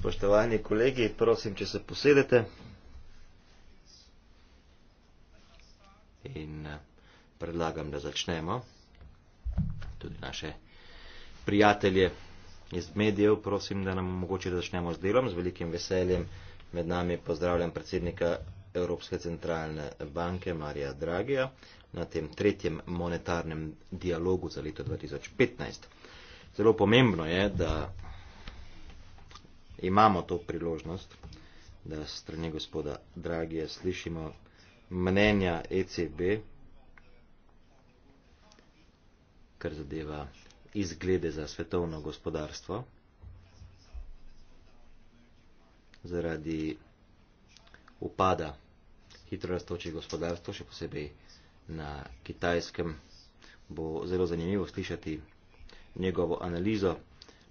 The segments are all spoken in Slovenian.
Spoštovani kolegi, prosim, če se posedete in eh, predlagam, da začnemo. Tudi naše prijatelje iz medijev, prosim, da nam mogoče da začnemo z delom. Z velikim veseljem med nami pozdravljam predsednika Evropske centralne banke Marija Dragija na tem tretjem monetarnem dialogu za leto 2015 zelo pomembno je, da imamo to priložnost, da strani gospoda Dragije slišimo mnenja ECB, kar zadeva izglede za svetovno gospodarstvo. Zaradi upada hitro raztočih gospodarstv, še posebej na kitajskem, bo zelo zanimivo slišati njegovo analizo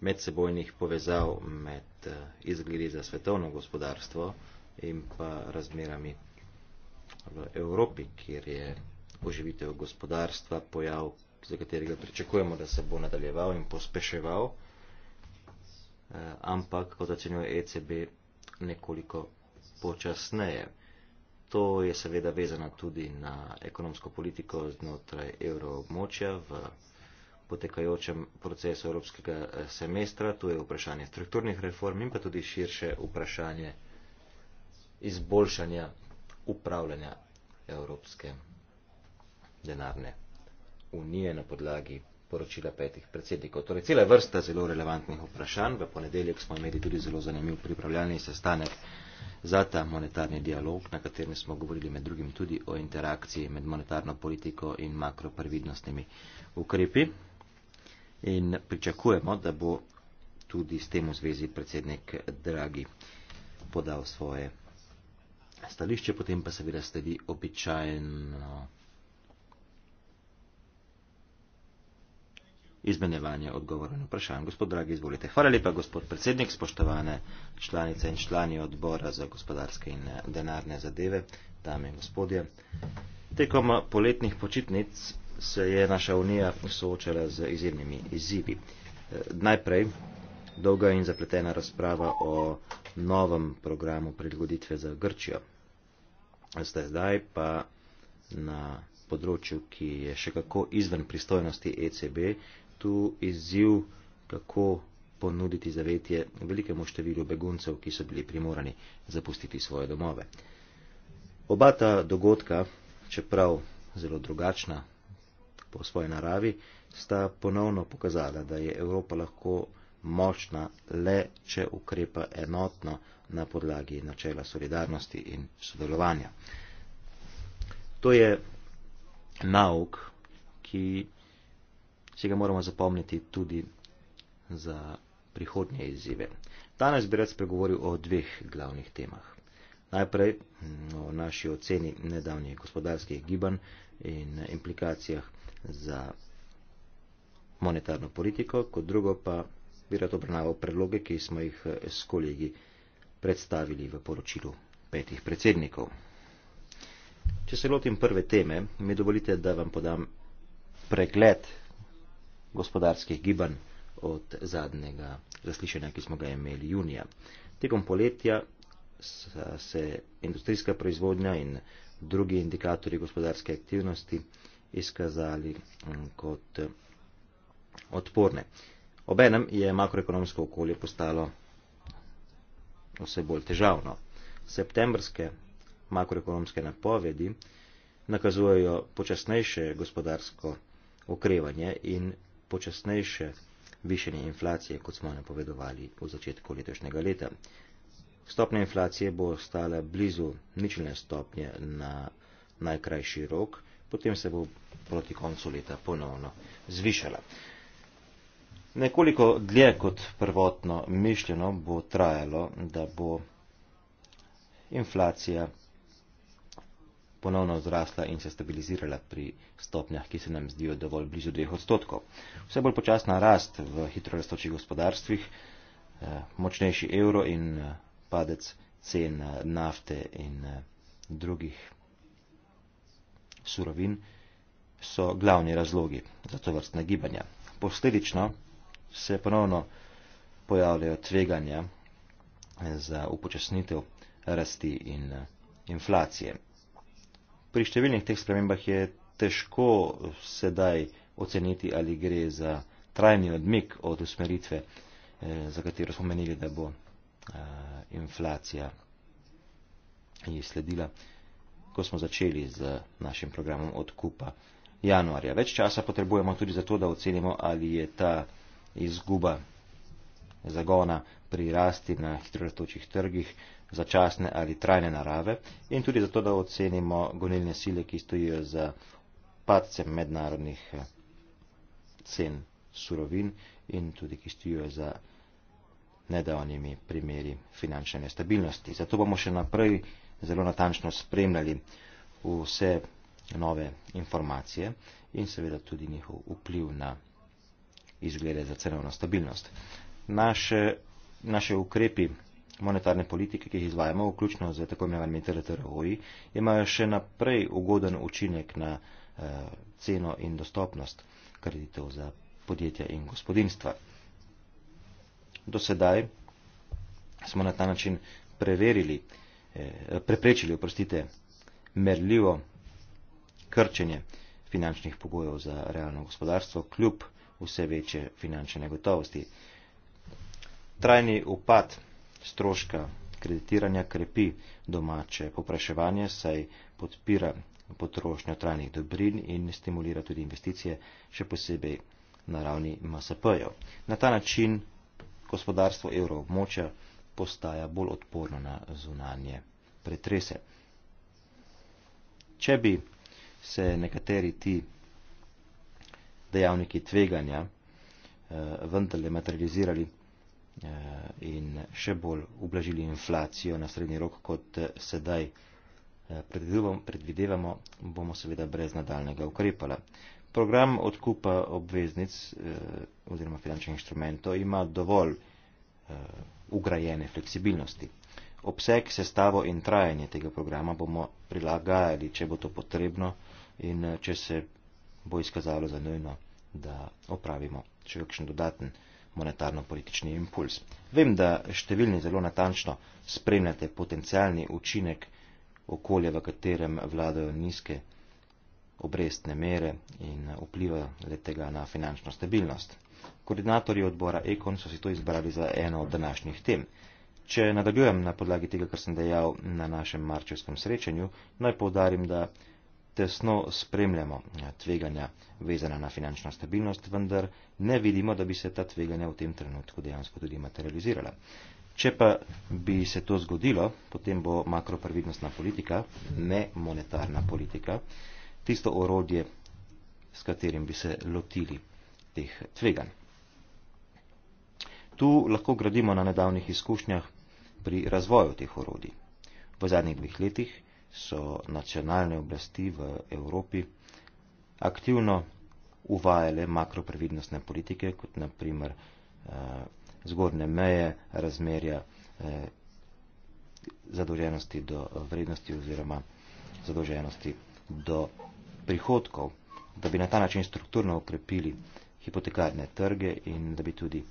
medsebojnih povezav med eh, izgledi za svetovno gospodarstvo in pa razmerami v Evropi, kjer je oživitev gospodarstva pojav, za katerega pričakujemo, da se bo nadaljeval in pospeševal, eh, ampak, kot ocenjuje ECB, nekoliko počasneje. To je seveda vezano tudi na ekonomsko politiko znotraj evroobmočja v potekajočem procesu evropskega eh, semestra, tu je vprašanje strukturnih reform in pa tudi širše vprašanje izboljšanja upravljanja Evropske denarne unije na podlagi poročila petih predsednikov. Torej, cela vrsta zelo relevantnih vprašanj. V ponedeljek smo imeli tudi zelo zanimiv pripravljalni sestanek za ta monetarni dialog, na katerem smo govorili med drugim tudi o interakciji med monetarno politiko in makroprevidnostnimi ukrepi in pričakujemo, da bo tudi s tem v zvezi predsednik Dragi podal svoje stališče, potem pa seveda sledi običajno izmenevanje odgovora na vprašanje. Gospod Dragi, izvolite. Hvala lepa, gospod predsednik, spoštovane članice in člani odbora za gospodarske in denarne zadeve, dame in gospodje. Tekom poletnih počitnic se je naša unija soočala z izjemnimi izzivi. Eh, najprej dolga in zapletena razprava o novem programu prilagoditve za Grčijo. Zdaj pa na področju, ki je še kako izven pristojnosti ECB, tu izziv, kako ponuditi zavetje velikemu številu beguncev, ki so bili primorani zapustiti svoje domove. Oba ta dogodka, čeprav zelo drugačna, po svoji naravi, sta ponovno pokazala, da je Evropa lahko močna le, če ukrepa enotno na podlagi načela solidarnosti in sodelovanja. To je nauk, ki si ga moramo zapomniti tudi za prihodnje izzive. Danes bi rad spregovoril o dveh glavnih temah. Najprej mm, o naši oceni nedavnih gospodarskih gibanj in implikacijah za monetarno politiko, kot drugo pa bi rad obravnaval predloge, ki smo jih eh, s kolegi predstavili v poročilu petih predsednikov. Če se lotim prve teme, mi dovolite, da vam podam pregled gospodarskih gibanj od zadnjega zaslišanja, ki smo ga imeli junija. Tekom poletja se industrijska proizvodnja in drugi indikatorji gospodarske aktivnosti izkazali mm, kot eh, odporne. Obenem je makroekonomsko okolje postalo vse bolj težavno. Septembrske makroekonomske napovedi nakazujejo počasnejše gospodarsko okrevanje in počasnejše višenje inflacije, kot smo napovedovali v začetku letošnjega leta. Stopnja inflacije bo ostala blizu ničelne stopnje na najkrajši rok, potem se bo proti koncu leta ponovno zvišala. Nekoliko dlje kot prvotno mišljeno bo trajalo, da bo inflacija ponovno zrasla in se stabilizirala pri stopnjah, ki se nam zdijo dovolj blizu 2 odstotkov. Vse bolj počasna rast v hitro rastočih gospodarstvih, eh, močnejši evro in eh, padec cen eh, nafte in drugih surovin so glavni razlogi za to vrstne gibanja. Posledično se ponovno pojavljajo tveganja za upočasnitev rasti in eh, inflacije. Pri številnih teh spremembah je težko sedaj oceniti, ali gre za trajni odmik od usmeritve, eh, za katero smo menili, da bo eh, inflacija sledila ko smo začeli z našim programom odkupa januarja. Več časa potrebujemo tudi zato, da ocenimo, ali je ta izguba zagona pri rasti na hitrorastočih trgih začasne ali trajne narave in tudi zato, da ocenimo gonilne sile, ki stojijo za padcem mednarodnih eh, cen surovin in tudi ki stojijo za nedavnimi primeri finančne nestabilnosti. Zato bomo še naprej zelo natančno spremljali vse nove informacije in seveda tudi njihov vpliv na izglede za cenovno stabilnost. Naše, naše ukrepi monetarne politike, ki jih izvajamo, vključno z tako imenovanimi TRTROI, imajo še naprej ugoden učinek na eh, ceno in dostopnost kreditov za podjetja in gospodinstva. Do sedaj smo na ta način preverili, Eh, preprečili, oprostite, merljivo krčenje finančnih pogojev za realno gospodarstvo, kljub vse večje finančne negotovosti. Trajni upad stroška kreditiranja krepi domače popraševanje, saj podpira potrošnjo trajnih dobrin in stimulira tudi investicije, še posebej na ravni MSP-jev. Na ta način gospodarstvo evroobmočja postaja bolj odporno na zunanje pretrese. Če bi se nekateri ti dejavniki tveganja eh, vendarle materializirali eh, in še bolj ublažili inflacijo na srednji rok, kot eh, sedaj eh, predvidevamo, bomo seveda brez nadaljnega ukrepala. Program odkupa obveznic eh, oziroma finančnih inštrumentov ima dovolj eh, ugrajene fleksibilnosti. Obseg, sestavo in trajanje tega programa bomo prilagajali, če bo to potrebno in eh, če se bo izkazalo za nujno, da opravimo še kakšen dodaten monetarno-politični impuls. Vem, da številni zelo natančno spremljate potencialni učinek okolja, v katerem vladajo nizke obrestne mere in eh, vpliva letega na finančno stabilnost. Koordinatorji odbora Ekon so si to izbrali za eno od današnjih tem. Če nadaljujem na podlagi tega, kar sem dejal na našem marčevskem srečanju, naj povdarim, da tesno spremljamo tveganja vezana na finančno stabilnost, vendar ne vidimo, da bi se ta tveganja v tem trenutku dejansko tudi materializirala. Če pa bi se to zgodilo, potem bo makroprvidnostna politika, ne monetarna politika, tisto orodje, s katerim bi se lotili teh tveganj. Tu lahko gradimo na nedavnih izkušnjah pri razvoju teh orodij. V zadnjih dveh letih so nacionalne oblasti v Evropi aktivno uvajale makroprevidnostne politike, kot naprimer eh, zgornje meje, razmerja eh, zadolženosti do eh, vrednosti oziroma zadolženosti do prihodkov, da bi na ta način strukturno okrepili hipotekarne trge in da bi tudi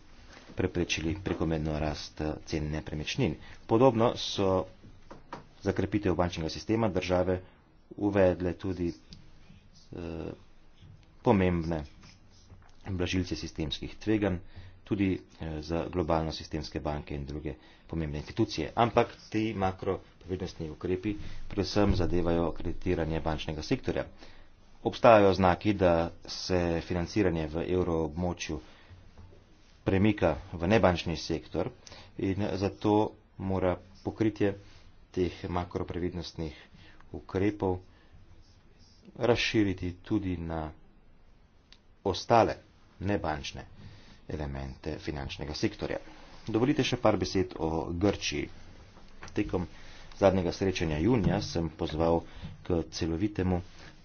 preprečili prekomerno rast eh, cen nepremičnin. Podobno so za krepitev bančnega sistema države uvedle tudi e, pomembne blažilce sistemskih tveganj, tudi e, za globalno sistemske banke in druge pomembne institucije. Ampak ti makroprovidnostni ukrepi predvsem zadevajo kreditiranje bančnega sektorja. Obstajajo znaki, da se financiranje v evroobmočju območju premika v nebančni sektor in zato mora pokritje teh makroprevidnostnih ukrepov razširiti tudi na ostale nebančne elemente finančnega sektorja. Dovolite še par besed o Grčiji. Tekom zadnjega srečanja junija sem pozval k celovitemu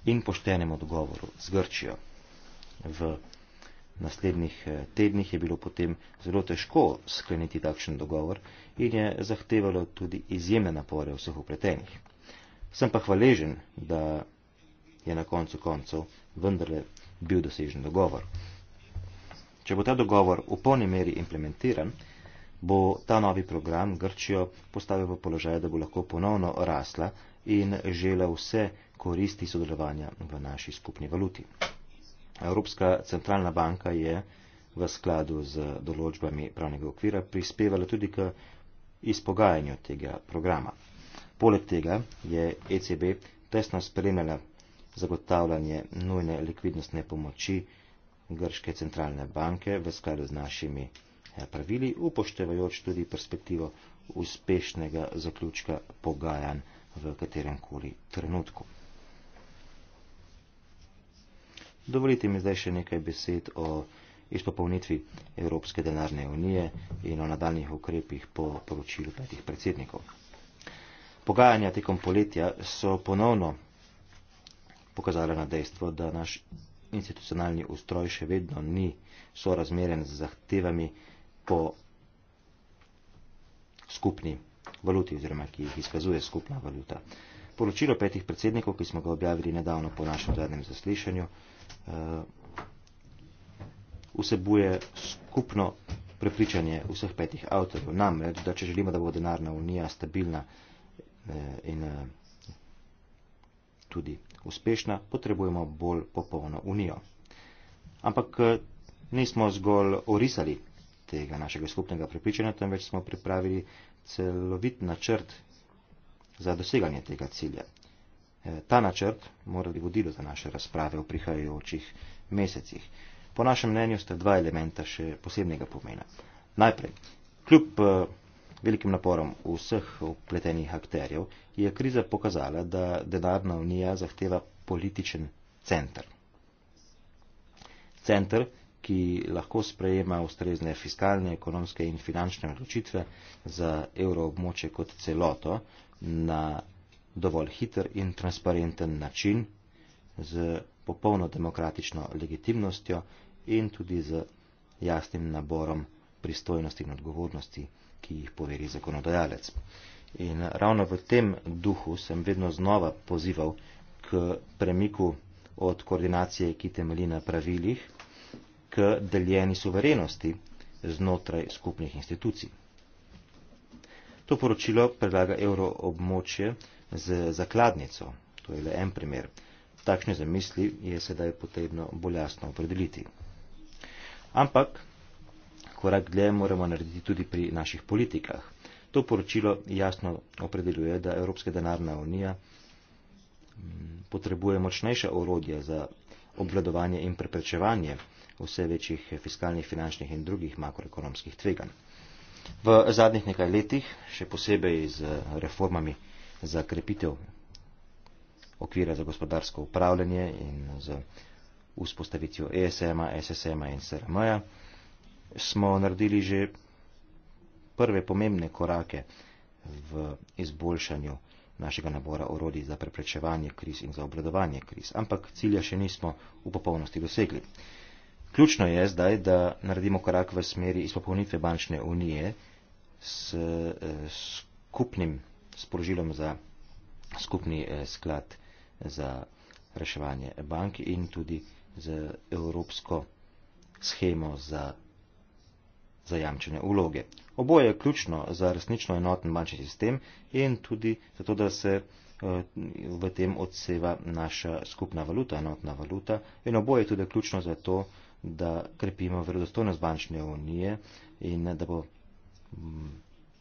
in poštenemu dogovoru z Grčijo. V naslednjih eh, tednih je bilo potem zelo težko skleniti takšen dogovor in je zahtevalo tudi izjemne napore vseh upletenih. Sem pa hvaležen, da je na koncu koncev vendarle bil dosežen dogovor. Če bo ta dogovor v polni meri implementiran, bo ta novi program Grčijo postavil v položaj, da bo lahko ponovno rasla in žela vse koristi sodelovanja v naši skupni valuti. Evropska centralna banka je v skladu z določbami pravnega okvira prispevala tudi k izpogajanju tega programa. Poleg tega je ECB tesno spremljala zagotavljanje nujne likvidnostne pomoči Grške centralne banke v skladu z našimi eh, pravili, upoštevajoč tudi perspektivo uspešnega zaključka pogajanj v katerem koli trenutku. Dovolite mi zdaj še nekaj besed o izpopolnitvi Evropske denarne unije in o nadaljnih ukrepih po poročilu petih predsednikov. Pogajanja tekom poletja so ponovno pokazala na dejstvo, da naš institucionalni ustroj še vedno ni sorazmeren z zahtevami po skupni valuti oziroma ki jih izkazuje skupna valuta. Poročilo petih predsednikov, ki smo ga objavili nedavno po našem zadnjem zaslišanju, Eh, vsebuje skupno prepričanje vseh petih avtorjev. Namreč, da če želimo, da bo denarna unija stabilna eh, in eh, tudi uspešna, potrebujemo bolj popolno unijo. Ampak nismo zgolj orisali tega našega skupnega prepričanja, temveč smo pripravili celovit načrt za doseganje tega cilja. Eh, ta načrt morali vodilo za naše razprave v prihajajočih mesecih. Po našem mnenju sta dva elementa še posebnega pomena. Najprej, kljub eh, velikim naporom vseh upletenih akterjev, je kriza pokazala, da denarna unija zahteva političen center. Center, ki lahko sprejema ustrezne fiskalne, ekonomske in finančne odločitve za evroobmoče kot celoto na dovolj hiter in transparenten način, z popolno demokratično legitimnostjo in tudi z jasnim naborom pristojnosti in odgovornosti, ki jih poveri zakonodajalec. In ravno v tem duhu sem vedno znova pozival k premiku od koordinacije, ki temelji na pravilih, k deljeni suverenosti znotraj skupnih institucij. To poročilo predlaga evroobmočje, z zakladnico. To je le en primer. Takšne zamisli je sedaj potrebno bolj jasno opredeliti. Ampak korak dlje moramo narediti tudi pri naših politikah. To poročilo jasno opredeljuje, da Evropska denarna unija mm, potrebuje močnejša orodja za obvladovanje in preprečevanje vse večjih fiskalnih, finančnih in drugih makroekonomskih tveganj. V zadnjih nekaj letih, še posebej z reformami za krepitev okvira za gospodarsko upravljanje in za vzpostavitjo ESM-a, SSM-a in SRM-a, smo naredili že prve pomembne korake v izboljšanju našega nabora orodij za preprečevanje kriz in za obladovanje kriz, ampak cilja še nismo v popolnosti dosegli. Ključno je zdaj, da naredimo korak v smeri izpopolnitve bančne unije s eh, skupnim sporožilom za skupni eh, sklad za reševanje bank in tudi z evropsko schemo za zajamčene vloge. Oboje je ključno za resnično enoten bančni sistem in tudi zato, da se eh, v tem odseva naša skupna valuta, enotna valuta in oboje je tudi ključno za to, da krepimo verodostojnost bančne unije in eh, da bo mm,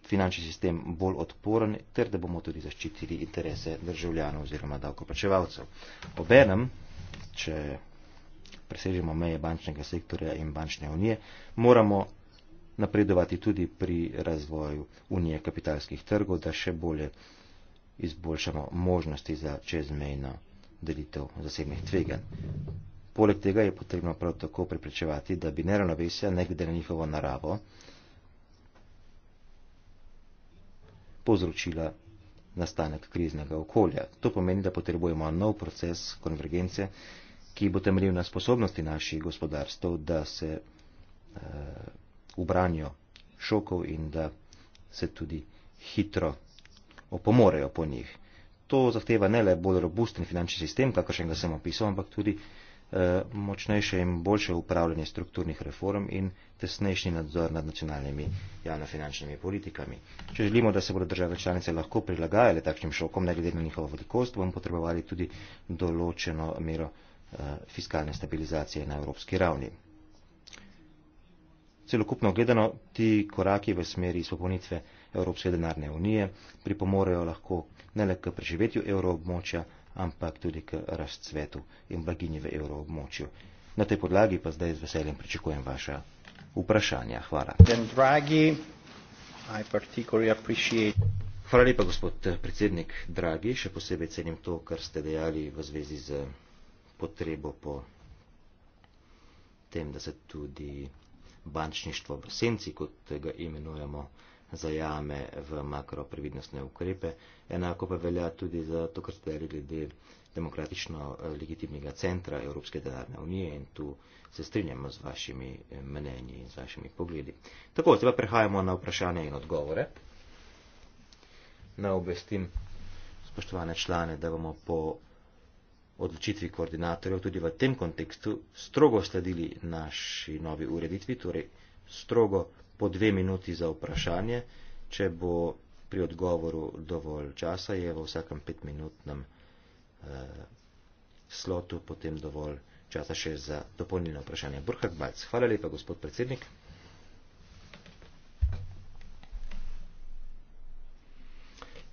finančni sistem bolj odporen ter da bomo tudi zaščitili interese državljanov oziroma davkoplačevalcev. Obenem, če presežemo meje bančnega sektorja in bančne unije, moramo napredovati tudi pri razvoju unije kapitalskih trgov, da še bolje izboljšamo možnosti za čezmejno delitev zasebnih tveganj. Poleg tega je potrebno prav tako preprečevati, da bi neravnovesja, ne glede na njihovo naravo, povzročila nastanek kriznega okolja. To pomeni, da potrebujemo nov proces konvergence, ki bo temeljil na sposobnosti naših gospodarstv, da se eh, ubranijo uh, šokov in da se tudi hitro opomorejo po njih. To zahteva ne le bolj robusten finančni sistem, kakršen ga sem opisal, ampak tudi Eh, močnejše in boljše upravljanje strukturnih reform in tesnejši nadzor nad nacionalnimi javnofinančnimi politikami. Če želimo, da se bodo države članice lahko prilagajale takšnim šokom, ne glede na njihovo velikost, bomo potrebovali tudi določeno mero eh, fiskalne stabilizacije na evropski ravni. Celokupno gledano, ti koraki v smeri izpopolnitve Evropske denarne unije pripomorejo lahko ne le k preživetju evroobmočja, ampak tudi k razcvetu in blaginji v evroobmočju. Na tej podlagi pa zdaj z veseljem pričakujem vaša vprašanja. Hvala. Hvala lepa, gospod eh, predsednik Dragi. Še posebej cenim to, kar ste dejali v zvezi z potrebo po tem, da se tudi bančništvo v senci, kot ga imenujemo, zajame v makroprevidnostne ukrepe. Enako pa velja tudi za to, kar ste rekli, glede demokratično eh, legitimnega centra Evropske denarne unije in tu se strinjamo z vašimi eh, mnenji in z vašimi pogledi. Tako, zdaj pa prehajamo na vprašanje in odgovore. Na obvestim spoštovane člane, da bomo po odločitvi koordinatorjev tudi v tem kontekstu strogo sledili naši novi ureditvi, torej strogo po dve minuti za vprašanje, če bo pri odgovoru dovolj časa, je v vsakem petminutnem eh, slotu potem dovolj časa še za dopolnilno vprašanje. Burhak Balc, hvala lepa, gospod predsednik.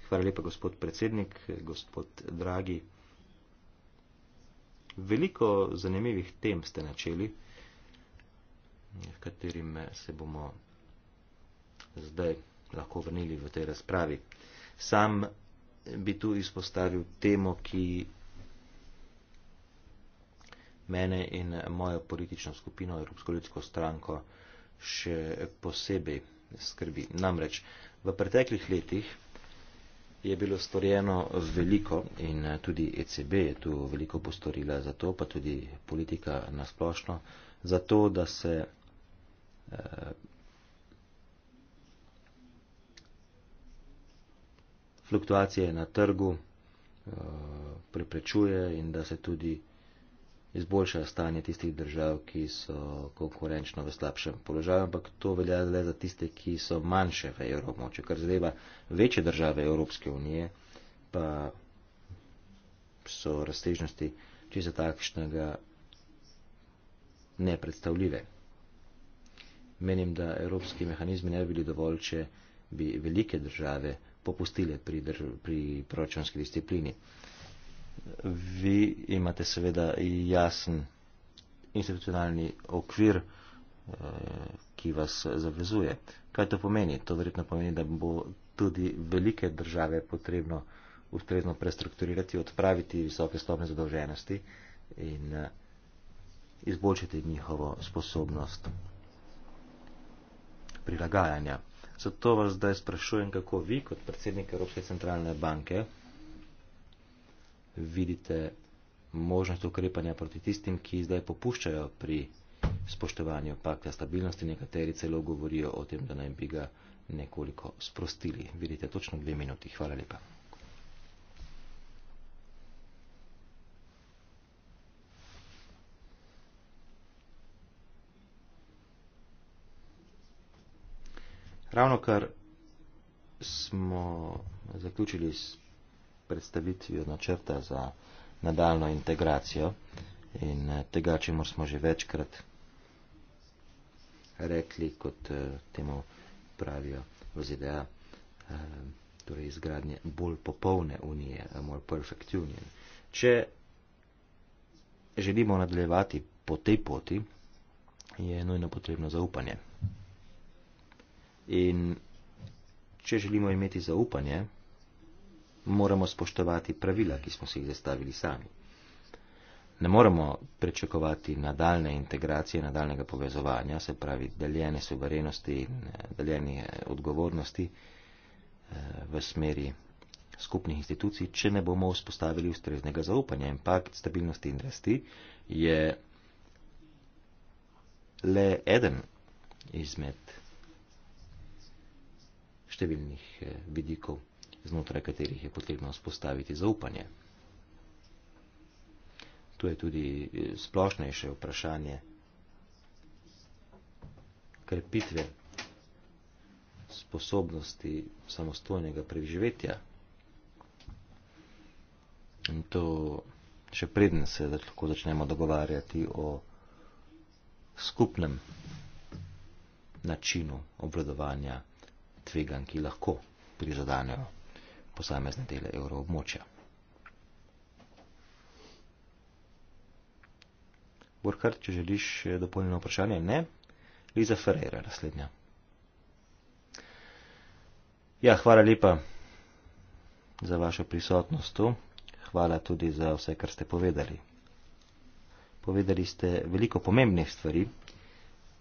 Hvala lepa, gospod predsednik, gospod dragi. Veliko zanimivih tem ste načeli, v katerim se bomo zdaj lahko vrnili v tej razpravi. Sam bi tu izpostavil temo, ki mene in mojo politično skupino, Evropsko ljudsko stranko, še posebej skrbi. Namreč v preteklih letih je bilo storjeno veliko in tudi ECB je tu veliko postorila za to, pa tudi politika nasplošno, za to, da se eh, fluktuacije na trgu eh, preprečuje in da se tudi izboljša stanje tistih držav, ki so konkurenčno v slabšem položaju, ampak to velja le za tiste, ki so manjše v evromoče, kar zadeva večje države Evropske unije, pa so raztežnosti čisto takšnega nepredstavljive. Menim, da evropski mehanizmi ne bi bili dovolj, če bi velike države popustile pri, drž pri proračunski disciplini. Vi imate seveda jasen institucionalni okvir, eh, ki vas zavezuje. Kaj to pomeni? To verjetno pomeni, da bo tudi velike države potrebno ustrezno prestrukturirati, odpraviti visoke stopne zadolženosti in eh, izboljšati njihovo sposobnost prilagajanja. Zato vas zdaj sprašujem, kako vi kot predsednik Evropske centralne banke vidite možnost ukrepanja proti tistim, ki zdaj popuščajo pri spoštovanju pakta stabilnosti. Nekateri celo govorijo o tem, da naj bi ga nekoliko sprostili. Vidite točno dve minuti. Hvala lepa. Ravno kar smo zaključili s predstavitvijo načrta za nadaljno integracijo in eh, tega, če smo že večkrat rekli, kot eh, temu pravijo v ZDA, eh, torej izgradnje bolj popolne unije, more perfect union. Če želimo nadaljevati po tej poti, je nujno potrebno zaupanje. In če želimo imeti zaupanje, moramo spoštovati pravila, ki smo si jih zastavili sami. Ne moremo prečakovati nadaljne integracije, nadaljnega povezovanja, se pravi deljene suverenosti in eh, deljene eh, odgovornosti eh, v smeri skupnih institucij, če ne bomo vzpostavili ustreznega zaupanja. In pakt stabilnosti in rasti je le eden izmed številnih eh, vidikov, znotraj katerih je potrebno spostaviti zaupanje. Tu je tudi eh, splošnejše vprašanje krepitve sposobnosti samostojnega preživetja. In to še preden se lahko začnemo dogovarjati o skupnem načinu obvladovanja tvegan, ki lahko prizadanejo posamezne dele evroobmočja. Burkhard, če želiš dopolnjeno vprašanje, ne. Liza Ferreira, naslednja. Ja, hvala lepa za vašo prisotnost tu. Hvala tudi za vse, kar ste povedali. Povedali ste veliko pomembnih stvari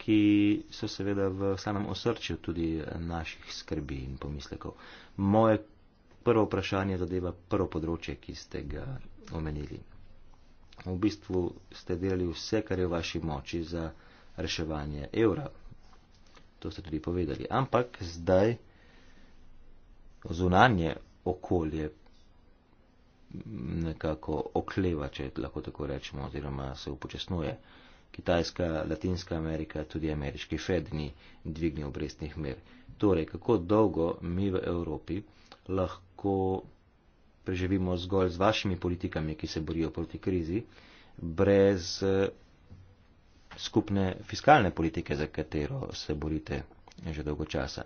ki so seveda v samem osrčju tudi naših skrbi in pomislekov. Moje prvo vprašanje zadeva prvo področje, ki ste ga omenili. V bistvu ste delali vse, kar je v vaši moči za reševanje evra. To ste tudi povedali. Ampak zdaj zunanje okolje nekako okleva, če lahko tako rečemo, oziroma se upočasnuje. Kitajska, Latinska Amerika, tudi ameriški Fed ni dvignil obrestnih mer. Torej, kako dolgo mi v Evropi lahko preživimo zgolj z vašimi politikami, ki se borijo proti krizi, brez eh, skupne fiskalne politike, za katero se borite že dolgo časa.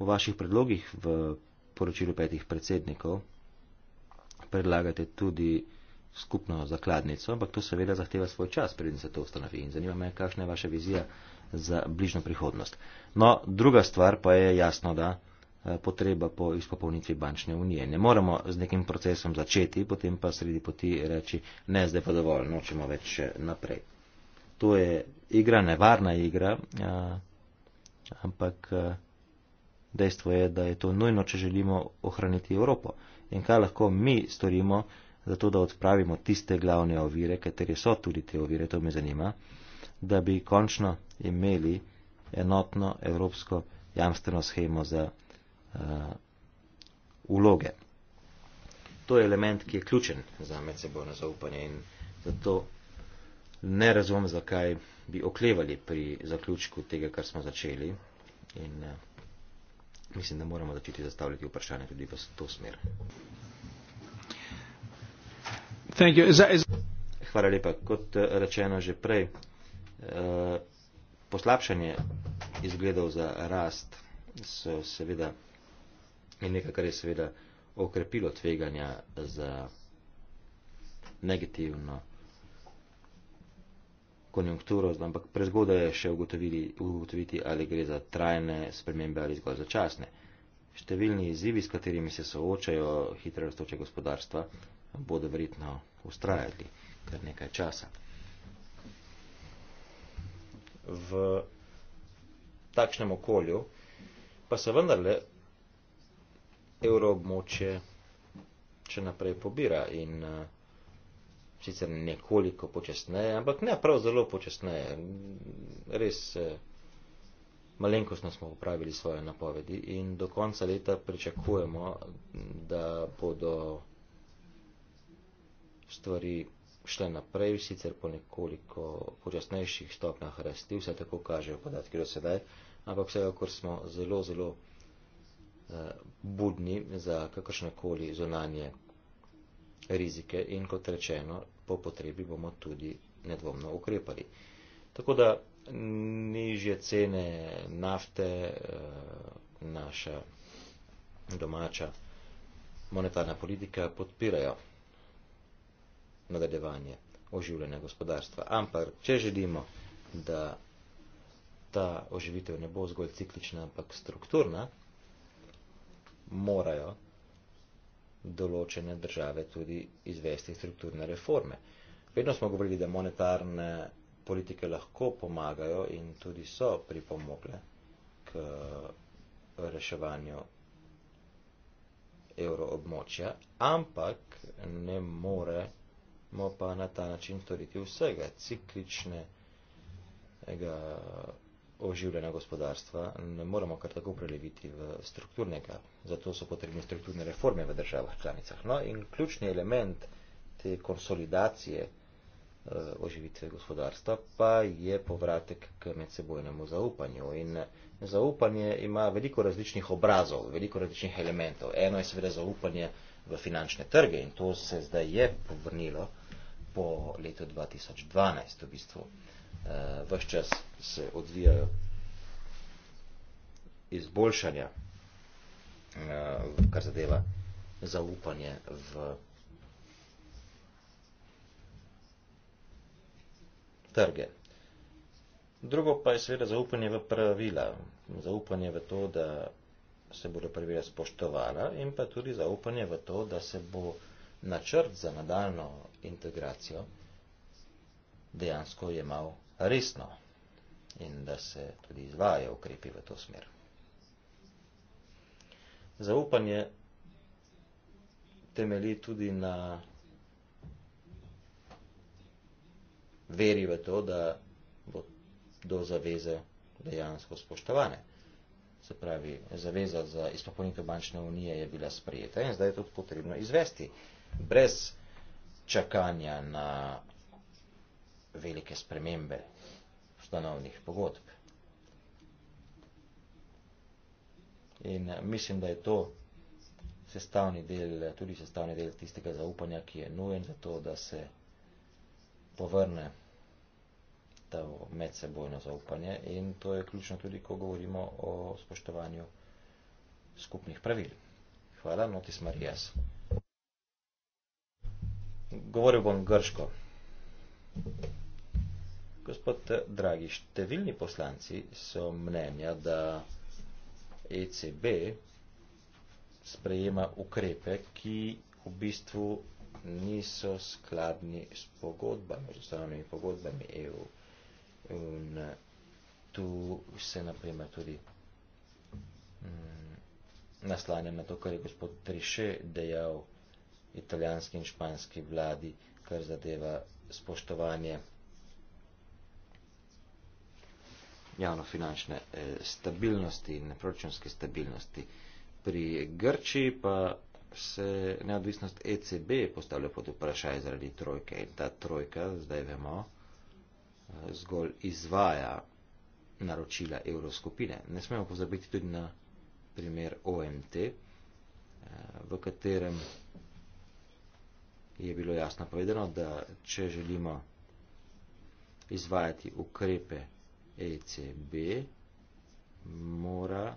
V vaših predlogih v poročilu petih predsednikov predlagate tudi skupno zakladnico, ampak to seveda zahteva svoj čas, preden se to ustanovi. In zanima me, kakšna je vaša vizija za bližnjo prihodnost. No, druga stvar pa je jasno, da eh, potreba po izpopolnitvi bančne unije. Ne moramo z nekim procesom začeti, potem pa sredi poti reči, ne, zdaj pa dovolj, nočemo več eh, naprej. To je igra, nevarna igra, eh, ampak dejstvo je, da je to nujno, če želimo ohraniti Evropo. In kaj lahko mi storimo, zato da odpravimo tiste glavne ovire, katere so tudi te ovire, to me zanima, da bi končno imeli enotno evropsko jamstveno schemo za uh, vloge. To je element, ki je ključen za medsebojno zaupanje in zato ne razumem, zakaj bi oklevali pri zaključku tega, kar smo začeli. In, uh, mislim, da moramo začeti zastavljati vprašanje tudi v to smer. Hvala lepa. Kot eh, rečeno že prej, eh, poslabšanje izgledov za rast so seveda je nekaj, kar je seveda okrepilo tveganja za negativno konjunkturo, ampak prezgodaj je še ugotoviti, ali gre za trajne spremembe ali zgolj začasne. Številni izzivi, s katerimi se soočajo hitre rastoče gospodarstva, bodo verjetno ustrajali kar nekaj časa. V takšnem okolju pa se vendarle evroobmoče še naprej pobira in eh, sicer nekoliko počasneje, ampak ne prav zelo počasneje. Res eh, malenkostno smo upravili svoje napovedi in do konca leta pričakujemo, da bodo stvari šle naprej, sicer po nekoliko počasnejših stopnjah rasti, vse tako kažejo podatki do sedaj, ampak vsekakor smo zelo, zelo eh, budni za kakršnekoli zonanje rizike in kot rečeno, po potrebi bomo tudi nedvomno ukrepali. Tako da nižje cene nafte, eh, naša domača monetarna politika podpirajo nadaljevanje oživljenja gospodarstva. Ampak, če želimo, da ta oživitev ne bo zgolj ciklična, ampak strukturna, morajo določene države tudi izvesti strukturne reforme. Vedno smo govorili, da monetarne politike lahko pomagajo in tudi so pripomogle k reševanju evroobmočja, ampak ne more mo pa na ta način storiti vsega cikličnega oživljena gospodarstva ne moramo kar tako preleviti v strukturnega. Zato so potrebne strukturne reforme v državah članicah. No in ključni element te konsolidacije eh, oživitve gospodarstva pa je povratek k medsebojnemu zaupanju. In zaupanje ima veliko različnih obrazov, veliko različnih elementov. Eno je seveda zaupanje v finančne trge in to se zdaj je povrnilo po letu 2012. V bistvu uh, eh, vse čas se odvijajo izboljšanja, uh, kar zadeva zaupanje v trge. Drugo pa je seveda zaupanje v pravila, zaupanje v to, da se bodo pravila spoštovala in pa tudi zaupanje v to, da se bo načrt za nadaljno integracijo dejansko jemal resno in da se tudi izvaja ukrepi v to smer. Zaupanje temeli tudi na veri v to, da bo do zaveze dejansko spoštovane. Se pravi, zaveza za izpopolnitev bančne unije je bila sprejeta in zdaj je to potrebno izvesti. Brez čakanja na velike spremembe ustanovnih pogodb. In eh, mislim, da je to sestavni del, tudi sestavni del tistega zaupanja, ki je nujen za to, da se povrne ta medsebojno zaupanje in to je ključno tudi, ko govorimo o spoštovanju skupnih pravil. Hvala, notis Marijas. Hvala govoril bom grško. Gospod Dragi, številni poslanci so mnenja, da ECB sprejema ukrepe, ki v bistvu niso skladni s pogodbami, z ustanovnimi pogodbami EU. In eh, tu se naprimer tudi mm, naslanja na to, kar je gospod Triše dejal italijanski in španski vladi, kar zadeva spoštovanje javnofinančne eh, stabilnosti in proračunske stabilnosti. Pri Grčiji pa se neodvisnost ECB postavlja pod vprašaj zaradi trojke in ta trojka, zdaj vemo, eh, zgolj izvaja naročila evroskupine. Ne smemo pozabiti tudi na primer OMT, eh, v katerem je bilo jasno povedano, da če želimo izvajati ukrepe ECB, mora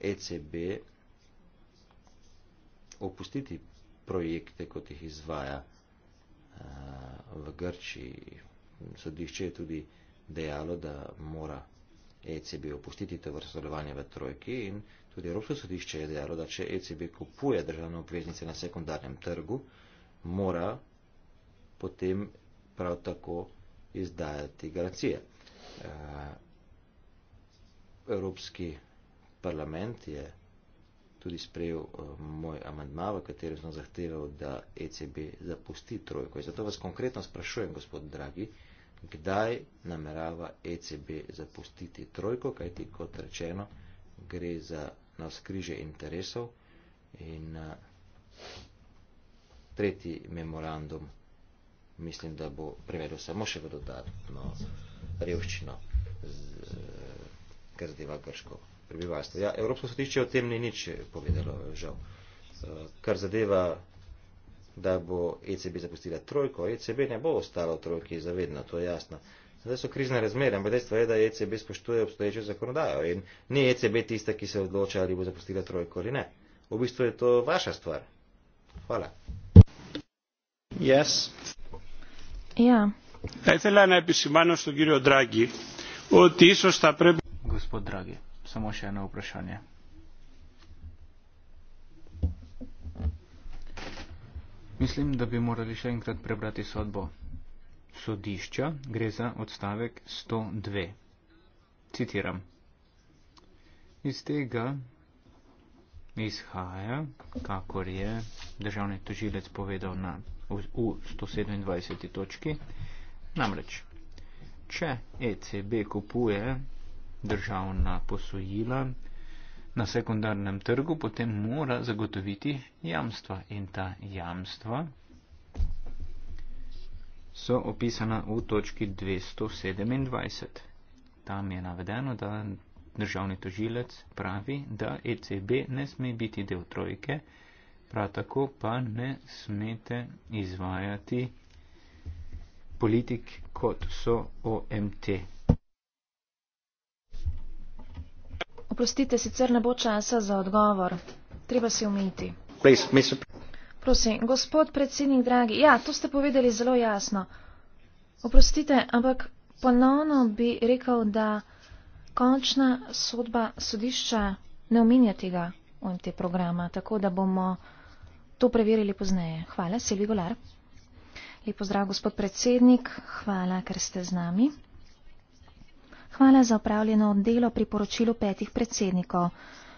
ECB opustiti projekte, kot jih izvaja eh, v Grčiji. Sodišče je tudi dejalo, da mora ECB opustiti to vrstodovanje v trojki in Tudi Evropsko sodišče je dejalo, da če ECB kupuje državne obveznice na sekundarnem trgu, mora potem prav tako izdajati garancije. Eh, Evropski parlament je tudi sprejel eh, moj amandma, v katerem sem zahteval, da ECB zapusti trojko. Zato vas konkretno sprašujem, gospod Dragi, kdaj namerava ECB zapustiti trojko, kajti kot rečeno, gre za na skriže interesov in eh, tretji memorandum mislim, da bo privedel samo še v dodatno revščino eh, krzdeva grško prebivalstvo. Ja, Evropsko sodišče o tem ni nič povedalo, žal. Eh, kar zadeva, da bo ECB zapustila trojko, ECB ne bo ostalo trojki zavedno, to je jasno. Zdaj so krizne razmere, ampak dejstvo je, da ECB spoštuje obstoječo zakonodajo in ni ECB tista, ki se odloča, ali bo zapustila trojko ali ne. V bistvu je to vaša stvar. Hvala. Yes. Ja. Ethela naj bi si manj osugiril, dragi. Pre... Gospod dragi, samo še eno vprašanje. Mislim, da bi morali še enkrat prebrati sodbo sodišča gre za odstavek 102. Citiram. Iz tega izhaja, kakor je državni tožilec povedal na, v, v 127. točki, namreč, če ECB kupuje državna posojila na sekundarnem trgu, potem mora zagotoviti jamstva in ta jamstva so opisana v točki 227. Tam je navedeno, da državni tožilec pravi, da ECB ne sme biti del trojke, prav tako pa ne smete izvajati politik kot so OMT. Oprostite, sicer ne bo časa za odgovor. Treba se umiti. Please, Prosim, gospod predsednik dragi, ja, to ste povedali zelo jasno. Oprostite, ampak ponovno bi rekel, da končna sodba sodišča ne omenja tega OMT programa, tako da bomo to preverili pozneje. Hvala, Silvi Golar. Lep pozdrav, gospod predsednik, hvala, ker ste z nami. Hvala za upravljeno delo pri poročilu petih predsednikov.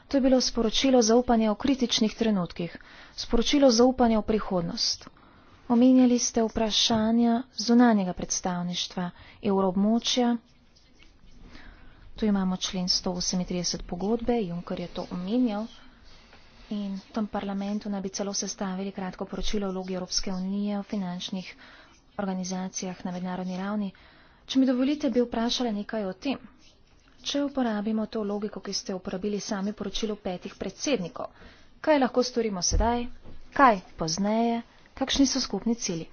To je bilo sporočilo zaupanja v kritičnih trenutkih, sporočilo zaupanja v prihodnost. Omenjali ste vprašanja zunanjega predstavništva evroobmočja. Tu imamo člen 138 pogodbe, Junker je to omenjal. In v tem parlamentu naj bi celo sestavili kratko poročilo o vlogi Evropske unije v finančnih organizacijah na mednarodni ravni. Če mi dovolite, bi vprašala nekaj o tem. Če uporabimo to logiko, ki ste uporabili sami poročilo petih predsednikov, kaj lahko storimo sedaj, kaj pozneje, kakšni so skupni cili?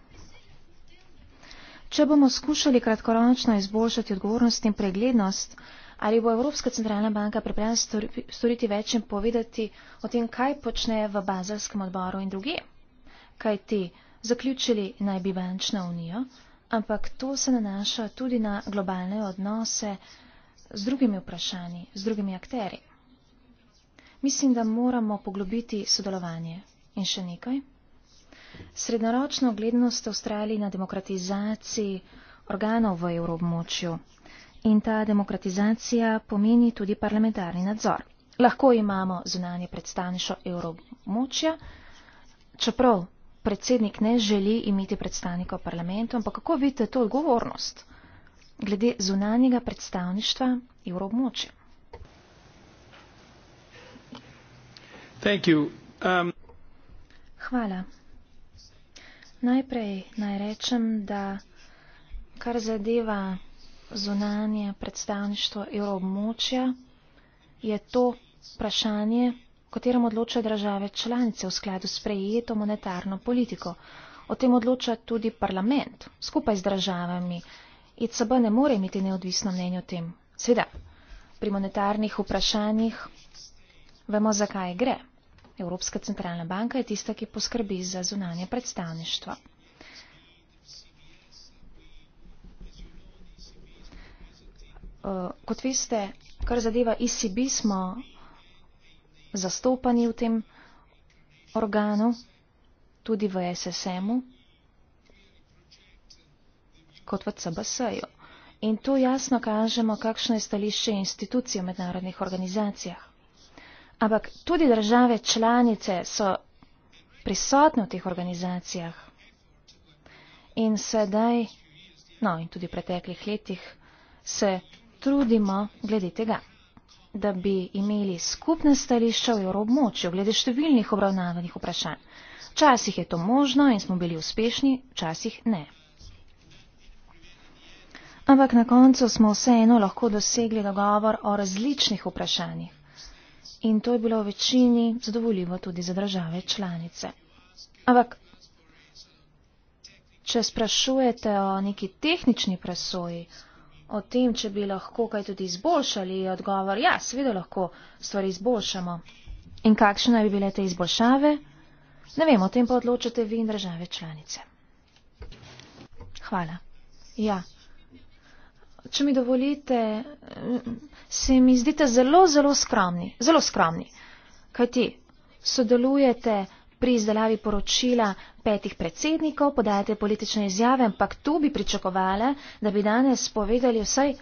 Če bomo skušali kratkoročno izboljšati odgovornost in preglednost, ali bo Evropska centralna banka pripravljena storiti več in povedati o tem, kaj počne v bazalskem odboru in druge? Kaj ti zaključili naj bi bančno unijo, ampak to se nanaša tudi na globalne odnose, z drugimi vprašanji, z drugimi akteri. Mislim, da moramo poglobiti sodelovanje. In še nekaj. Srednjeročno glednost Avstraliji na demokratizaciji organov v evroobmočju. In ta demokratizacija pomeni tudi parlamentarni nadzor. Lahko imamo zunanje predstavništvo evroobmočja, čeprav predsednik ne želi imeti predstavnika v parlamentu, ampak kako vidite to odgovornost? glede zunanjega predstavništva evroobmočja. Um... Hvala. Najprej naj rečem, da kar zadeva zunanje predstavništvo evroobmočja, je to vprašanje, katerem odloča države članice v skladu s prejeto monetarno politiko. O tem odloča tudi parlament skupaj z državami ECB ne more imeti neodvisno mnenje o tem. Sveda, pri monetarnih vprašanjih vemo, zakaj gre. Evropska centralna banka je tista, ki poskrbi za zunanje predstavništvo. Uh, kot veste, kar zadeva ECB, smo zastopani v tem organu, tudi v SSM-u kot v CBS-ju. In tu jasno kažemo, kakšno je stališče institucij v mednarodnih organizacijah. Ampak tudi države članice so prisotne v teh organizacijah in sedaj, no in tudi v preteklih letih, se trudimo glede tega, da bi imeli skupne stališče v evroobmočju glede številnih obravnavanih vprašanj. Včasih je to možno in smo bili uspešni, včasih ne ampak na koncu smo vseeno lahko dosegli dogovor o različnih vprašanjih. In to je bilo v večini zadovoljivo tudi za države članice. Ampak, če sprašujete o neki tehnični presoji, o tem, če bi lahko kaj tudi izboljšali, je odgovor, ja, seveda lahko stvari izboljšamo. In kakšne bi bile te izboljšave? Ne vem, o tem pa odločate vi in države članice. Hvala. Ja če mi dovolite, se mi zdite zelo, zelo skromni. Zelo skromni. Kaj ti? Sodelujete pri izdelavi poročila petih predsednikov, podajate politične izjave, ampak tu bi pričakovala, da bi danes povedali vsaj,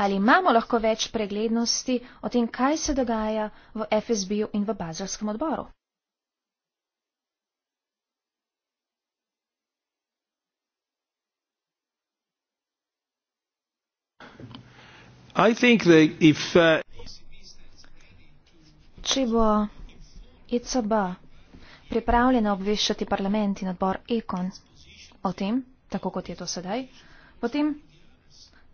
ali imamo lahko več preglednosti o tem, kaj se dogaja v FSB-ju in v bazarskem odboru. I think that if uh, Če bo ECB pripravljena obveščati parlament in odbor Ekon o tem, tako kot je to sedaj, potem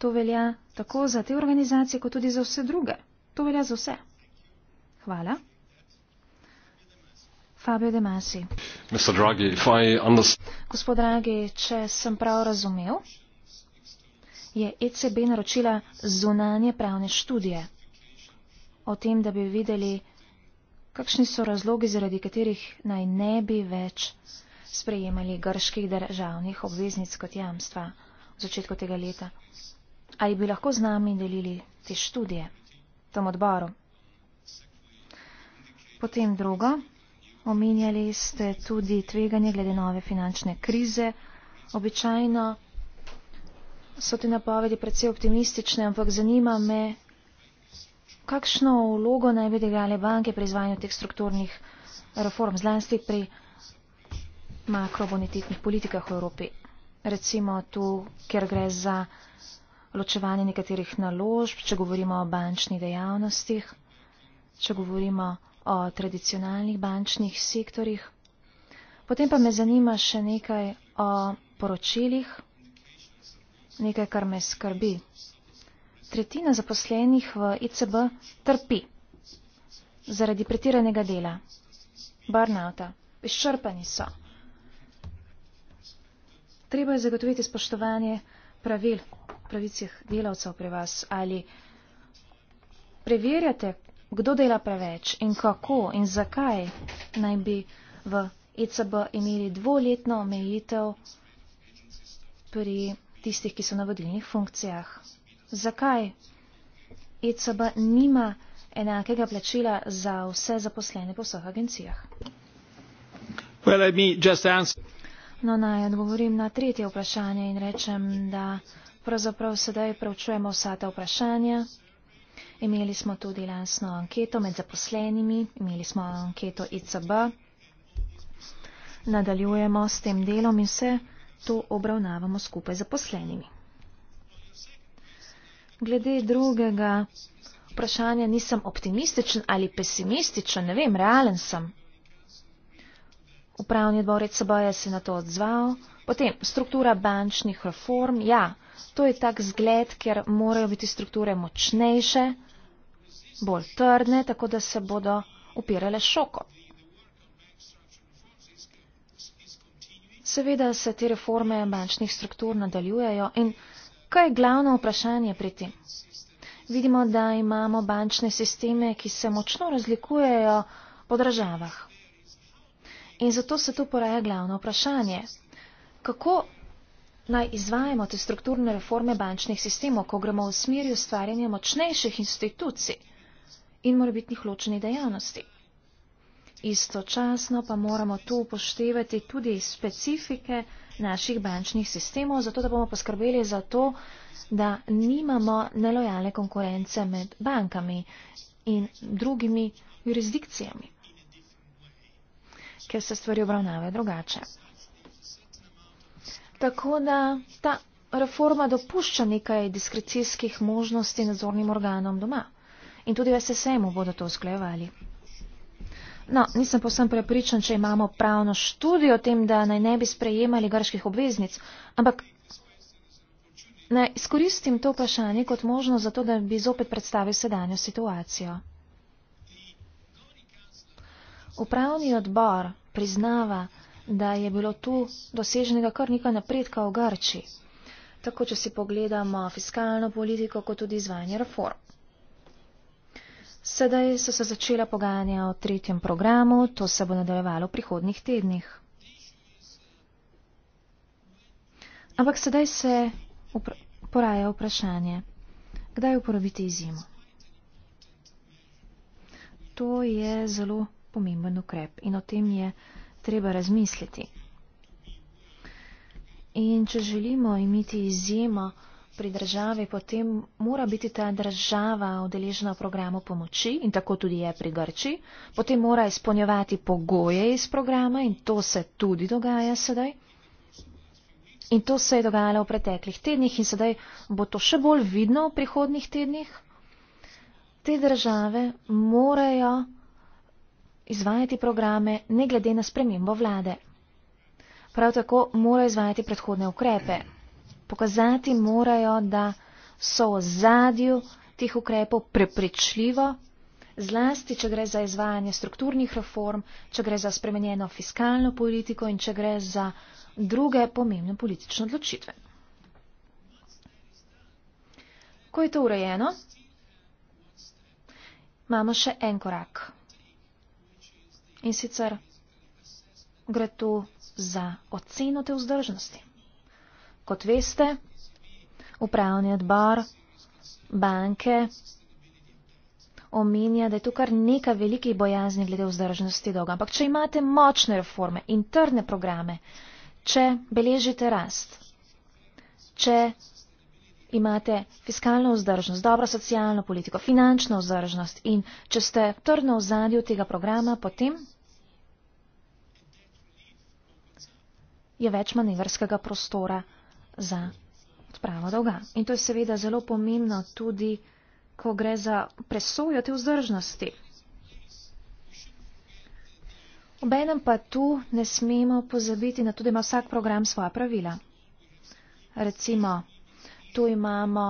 to velja tako za te organizacije, kot tudi za vse druge. To velja za vse. Hvala. Fabio De Masi. Gospod Dragi, če sem prav razumel je ECB naročila zunanje pravne študije o tem, da bi videli, kakšni so razlogi, zaradi katerih naj ne bi več sprejemali grških državnih obveznic kot jamstva v začetku tega leta. Ali bi lahko z nami delili te študije, tom odboru? Potem drugo, omenjali ste tudi tveganje glede nove finančne krize. Običajno so te napovedi predvsej optimistične, ampak zanima me, kakšno vlogo naj bi igrale banke pri izvajanju teh strukturnih reform, zlasti pri makrobonitetnih politikah v Evropi. Recimo tu, ker gre za ločevanje nekaterih naložb, če govorimo o bančnih dejavnostih, če govorimo o tradicionalnih bančnih sektorjih. Potem pa me zanima še nekaj o poročilih nekaj, kar me skrbi. Tretjina zaposlenih v ICB trpi zaradi pretiranega dela, burnouta, izčrpani so. Treba je zagotoviti spoštovanje pravil pravicih delavcev pri vas ali preverjate, kdo dela preveč in kako in zakaj naj bi v ECB imeli dvoletno omejitev pri tistih, ki so na vodilnih funkcijah. Zakaj? ECB nima enakega plačila za vse zaposlene po vseh agencijah. Well, let me just answer. No, naj odgovorim na tretje vprašanje in rečem, da pravzaprav sedaj preučujemo vsa ta vprašanja. Imeli smo tudi lansko anketo med zaposlenimi, imeli smo anketo ECB. Nadaljujemo s tem delom in vse to obravnavamo skupaj z zaposlenimi. Glede drugega vprašanja nisem optimističen ali pesimističen, ne vem, realen sem. Upravni odbor ECB je se na to odzval. Potem struktura bančnih reform, ja, to je tak zgled, ker morajo biti strukture močnejše, bolj trdne, tako da se bodo upirale šoko. Seveda se te reforme bančnih struktur nadaljujejo in kaj je glavno vprašanje pri tem? Vidimo, da imamo bančne sisteme, ki se močno razlikujejo po državah. In zato se tu poraja glavno vprašanje, kako naj izvajamo te strukturne reforme bančnih sistemov, ko gremo v smeri ustvarjanja močnejših institucij in morebitnih ločenih dejavnosti. Istočasno pa moramo tu upoštevati tudi specifike naših bančnih sistemov, zato da bomo poskrbeli za to, da nimamo nelojalne konkurence med bankami in drugimi jurisdikcijami, ker se stvari obravnavajo drugače. Tako da ta reforma dopušča nekaj diskrecijskih možnosti nadzornim organom doma. In tudi v SSM-u bodo to usklajevali. No, nisem posem prepričan, če imamo pravno študijo o tem, da naj ne bi sprejemali grških obveznic, ampak naj izkoristim to vprašanje kot možnost za to, da bi zopet predstavil sedanjo situacijo. Upravni odbor priznava, da je bilo tu doseženega kar nekaj napredka v Grči, tako če si pogledamo fiskalno politiko, kot tudi izvajanje reform. Sedaj so se začela pogajanja o tretjem programu, to se bo nadaljevalo v prihodnih tednih. Ampak sedaj se poraja vprašanje, kdaj uporabiti izjemo. To je zelo pomemben ukrep in o tem je treba razmisliti. In če želimo imeti izjemo, pri državi, potem mora biti ta država odeležena v programu pomoči in tako tudi je pri Grči. Potem mora izpolnjevati pogoje iz programa in to se tudi dogaja sedaj. In to se je dogajalo v preteklih tednih in sedaj bo to še bolj vidno v prihodnih tednih. Te države morajo izvajati programe ne glede na spremembo vlade. Prav tako mora izvajati predhodne ukrepe pokazati morajo, da so v zadju teh ukrepov preprečljivo, zlasti, če gre za izvajanje strukturnih reform, če gre za spremenjeno fiskalno politiko in če gre za druge pomembne politične odločitve. Ko je to urejeno, imamo še en korak. In sicer gre tu za oceno te vzdržnosti. Kot veste, upravni odbor banke omenja, da je tu kar nekaj velikih bojazni glede vzdržnosti dolga. Ampak, če imate močne reforme in trdne programe, če beležite rast, če imate fiskalno vzdržnost, dobro socialno politiko, finančno vzdržnost in če ste trdno v zadju tega programa, potem je več manevrskega prostora za odpravo dolga. In to je seveda zelo pomembno tudi, ko gre za presojo te vzdržnosti. Obenem pa tu ne smemo pozabiti na to, da ima vsak program svoja pravila. Recimo, tu imamo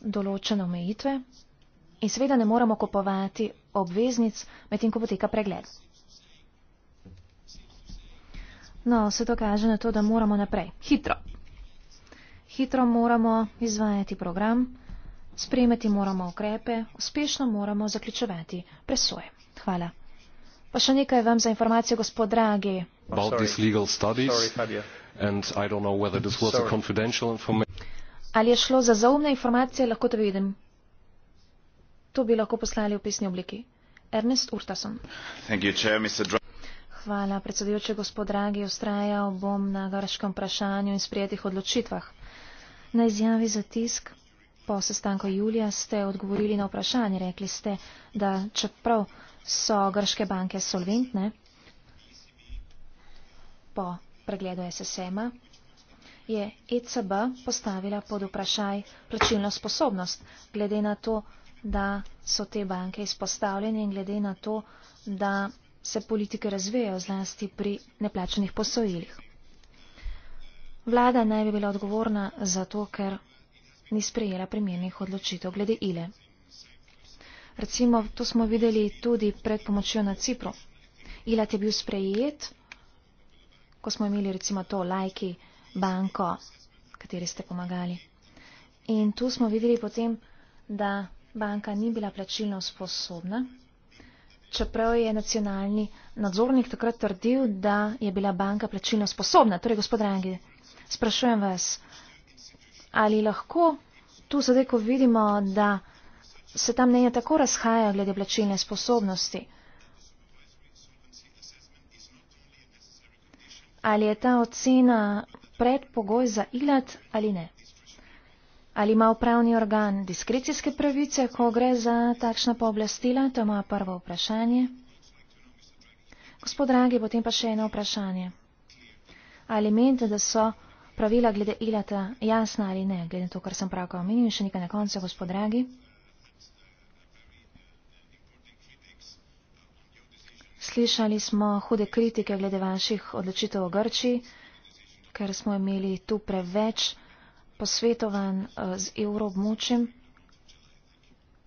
določene omejitve in seveda ne moramo kupovati obveznic, medtem ko poteka pregled. No, vse to kaže na to, da moramo naprej. Hitro hitro moramo izvajati program, spremeti moramo ukrepe, uspešno moramo zaključevati presoje. Hvala. Pa še nekaj vam za informacijo, gospod Dragi. Oh, Ali je šlo za zaumne informacije, lahko to vidim. To bi lahko poslali v pisni obliki. Ernest Urtason. Hvala, predsedujoče gospod Dragi, ustrajal bom na garaškem vprašanju in sprijetih odločitvah. Na izjavi za tisk po sestanku julija ste odgovorili na vprašanje. Rekli ste, da čeprav so grške banke solventne, po pregledu SSM-a je ECB postavila pod vprašaj plačilno sposobnost, glede na to, da so te banke izpostavljene in glede na to, da se politike razvijajo zlasti pri neplačenih posojilih. Vlada naj bi bila odgovorna za to, ker ni sprejela primernih odločitev glede ile. Recimo, to smo videli tudi pred pomočjo na Cipru. Ilat je bil sprejet, ko smo imeli recimo to lajki, banko, kateri ste pomagali. In tu smo videli potem, da banka ni bila plačilno sposobna, čeprav je nacionalni nadzornik takrat trdil, da je bila banka plačilno sposobna, torej gospod Rangi. Sprašujem vas, ali lahko tu sedaj, ko vidimo, da se tam mnenje tako razhaja glede plačilne sposobnosti, ali je ta ocena predpogoj za ilat ali ne? Ali ima upravni organ diskrecijske pravice, ko gre za takšna pooblastila? To je moja prvo vprašanje. Gospod Dragi, potem pa še eno vprašanje. Ali menite, da so pravila glede ilata jasna ali ne, glede to, kar sem pravko omenil. Še nekaj na koncu, gospod dragi. Slišali smo hude kritike glede vaših odločitev o Grčiji, ker smo imeli tu preveč posvetovan eh, z evroobmočjem.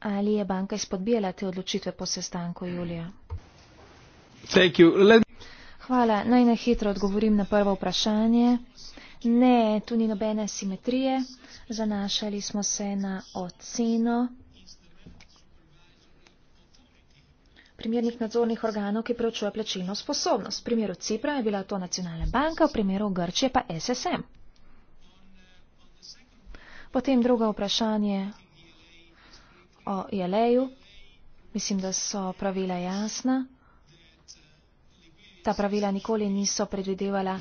Ali je banka izpodbijala te odločitve po sestanku Julija? Hvala. Naj na hitro odgovorim na prvo vprašanje. Ne, tu ni nobene simetrije. Zanašali smo se na oceno primernih nadzornih organov, ki preučuje plačilno sposobnost. V primeru Cipra je bila to nacionalna banka, v primeru Grčije pa SSM. Potem drugo vprašanje o jeleju. Mislim, da so pravila jasna. Ta pravila nikoli niso predvidevala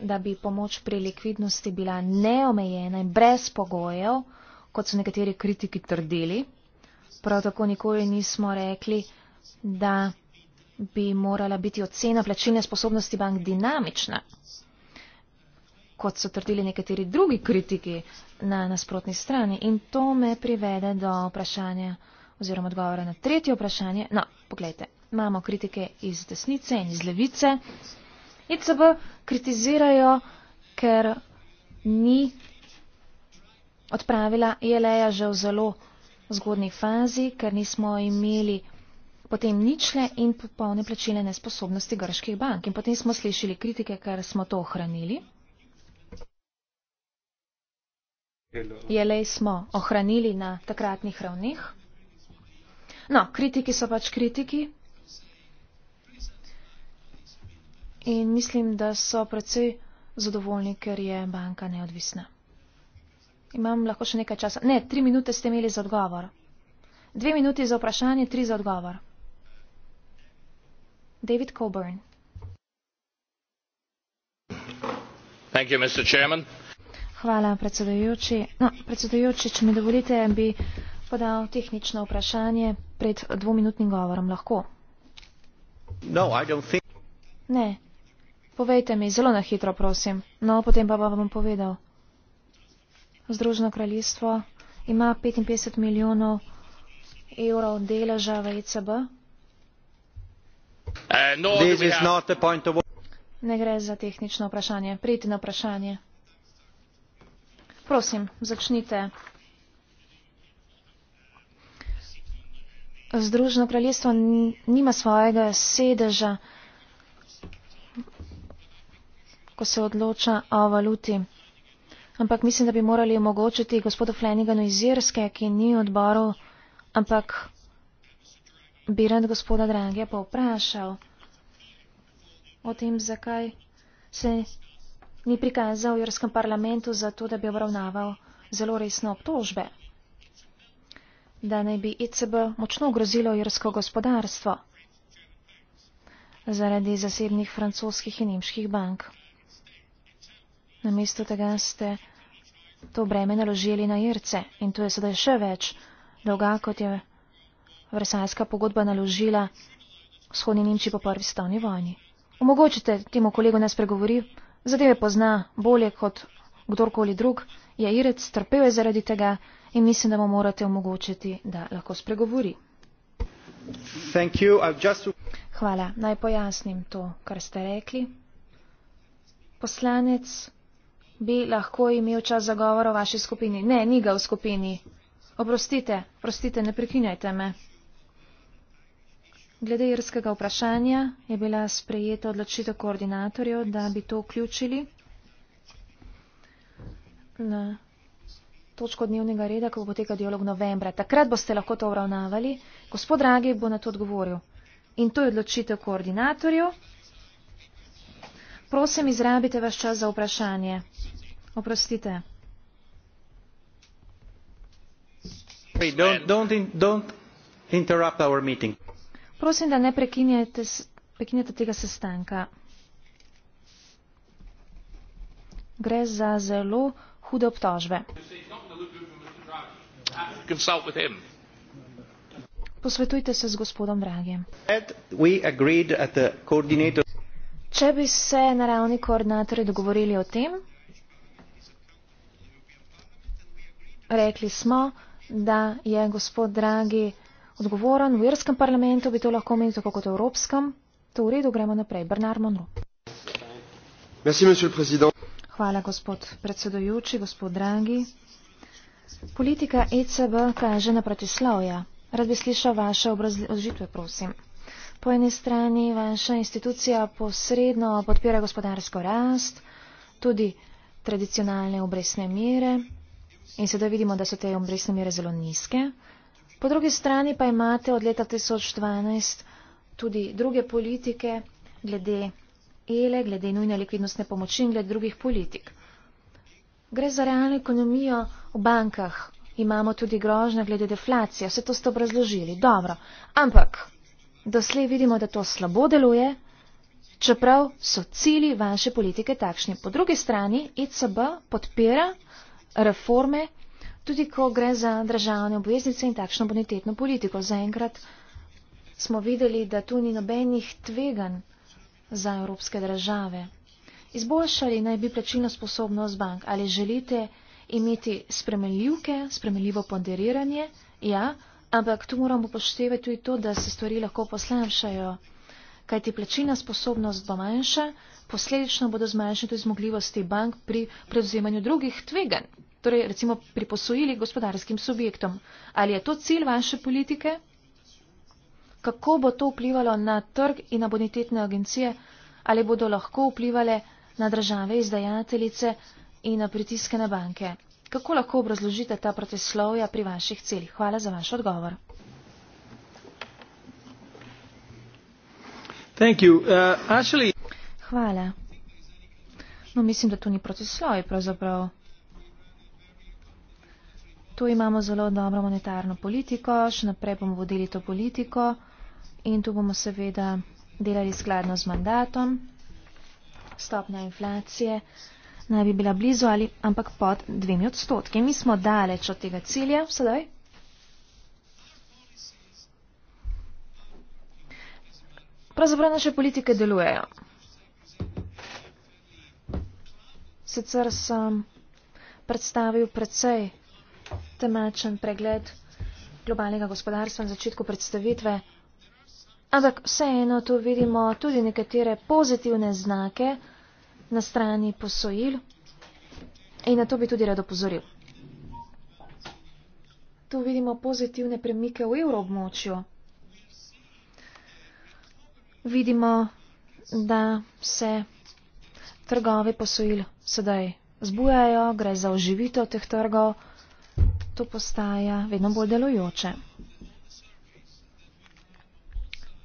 da bi pomoč pri likvidnosti bila neomejena in brez pogojev, kot so nekateri kritiki trdili. Prav tako nikoli nismo rekli, da bi morala biti ocena plačilne sposobnosti bank dinamična, kot so trdili nekateri drugi kritiki na nasprotni strani. In to me privede do vprašanja oziroma odgovora na tretje vprašanje. No, pogledajte, imamo kritike iz desnice in iz levice. ECB kritizirajo, ker ni odpravila ILE-ja e že v zelo zgodni fazi, ker nismo imeli potem ničle in popolne plačile nesposobnosti grških bank. In potem smo slišali kritike, ker smo to ohranili. Jelej smo ohranili na takratnih ravnih. No, kritiki so pač kritiki, in mislim, da so precej zadovoljni, ker je banka neodvisna. Imam lahko še nekaj časa. Ne, tri minute ste imeli za odgovor. Dve minuti za vprašanje, tri za odgovor. David Coburn. Thank you, Mr. Chairman. Hvala, predsedujoči. No, predsedujoči, če mi dovolite, bi podal tehnično vprašanje pred dvominutnim govorom. Lahko? No, think... Ne, Povejte mi, zelo na hitro, prosim. No, potem pa vam bom povedal. Združeno kraljestvo ima 55 milijonov evrov deleža v ECB. Uh, eh, no, of... Ne gre za tehnično vprašanje. Prijeti na vprašanje. Prosim, začnite. Združeno kraljestvo nima svojega sedeža ko se odloča o valuti. Ampak mislim, da bi morali omogočiti gospodu Fleniganu iz Irske, ki ni odboru, ampak bi rad gospoda Drange pa vprašal o tem, zakaj se ni prikazal v Irskem parlamentu za to, da bi obravnaval zelo resne obtožbe, da naj bi ECB močno ogrozilo irsko gospodarstvo zaradi zasebnih francoskih in nemških bank. Namesto tega ste to breme naložili na Irce in to je sedaj še več dolga, kot je Vrsajska pogodba naložila vzhodni Nemčiji po prvi stavni vojni. Omogočite temu kolegu nas pregovori, zadeve pozna bolje kot kdorkoli drug, je Irec, trpel je zaradi tega in mislim, da mu morate omogočiti, da lahko spregovori. Just... Hvala, naj pojasnim to, kar ste rekli. Poslanec bi lahko imel čas za govor o vaši skupini. Ne, ni ga v skupini. Oprostite, oprostite, ne prekinjajte me. Glede irskega vprašanja je bila sprejeta odločitev koordinatorjev, da bi to vključili na točko dnevnega reda, ko bo teka dialog novembra. Takrat boste lahko to obravnavali. Gospod Dragi bo na to odgovoril. In to je odločitev koordinatorjev. Prosim, izrabite vaš čas za vprašanje. Oprostite. Hey, don't, don't, in, don't interrupt our meeting. Prosim, da ne prekinjete, prekinjete tega sestanka. Gre za zelo hude obtožbe. Posvetujte se z gospodom Dragim. Če bi se na ravni koordinatorja dogovorili o tem, rekli smo, da je gospod Dragi odgovoren v irskem parlamentu, bi to lahko menil tako kot v evropskem. To v redu, gremo naprej. Bernard Monroe. Merci, Hvala, gospod predsedujoči, gospod Dragi. Politika ECB kaže na protislovja. Rad bi slišal vaše obrazložitve, prosim. Po eni strani vaša institucija posredno podpira gospodarsko rast, tudi tradicionalne obresne mere, In sedaj vidimo, da so te obrestne mere zelo nizke. Po drugi strani pa imate od leta 2012 tudi druge politike glede ele, glede nujne likvidnostne pomoči in glede drugih politik. Gre za realno ekonomijo v bankah. Imamo tudi grožnje glede deflacije. Vse to ste obrazložili. Dobro. Ampak doslej vidimo, da to slabo deluje, čeprav so cili vaše politike takšni. Po drugi strani ECB podpira reforme, tudi ko gre za državne obveznice in takšno bonitetno politiko. Zaenkrat smo videli, da tu ni nobenih tvegan za evropske države. Izboljšali naj bi plačilno sposobnost bank. Ali želite imeti spremenljivke, spremenljivo ponderiranje? Ja, ampak tu moramo upoštevati tudi to, da se stvari lahko poslabšajo, kajti plačilna sposobnost bo manjša, posledično bodo zmanjšene tudi zmogljivosti bank pri prevzemanju drugih tveganj torej recimo pri posojili gospodarskim subjektom. Ali je to cilj vaše politike? Kako bo to vplivalo na trg in na bonitetne agencije? Ali bodo lahko vplivali na države izdajateljice in na pritiskane banke? Kako lahko obrazložite ta proteslovja pri vaših celih? Hvala za vaš odgovor. Uh, Hvala. No, mislim, da to ni proteslovje pravzaprav. Tu imamo zelo dobro monetarno politiko, še naprej bomo vodili to politiko in tu bomo seveda delali skladno z mandatom. Stopnja inflacije naj bi bila blizu ali ampak pod dvemi odstotki. Mi smo daleč od tega cilja, sedaj. Pravzaprav naše politike delujejo. Sicer sem predstavil precej temačen pregled globalnega gospodarstva na začetku predstavitve. Ampak vseeno tu vidimo tudi nekatere pozitivne znake na strani posojil in na to bi tudi rado pozoril. Tu vidimo pozitivne premike v evroobmočju. Vidimo, da se trgovi posojil sedaj zbujajo, gre za oživitev teh trgov to postaja vedno bolj delujoče.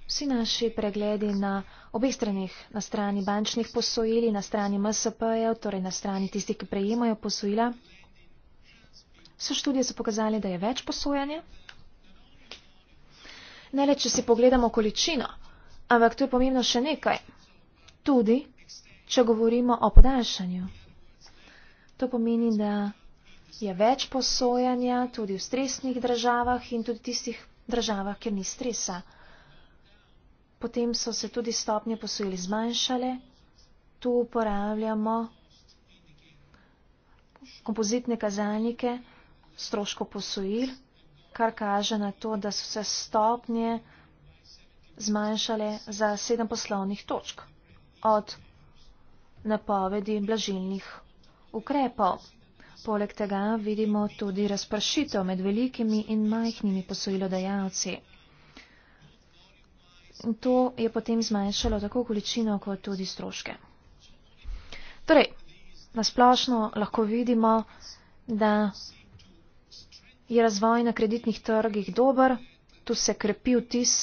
Vsi naši pregledi na obeh stranih, na strani bančnih posojili, na strani MSP-jev, torej na strani tistih, ki prejemajo posojila, so študije so pokazali, da je več posojanja. Ne le, če si pogledamo količino, ampak tu je pomembno še nekaj. Tudi, če govorimo o podaljšanju. To pomeni, da je več posojanja tudi v stresnih državah in tudi tistih državah, kjer ni stresa. Potem so se tudi stopnje posojili zmanjšale. Tu uporabljamo kompozitne kazalnike stroško posojil, kar kaže na to, da so se stopnje zmanjšale za sedem poslovnih točk od napovedi blažilnih ukrepov. Poleg tega vidimo tudi razpršito med velikimi in majhnimi posojilodajalci. To je potem zmanjšalo tako količino kot tudi stroške. Torej, nasplošno lahko vidimo, da je razvoj na kreditnih trgih dober, tu se krepi vtis,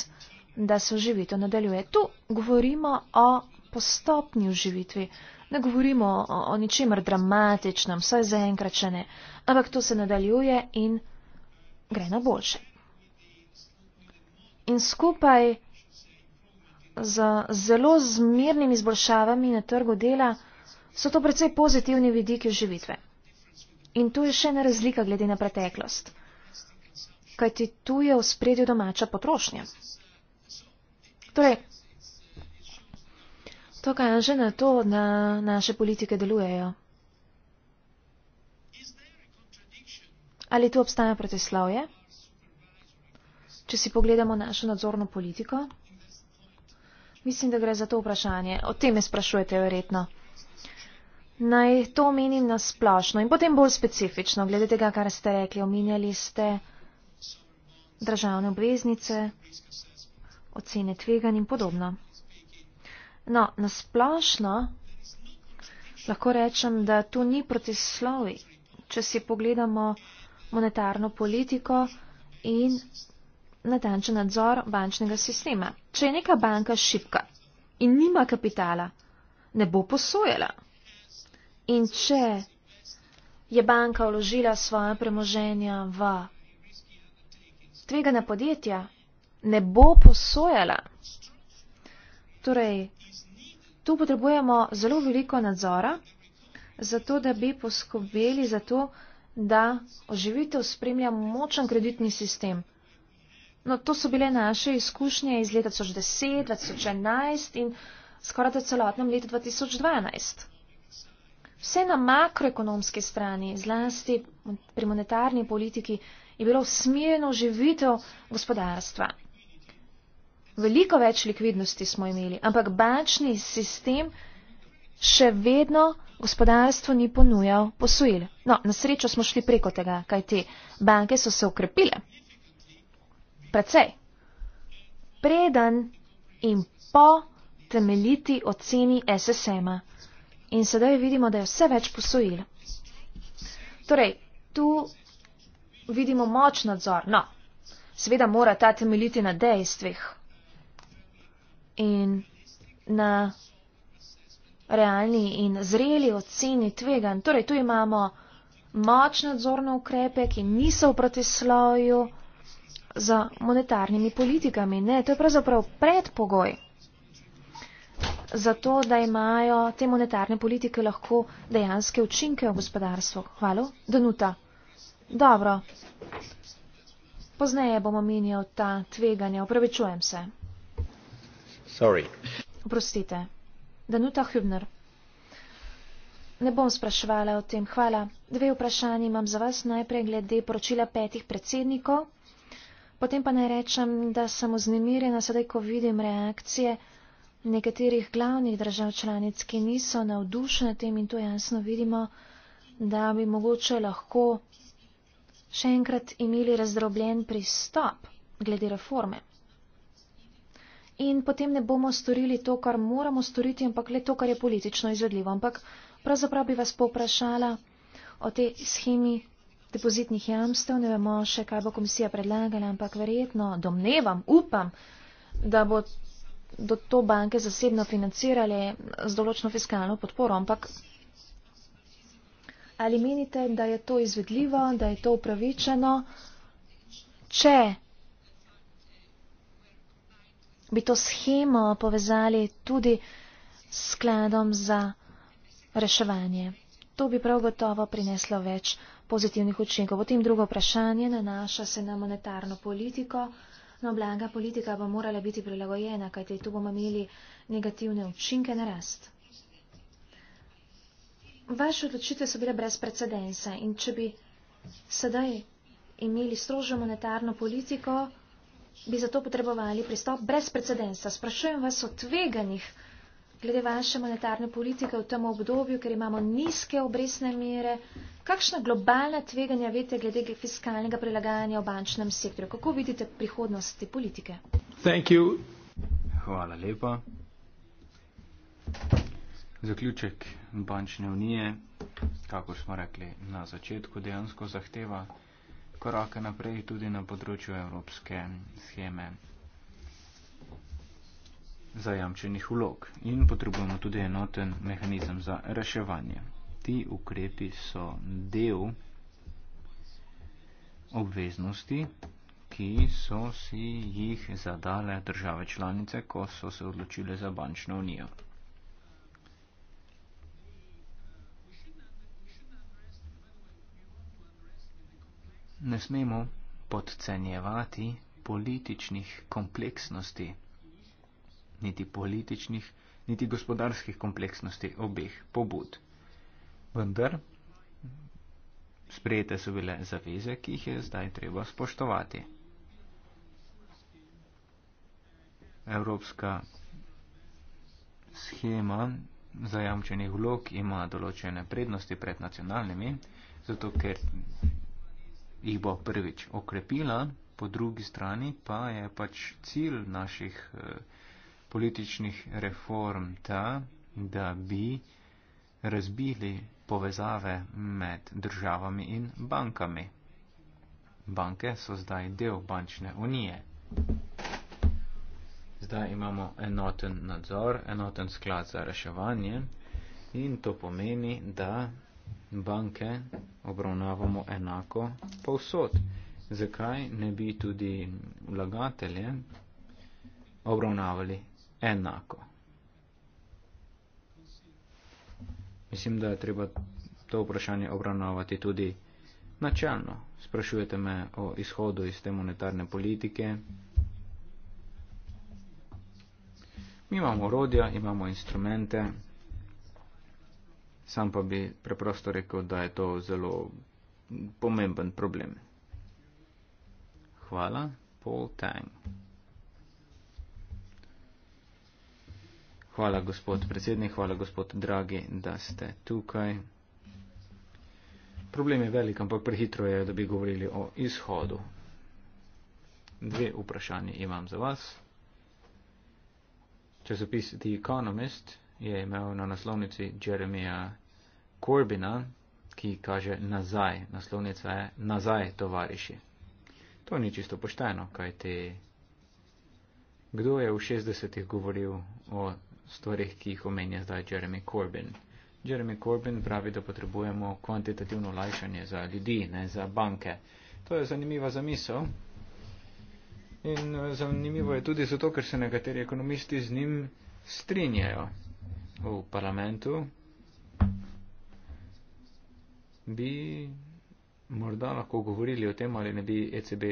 da se oživitev nadaljuje. Tu govorimo o postopni oživitvi. Ne govorimo o, o ničemer dramatičnem, vsaj zaenkrat še ne, ampak to se nadaljuje in gre na boljše. In skupaj z zelo zmernimi izboljšavami na trgu dela so to precej pozitivni vidiki živitve. In tu je še ena razlika glede na preteklost, kajti tu je v spredju domača potrošnja. Torej, To kaže na to, da naše politike delujejo. Ali tu obstaja protislavje? Če si pogledamo našo nadzorno politiko, mislim, da gre za to vprašanje. O tem me sprašujete verjetno. Naj to omenim na splošno in potem bolj specifično, glede tega, kar ste rekli. Omenjali ste državne obveznice, ocene tvegan in podobno. No, nasplošno lahko rečem, da to ni protislovi, če si pogledamo monetarno politiko in natančen nadzor bančnega sistema. Če je neka banka šipka in nima kapitala, ne bo posojala. In če je banka vložila svoje premoženje v tvegana podjetja, ne bo posojala. Torej, Tu potrebujemo zelo veliko nadzora, zato da bi poskobeli za to, da oživitev spremlja močen kreditni sistem. No, to so bile naše izkušnje iz leta 2010, 2011 in skoraj da celotnem letu 2012. Vse na makroekonomski strani, zlasti pri monetarni politiki, je bilo usmerjeno oživitev gospodarstva veliko več likvidnosti smo imeli, ampak bančni sistem še vedno gospodarstvo ni ponujal posojil. No, na srečo smo šli preko tega, kaj te banke so se ukrepile. Precej. Preden in po temeljiti oceni SSM-a. In sedaj vidimo, da je vse več posojil. Torej, tu vidimo moč nadzor. No, seveda mora ta temeljiti na dejstvih in na realni in zreli oceni tvegan. Torej, tu imamo močne nadzorne ukrepe, ki niso v protisloju za monetarnimi politikami. Ne, to je pravzaprav predpogoj za to, da imajo te monetarne politike lahko dejanske učinke v gospodarstvu. Hvala, Danuta. Dobro. Pozneje bomo menjal ta tveganja. Upravičujem se. Sorry. Oprostite. Danuta Hübner. Ne bom spraševala o tem. Hvala. Dve vprašanje imam za vas. Najprej glede poročila petih predsednikov. Potem pa naj rečem, da sem vznemirjena sedaj, ko vidim reakcije nekaterih glavnih držav članic, ki niso navdušene tem in to jasno vidimo, da bi mogoče lahko še enkrat imeli razdrobljen pristop glede reforme in potem ne bomo storili to, kar moramo storiti, ampak le to, kar je politično izvedljivo. Ampak pravzaprav bi vas poprašala o tej schemi depozitnih jamstev. Ne vemo še, kaj bo komisija predlagala, ampak verjetno domnevam, upam, da bo do to banke zasebno financirale z določno fiskalno podporo. Ampak ali menite, da je to izvedljivo, da je to upravičeno? Če bi to schemo povezali tudi s skladom za reševanje. To bi prav gotovo prineslo več pozitivnih učinkov. Potem drugo vprašanje nanaša se na monetarno politiko. No, blaga politika bo morala biti prilagojena, kajte tu bomo imeli negativne učinke na rast. Vaše odločitve so bile brez precedensa in če bi sedaj imeli strožjo monetarno politiko, bi zato potrebovali pristop brez precedensa. Sprašujem vas o tveganjih glede vaše monetarne politike v tem obdobju, ker imamo nizke obresne mere. Kakšna globalna tveganja vete glede fiskalnega prilagajanja v bančnem sektorju? Kako vidite prihodnost te politike? Thank you. Hvala lepa. Zaključek bančne unije, kako smo rekli na začetku, dejansko zahteva korake naprej tudi na področju evropske scheme zajamčenih vlog in potrebujemo tudi enoten mehanizem za reševanje. Ti ukrepi so del obveznosti, ki so si jih zadale države članice, ko so se odločile za bančno unijo. ne smemo podcenjevati političnih kompleksnosti, niti političnih, niti gospodarskih kompleksnosti obeh pobud. Vendar sprejete so bile zaveze, ki jih je zdaj treba spoštovati. Evropska schema zajamčenih vlog ima določene prednosti pred nacionalnimi, zato ker jih bo prvič okrepila, po drugi strani pa je pač cilj naših eh, političnih reform ta, da bi razbili povezave med državami in bankami. Banke so zdaj del bančne unije. Zdaj imamo enoten nadzor, enoten sklad za reševanje in to pomeni, da banke obravnavamo enako povsod. Zakaj ne bi tudi vlagatelje obravnavali enako? Mislim, da je treba to vprašanje obravnavati tudi načelno. Sprašujete me o izhodu iz te monetarne politike. Mi imamo orodja, imamo instrumente sam pa bi preprosto rekel, da je to zelo pomemben problem. Hvala, Paul Tang. Hvala, gospod predsednik, hvala, gospod Dragi, da ste tukaj. Problem je velik, ampak prehitro je, da bi govorili o izhodu. Dve vprašanje imam za vas. Časopis The Economist je imel na naslovnici Jeremija Corbina, ki kaže nazaj, naslovnica je nazaj, tovariši. To ni čisto pošteno, kaj ti. Kdo je v 60-ih govoril o stvarih, ki jih omenja zdaj Jeremy Corbyn? Jeremy Corbyn pravi, da potrebujemo kvantitativno lajšanje za ljudi, ne za banke. To je zanimiva zamisel. In eh, zanimivo je tudi zato, ker se nekateri ekonomisti z njim strinjajo v parlamentu, bi morda lahko govorili o tem, ali ne bi ECB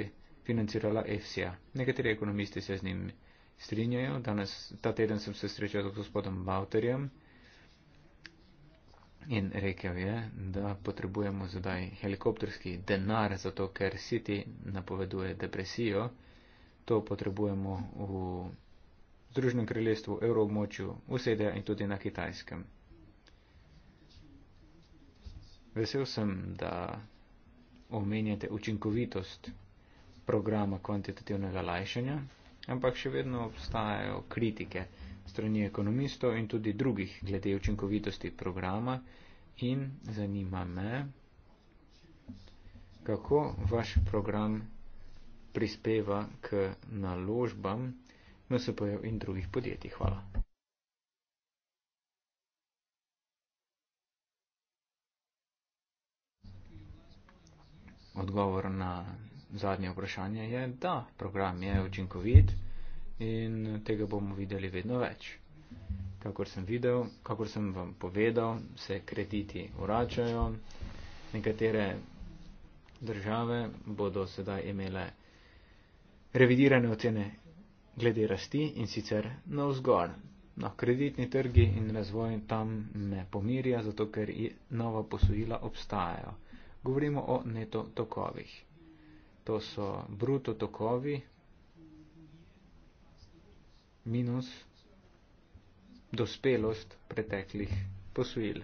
financirala EFSI-ja. Nekateri ekonomisti se z njim strinjajo. Danes, ta teden sem se srečal z gospodom Bauterjem in rekel je, da potrebujemo zdaj helikopterski denar, zato ker City napoveduje depresijo. To potrebujemo v Združenem kraljestvu, v evroobmočju, v SEDA in tudi na kitajskem. Vesel sem, da omenjate učinkovitost programa kvantitativnega lajšanja, ampak še vedno obstajajo kritike strani ekonomistov in tudi drugih glede učinkovitosti programa in zanima me, kako vaš program prispeva k naložbam MSP-jev in drugih podjetij. Hvala. odgovor na zadnje vprašanje je, da program je učinkovit in tega bomo videli vedno več. Kakor sem videl, kakor sem vam povedal, se krediti vračajo. Nekatere države bodo sedaj imele revidirane ocene glede rasti in sicer na vzgor. Na no, kreditni trgi in razvoj tam ne pomirja, zato ker nova posojila obstajajo govorimo o neto tokovih. To so bruto tokovi minus dospelost preteklih posojil.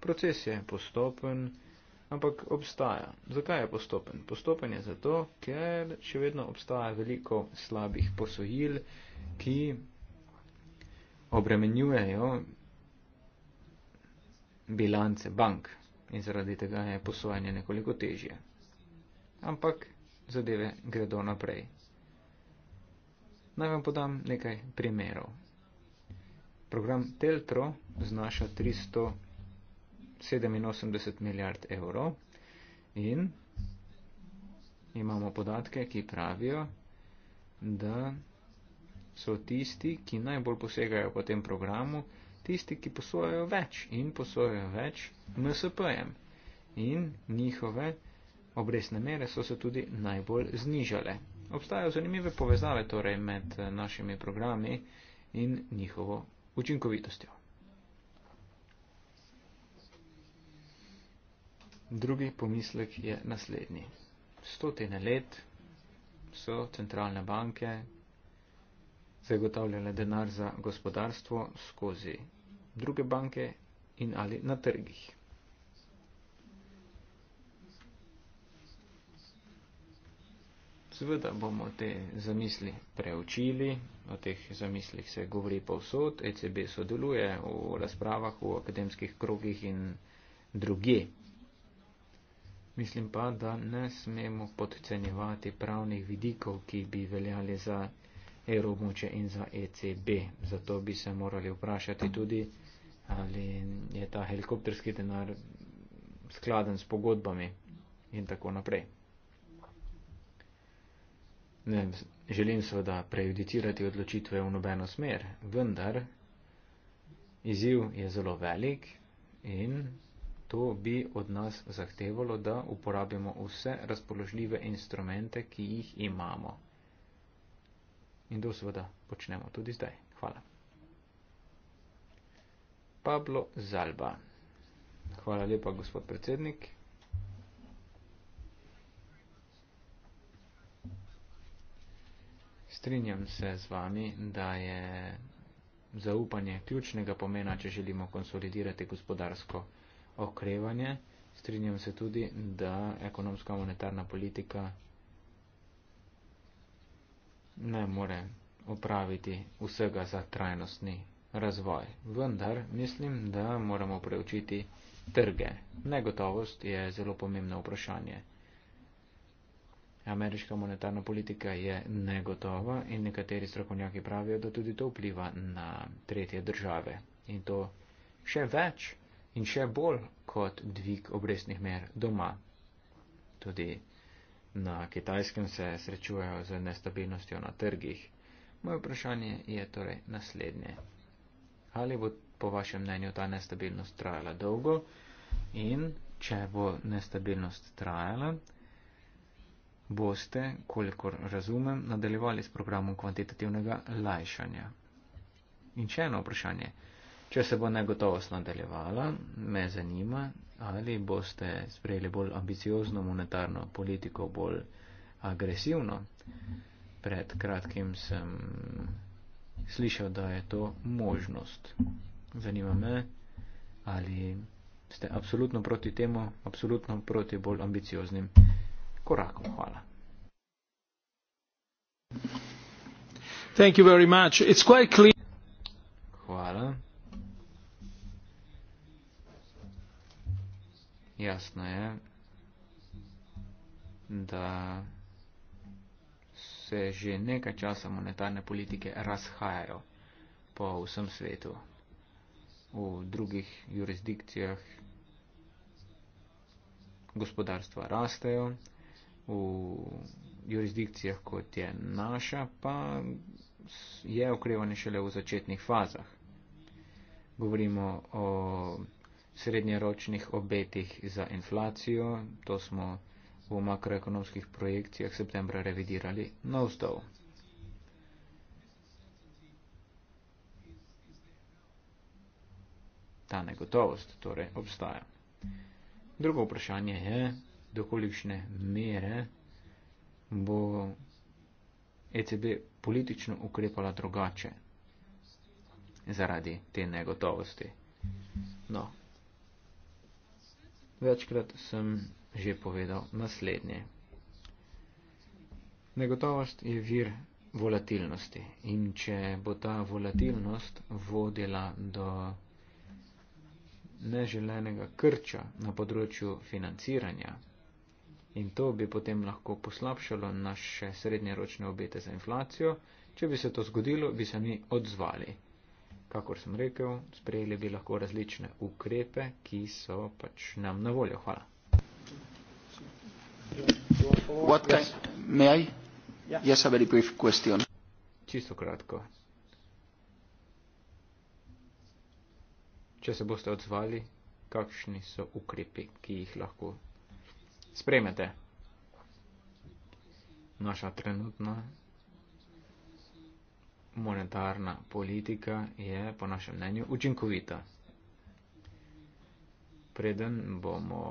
Proces je postopen, ampak obstaja. Zakaj je postopen? Postopen je zato, ker še vedno obstaja veliko slabih posojil, ki obremenjujejo bilance bank in zaradi tega je posvojanje nekoliko težje. Ampak zadeve gredo naprej. Naj vam podam nekaj primerov. Program Teltro znaša 387 milijard evrov in imamo podatke, ki pravijo, da so tisti, ki najbolj posegajo po tem programu, tisti, ki posojajo več in posojajo več MSP-jem. In njihove obresne mere so se tudi najbolj znižale. Obstajajo zanimive povezave torej med eh, našimi programi in njihovo učinkovitostjo. Drugi pomislek je naslednji. Stotine let so centralne banke zagotavljale denar za gospodarstvo skozi druge banke in ali na trgih. Seveda bomo te zamisli preučili, o teh zamislih se govori povsod, ECB sodeluje v razpravah v akademskih krogih in druge. Mislim pa, da ne smemo podcenjevati pravnih vidikov, ki bi veljali za evroobmoče in za ECB. Zato bi se morali vprašati tudi ali je ta helikopterski denar skladen s pogodbami in tako naprej. Ne, želim seveda prejudicirati odločitve v nobeno smer, vendar izziv je zelo velik in to bi od nas zahtevalo, da uporabimo vse razpoložljive instrumente, ki jih imamo. In to seveda počnemo tudi zdaj. Hvala. Pablo Zalba. Hvala lepa, gospod predsednik. Strinjam se z vami, da je zaupanje ključnega pomena, če želimo konsolidirati gospodarsko okrevanje. Strinjam se tudi, da ekonomska monetarna politika ne more opraviti vsega za trajnostni razvoj. Vendar mislim, da moramo preučiti trge. Negotovost je zelo pomembno vprašanje. Ameriška monetarna politika je negotova in nekateri strokovnjaki pravijo, da tudi to vpliva na tretje države. In to še več in še bolj kot dvig obrestnih mer doma. Tudi na kitajskem se srečujejo z nestabilnostjo na trgih. Moje vprašanje je torej naslednje ali bo po vašem mnenju ta nestabilnost trajala dolgo in če bo nestabilnost trajala, boste, kolikor razumem, nadaljevali s programom kvantitativnega lajšanja. In še eno vprašanje. Če se bo negotovost nadaljevala, me zanima, ali boste sprejeli bolj ambiciozno monetarno politiko, bolj agresivno. Pred kratkim sem slišal, da je to možnost. Zanima me, ali ste absolutno proti temu, absolutno proti bolj ambicioznim korakom. Hvala. Hvala. Jasno je, da se že nekaj časa monetarne politike razhajajo po vsem svetu, v drugih jurisdikcijah. Gospodarstva rastejo, v jurisdikcijah kot je naša, pa je okrevanje šele v začetnih fazah. Govorimo o srednjeročnih obetih za inflacijo, to smo v makroekonomskih projekcijah septembra revidirali navzdol. Ta negotovost torej obstaja. Drugo vprašanje je, dokolikšne mere bo ECB politično ukrepala drugače zaradi te negotovosti. No, večkrat sem že povedal naslednje. Negotovost je vir volatilnosti in če bo ta volatilnost vodila do neželenega krča na področju financiranja in to bi potem lahko poslabšalo naše srednjeročne obete za inflacijo, če bi se to zgodilo, bi se mi odzvali. Kakor sem rekel, sprejeli bi lahko različne ukrepe, ki so pač nam na voljo. Hvala. What can, yes. May I? Yeah. Yes, a very brief question. Čisto kratko. Če se boste odzvali, kakšni so ukrepi, ki jih lahko spremete? Naša trenutna monetarna politika je, po našem mnenju, učinkovita. Preden bomo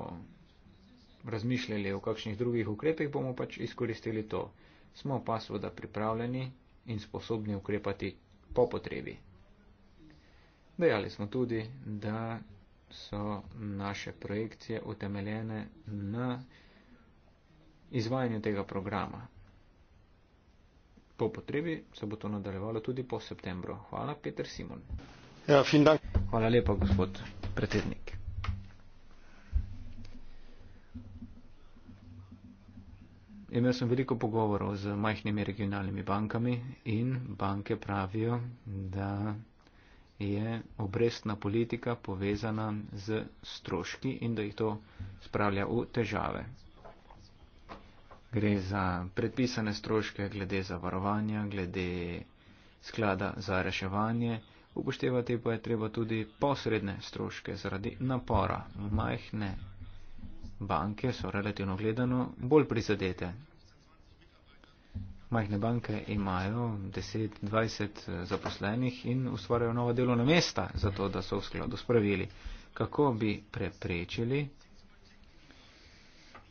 razmišljali o kakšnih drugih ukrepih, bomo pač izkoristili to. Smo pa seveda pripravljeni in sposobni ukrepati po potrebi. Dejali smo tudi, da so naše projekcije utemeljene na izvajanju tega programa. Po potrebi se bo to nadaljevalo tudi po septembru. Hvala, Peter Simon. Ja, Hvala lepa, gospod predsednik. imel sem veliko pogovorov z majhnimi regionalnimi bankami in banke pravijo, da je obrestna politika povezana z stroški in da jih to spravlja v težave. Gre za predpisane stroške glede zavarovanja, glede sklada za reševanje. Upoštevati pa je treba tudi posredne stroške zaradi napora, majhne banke so relativno gledano bolj prizadete. Majhne banke imajo 10-20 eh, zaposlenih in ustvarjajo nova delovna mesta, zato da so v skladu s pravili. Kako bi preprečili,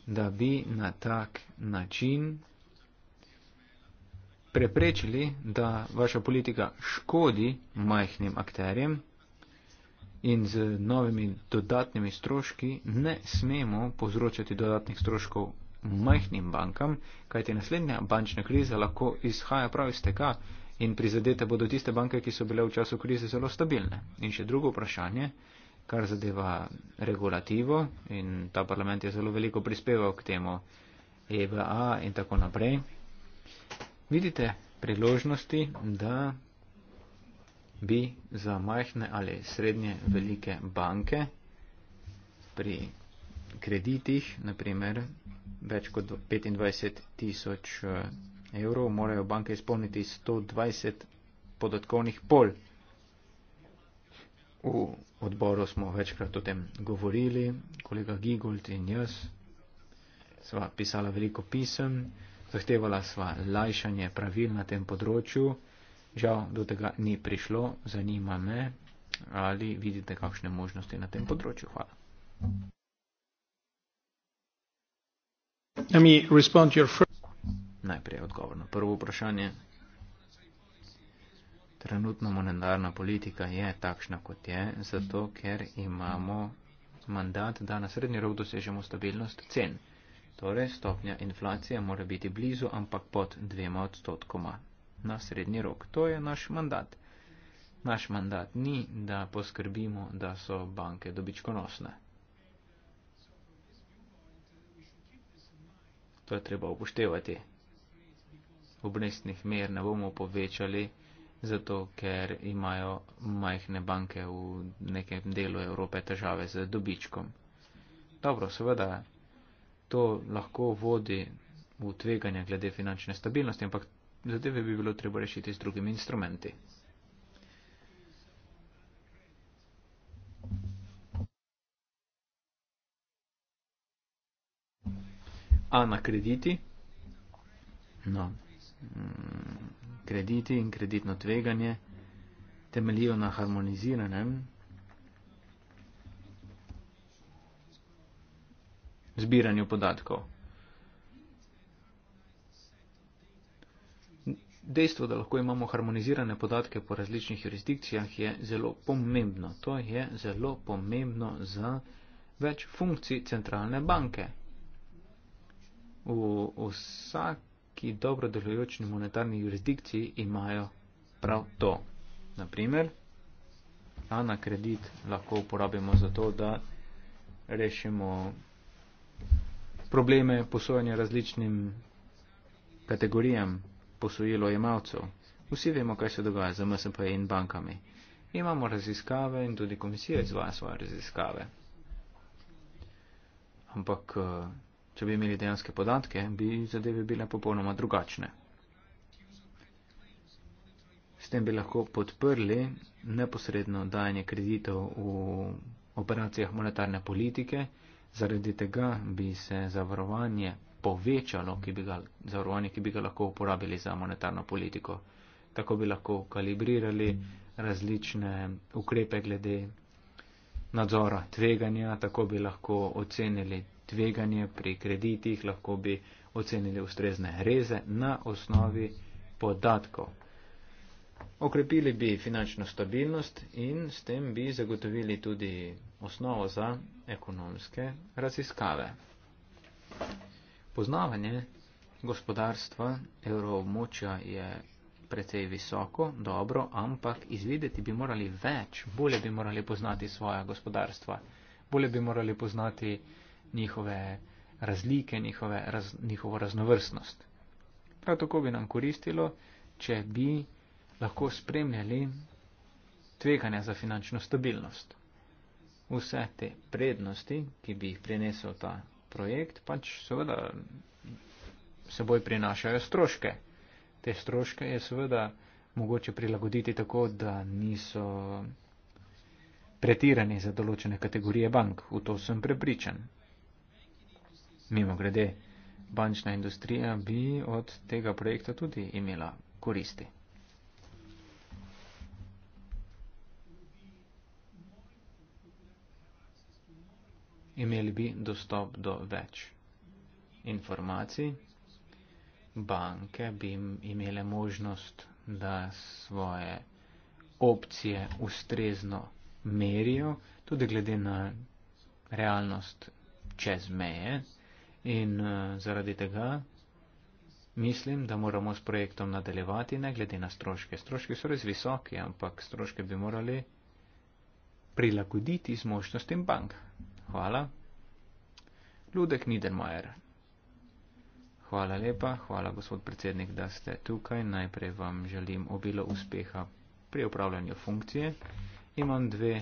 da bi na tak način preprečili, da vaša politika škodi majhnim akterjem, in z novimi dodatnimi stroški ne smemo povzročati dodatnih stroškov majhnim bankam, kajti naslednja bančna kriza lahko izhaja prav iz tega in prizadete bodo tiste banke, ki so bile v času krize zelo stabilne. In še drugo vprašanje, kar zadeva regulativo in ta parlament je zelo veliko prispeval k temu EBA in tako naprej. Vidite priložnosti, da bi za majhne ali srednje velike banke pri kreditih, naprimer več kot 25 tisoč eh, evrov, morajo banke izpolniti 120 podatkovnih pol. V odboru smo večkrat o tem govorili, kolega Gigult in jaz sva pisala veliko pisem, zahtevala sva lajšanje pravil na tem področju. Žal do tega ni prišlo. Zanima me, ali vidite kakšne možnosti na tem področju. Hvala. Najprej odgovor na prvo vprašanje. Trenutno monetarna politika je takšna, kot je, zato ker imamo mandat, da na srednji rok dosežemo stabilnost cen. Torej, stopnja inflacije mora biti blizu, ampak pod dvema odstotkoma na srednji rok. To je naš mandat. Naš mandat ni, da poskrbimo, da so banke dobičkonosne. To je treba upoštevati. Obnestnih mer ne bomo povečali, zato ker imajo majhne banke v nekem delu Evrope težave z dobičkom. Dobro, seveda, to lahko vodi v tveganje glede finančne stabilnosti, ampak zadeve bi bilo treba rešiti z drugimi instrumenti. A na krediti, no, mm, krediti in kreditno tveganje temeljijo na harmoniziranem zbiranju podatkov. dejstvo, da lahko imamo harmonizirane podatke po različnih jurisdikcijah, je zelo pomembno. To je zelo pomembno za več funkcij centralne banke. V vsaki dobro delujočni monetarni jurisdikciji imajo prav to. Naprimer, ANA kredit lahko uporabimo za to, da rešimo probleme posojanja različnim kategorijam posojilo imavcev. Vsi vemo, kaj se dogaja z MSP in bankami. Imamo raziskave in tudi komisija izvaja svoje raziskave. Ampak, eh, če bi imeli dejanske podatke, bi zadeve bile popolnoma drugačne. S tem bi lahko podprli neposredno dajanje kreditov v operacijah monetarne politike, zaradi tega bi se zavarovanje povečalo, ki bi ga, zavarovanje, ki bi ga lahko uporabili za monetarno politiko. Tako bi lahko kalibrirali različne ukrepe glede nadzora tveganja, tako bi lahko ocenili tveganje pri kreditih, lahko bi ocenili ustrezne reze na osnovi podatkov. Okrepili bi finančno stabilnost in s tem bi zagotovili tudi osnovo za ekonomske raziskave. Poznavanje gospodarstva evroobmočja je precej visoko, dobro, ampak izvedeti bi morali več, bolje bi morali poznati svoja gospodarstva, bolje bi morali poznati njihove razlike, njihove, raz, njihovo raznovrstnost. Prav tako bi nam koristilo, če bi lahko spremljali tveganja za finančno stabilnost. Vse te prednosti, ki bi jih prinesel ta projekt, pač seveda seboj prinašajo stroške. Te stroške je seveda mogoče prilagoditi tako, da niso pretirani za določene kategorije bank. V to sem prepričan. Mimo grede, bančna industrija bi od tega projekta tudi imela koristi. imeli bi dostop do več informacij, banke bi imele možnost, da svoje opcije ustrezno merijo, tudi glede na realnost čez meje. In eh, zaradi tega mislim, da moramo s projektom nadaljevati, ne glede na stroške. Stroški so res visoki, ampak stroške bi morali prilagoditi z možnostim banka. Hvala. Ludek Niedermayer. Hvala lepa, hvala gospod predsednik, da ste tukaj. Najprej vam želim obilo uspeha pri upravljanju funkcije. Imam dve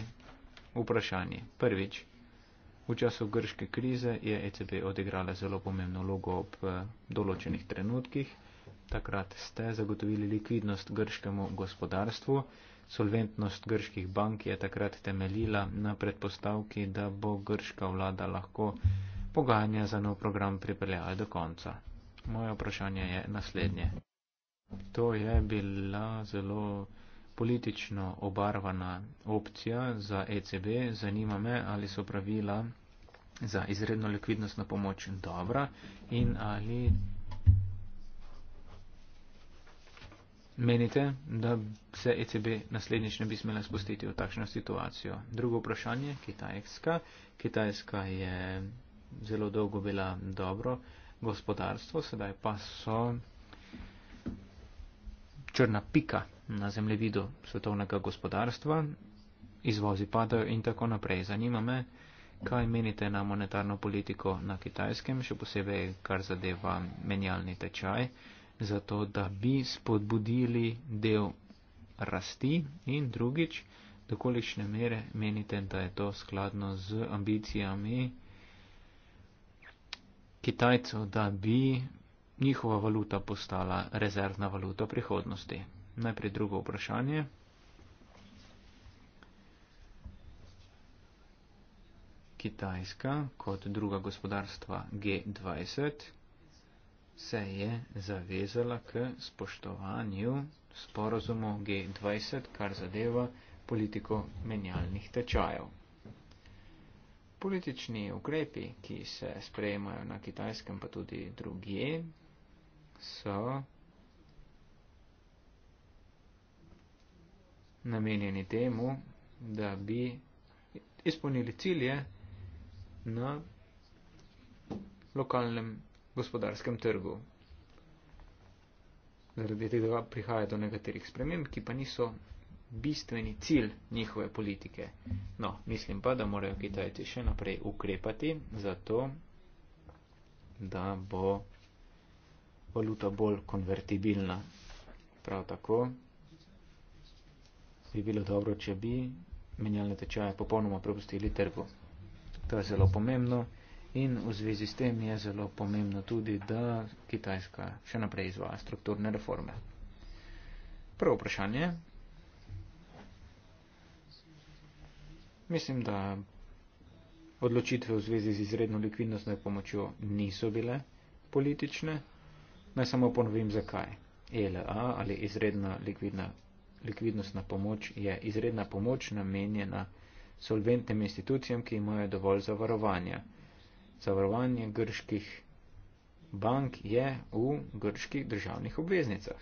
vprašanje. Prvič, v času grške krize je ECB odigrala zelo pomembno vlogo ob eh, določenih trenutkih. Takrat ste zagotovili likvidnost grškemu gospodarstvu. Solventnost grških bank je takrat temeljila na predpostavki, da bo grška vlada lahko pogajanja za nov program pripeljala do konca. Moje vprašanje je naslednje. To je bila zelo politično obarvana opcija za ECB. Zanima me, ali so pravila za izredno likvidnostno pomoč dobra in ali Menite, da se ECB naslednjič ne bi smela spustiti v takšno situacijo? Drugo vprašanje, Kitajska. Kitajska je zelo dolgo bila dobro gospodarstvo, sedaj pa so črna pika na zemljevidu svetovnega gospodarstva, izvozi padajo in tako naprej. Zanima me, kaj menite na monetarno politiko na kitajskem, še posebej kar zadeva menjalni tečaj zato da bi spodbudili del rasti in drugič, dokolične mere menite, da je to skladno z ambicijami Kitajcev, da bi njihova valuta postala rezervna valuta prihodnosti. Najprej drugo vprašanje. Kitajska kot druga gospodarstva G20 se je zavezala k spoštovanju sporozumu G20, kar zadeva politiko menjalnih tečajev. Politični ukrepi, ki se sprejemajo na kitajskem, pa tudi drugje, so namenjeni temu, da bi izpolnili cilje na lokalnem gospodarskem trgu. Zaradi tega prihaja do nekaterih sprememb, ki pa niso bistveni cilj njihove politike. No, mislim pa, da morajo Kitajci še naprej ukrepati za to, da bo valuta bolj konvertibilna. Prav tako bi bilo dobro, če bi menjalne tečaje popolnoma prepustili trgu. To je zelo pomembno. In v zvezi s tem je zelo pomembno tudi, da Kitajska še naprej izvaja strukturne reforme. Prvo vprašanje. Mislim, da odločitve v zvezi z izredno likvidnostno pomočjo niso bile politične. Naj samo ponovim, zakaj. ELA ali izredna likvidna, likvidnostna pomoč je izredna pomoč namenjena solventnim institucijam, ki imajo dovolj zavarovanja zavarovanje grških bank je v grških državnih obveznicah.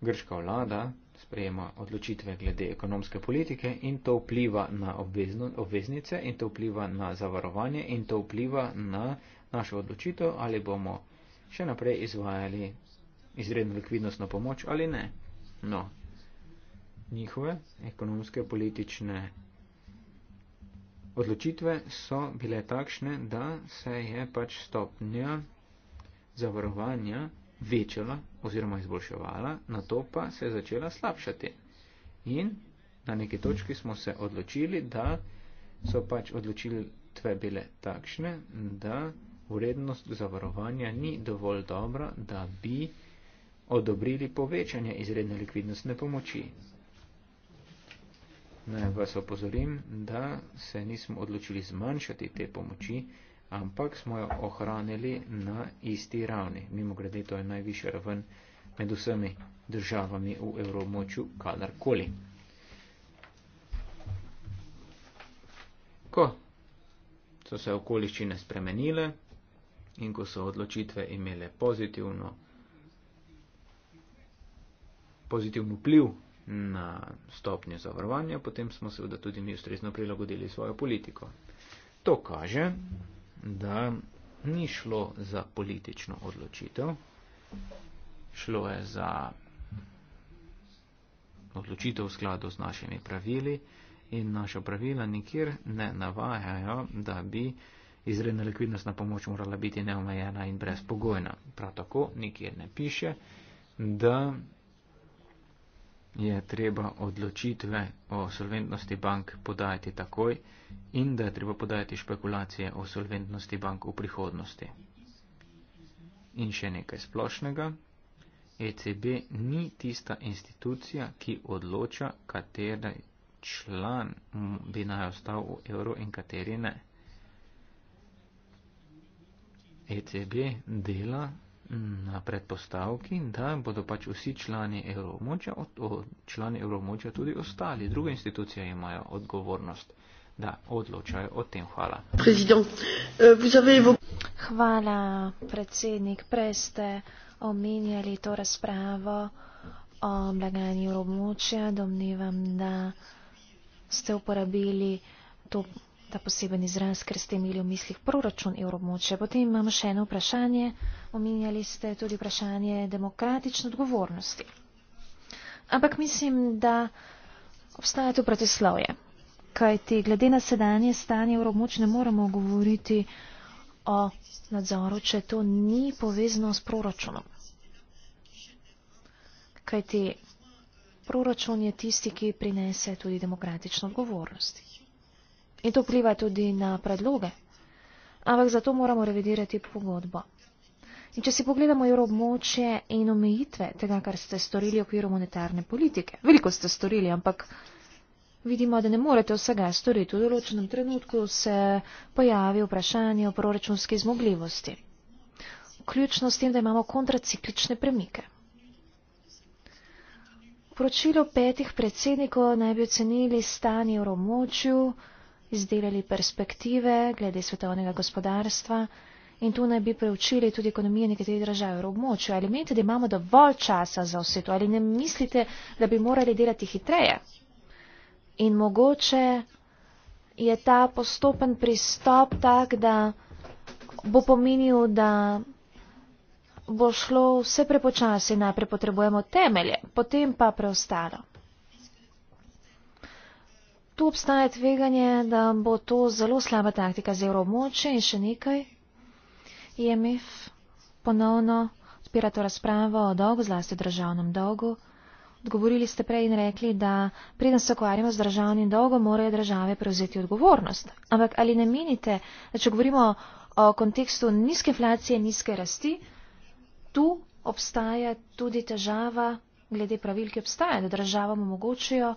Grška vlada sprejema odločitve glede ekonomske politike in to vpliva na obvezno, obveznice in to vpliva na zavarovanje in to vpliva na našo odločitev, ali bomo še naprej izvajali izredno likvidnostno pomoč ali ne. No, njihove ekonomske politične odločitve so bile takšne, da se je pač stopnja zavarovanja večala oziroma izboljševala, na to pa se je začela slabšati. In na neki točki smo se odločili, da so pač odločitve bile takšne, da vrednost zavarovanja ni dovolj dobra, da bi odobrili povečanje izredne likvidnostne pomoči. Naj vas opozorim, da se nismo odločili zmanjšati te pomoči, ampak smo jo ohranili na isti ravni. Mimo grede, to je najvišja raven med vsemi državami v evromoču, kadarkoli. Ko so se okoliščine spremenile in ko so odločitve imele pozitivno, pozitivno vpliv na stopnjo zavarovanja, potem smo seveda tudi mi ustrezno prilagodili svojo politiko. To kaže, da ni šlo za politično odločitev, šlo je za odločitev v skladu z našimi pravili in naša pravila nikjer ne navajajo, da bi izredna likvidnostna pomoč morala biti neomejena in brezpogojna. Prav tako nikjer ne piše, da je treba odločitve o solventnosti bank podajati takoj in da je treba podajati špekulacije o solventnosti bank v prihodnosti. In še nekaj splošnega. ECB ni tista institucija, ki odloča, kateri član bi naj ostal v evro in kateri ne. ECB dela na predpostavki, da bodo pač vsi člani evromoča, člani evromoča tudi ostali. Druge institucije imajo odgovornost, da odločajo o tem. Hvala. Eh, Hvala, predsednik. Prej ste omenjali to razpravo o blaganju evromoča. Domnevam, da ste uporabili to ta poseben izraz, ker ste imeli v mislih proračun evromoče. Potem imamo še eno vprašanje, omenjali ste tudi vprašanje demokratične odgovornosti. Ampak mislim, da obstaja tu protislovje, kajti glede na sedanje stanje evromoč ne moremo govoriti o nadzoru, če to ni povezano s proračunom. Kajti proračun je tisti, ki prinese tudi demokratično odgovornosti. In to vpliva tudi na predloge. Ampak zato moramo revidirati pogodbo. In če si pogledamo evroobmočje in omejitve tega, kar ste storili v okviru monetarne politike, veliko ste storili, ampak vidimo, da ne morete vsega storiti. V določenem trenutku se pojavi vprašanje o proračunski zmogljivosti. Ključno s tem, da imamo kontraciklične premike. Poročilo petih predsednikov naj bi ocenili stanje v evroobmočju izdelali perspektive glede svetovnega gospodarstva in tu naj bi preučili tudi ekonomijo nekaterih držav v območju. Ali menite, da imamo dovolj časa za vse to? Ali ne mislite, da bi morali delati hitreje? In mogoče je ta postopen pristop tak, da bo pomenil, da bo šlo vse prepočasi, najprej potrebujemo temelje, potem pa preostalo. Tu obstaja tveganje, da bo to zelo slaba taktika za evroobmočje in še nekaj. IMF ponovno odpira to razpravo o dolgu, zlasti o državnem dolgu. Odgovorili ste prej in rekli, da preden se okvarjamo z državnim dolgom, morajo države prevzeti odgovornost. Ampak ali ne menite, da če govorimo o kontekstu nizke inflacije, nizke rasti, tu obstaja tudi težava glede pravil, ki obstajajo, da državam omogočijo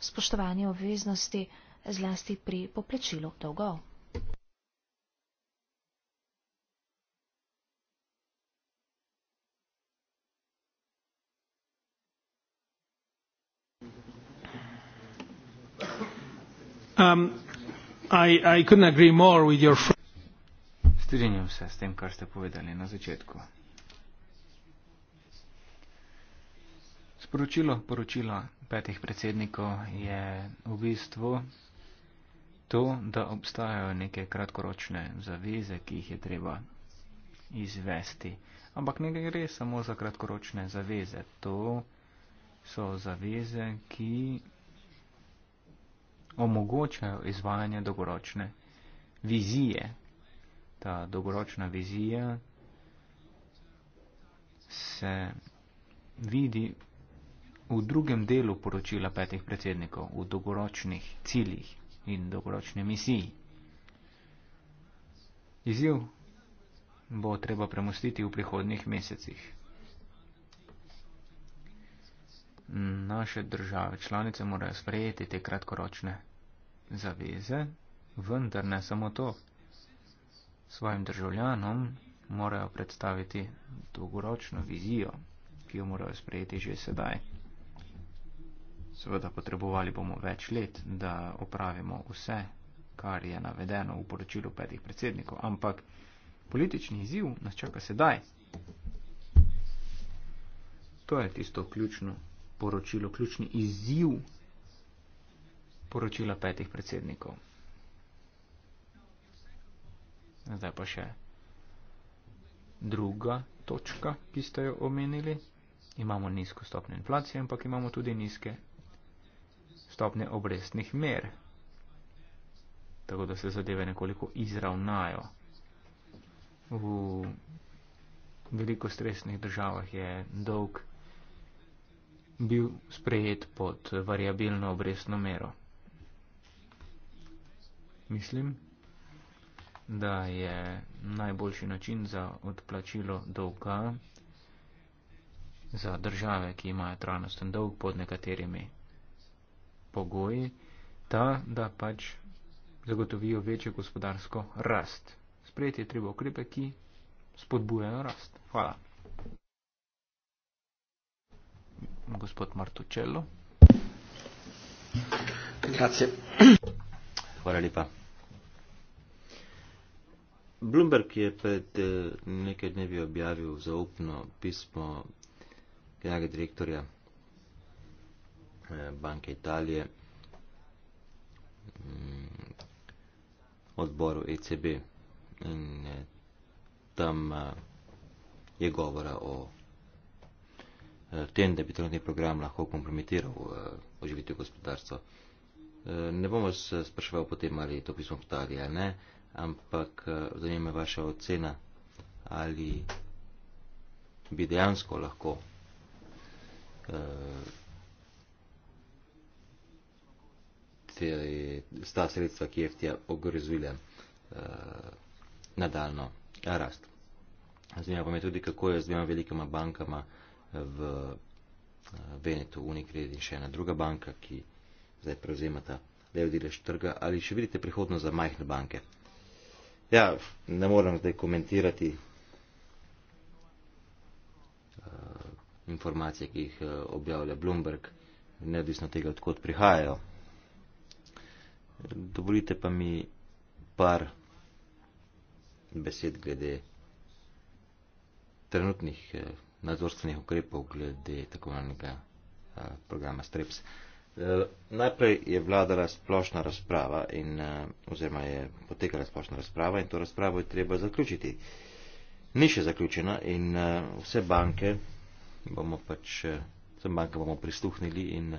spoštovanje obveznosti, zlasti pri poplačilu dolgov. Um, I, I couldn't agree more with your friend. Strinjam se s tem, kar ste povedali na začetku. Sporočilo, poročilo. poročilo petih predsednikov je v bistvu to, da obstajajo neke kratkoročne zaveze, ki jih je treba izvesti. Ampak ne gre samo za kratkoročne zaveze. To so zaveze, ki omogočajo izvajanje dolgoročne vizije. Ta dolgoročna vizija se vidi v drugem delu poročila petih predsednikov, v dolgoročnih ciljih in dolgoročni misiji. Izjiv bo treba premustiti v prihodnih mesecih. Naše države članice morajo sprejeti te kratkoročne zaveze, vendar ne samo to. Svojim državljanom morajo predstaviti dolgoročno vizijo, ki jo morajo sprejeti že sedaj. Seveda potrebovali bomo več let, da opravimo vse, kar je navedeno v poročilu petih predsednikov, ampak politični izziv nas čaka sedaj. To je tisto ključno poročilo, ključni izziv poročila petih predsednikov. Zdaj pa še druga točka, ki ste jo omenili. Imamo nizko stopnjo inflacije, ampak imamo tudi nizke stopnje obrestnih mer, tako da se zadeve nekoliko izravnajo. V veliko stresnih državah je dolg bil sprejet pod variabilno obrestno mero. Mislim, da je najboljši način za odplačilo dolga za države, ki imajo trajnosten dolg pod nekaterimi pogoji, ta, da pač zagotovijo večjo gospodarsko rast. Sprejeti je treba ukrepe, ki spodbujajo rast. Hvala. Gospod Martučello. Grazie. Hvala lepa. Bloomberg je pred eh, nekaj dnevi objavil zaupno pismo generalnega direktorja Banke Italije mm, odboru ECB in eh, tam eh, je govora o eh, tem, da bi trenutni program lahko kompromitiral oživitev gospodarstva. Ne bomo se spraševali potem, ali to pismo ptali ali ne, ampak zanima me vaša ocena, ali bi dejansko lahko te, sta sredstva Kjeftija ogrozile uh, nadaljno rast. Zanima pa me tudi, kako je z dvema velikima bankama eh, v uh, Venetu, Unicredit in še ena druga banka, ki zdaj prevzemata del delež trga. Ali še vidite prihodnost za majhne banke? Ja, ne moram zdaj komentirati eh, informacije, ki jih objavlja Bloomberg, neodvisno tega, odkot prihajajo dovolite pa mi par besed glede trenutnih eh, nadzorstvenih ukrepov glede takovanega eh, programa STREPS. Eh, najprej je vladala splošna razprava in, oziroma je potekala splošna razprava in to razpravo je treba zaključiti. Ni še zaključena in vse banke bomo pač, vsem bankam bomo prisluhnili in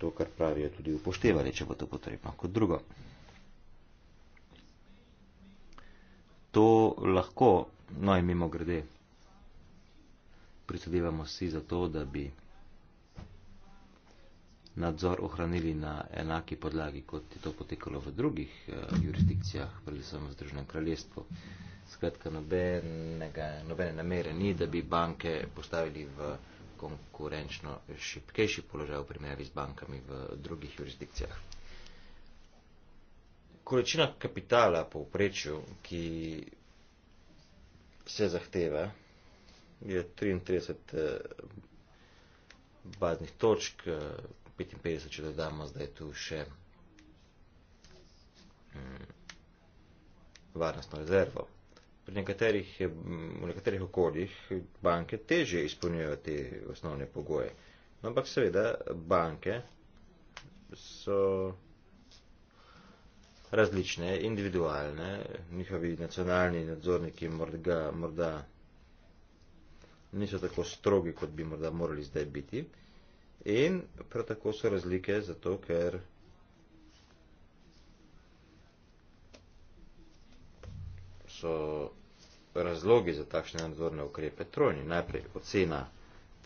to, kar pravijo, tudi upoštevali, če bo to potrebno. Kot drugo, to lahko, no in mimo grede, prisodevamo vsi za to, da bi nadzor ohranili na enaki podlagi, kot je to potekalo v drugih uh, jurisdikcijah, predvsem v Združenem kraljestvu. Skratka, nobenega, nobene namere ni, da bi banke postavili v konkurenčno šipkejši položaj v primerjavi z bankami v drugih jurisdikcijah. Količina kapitala po vprečju, ki se zahteva, je 33 baznih točk, 55, če dodamo, zdaj je tu še mm, varnostno rezervo pri nekaterih, v nekaterih okoljih banke teže izpolnjujejo te osnovne pogoje. No, ampak seveda banke so različne, individualne, njihovi nacionalni nadzorniki morda, morda niso tako strogi, kot bi morda morali zdaj biti. In prav tako so razlike zato, ker so razlogi za takšne nadzorne ukrepe trojni. Najprej ocena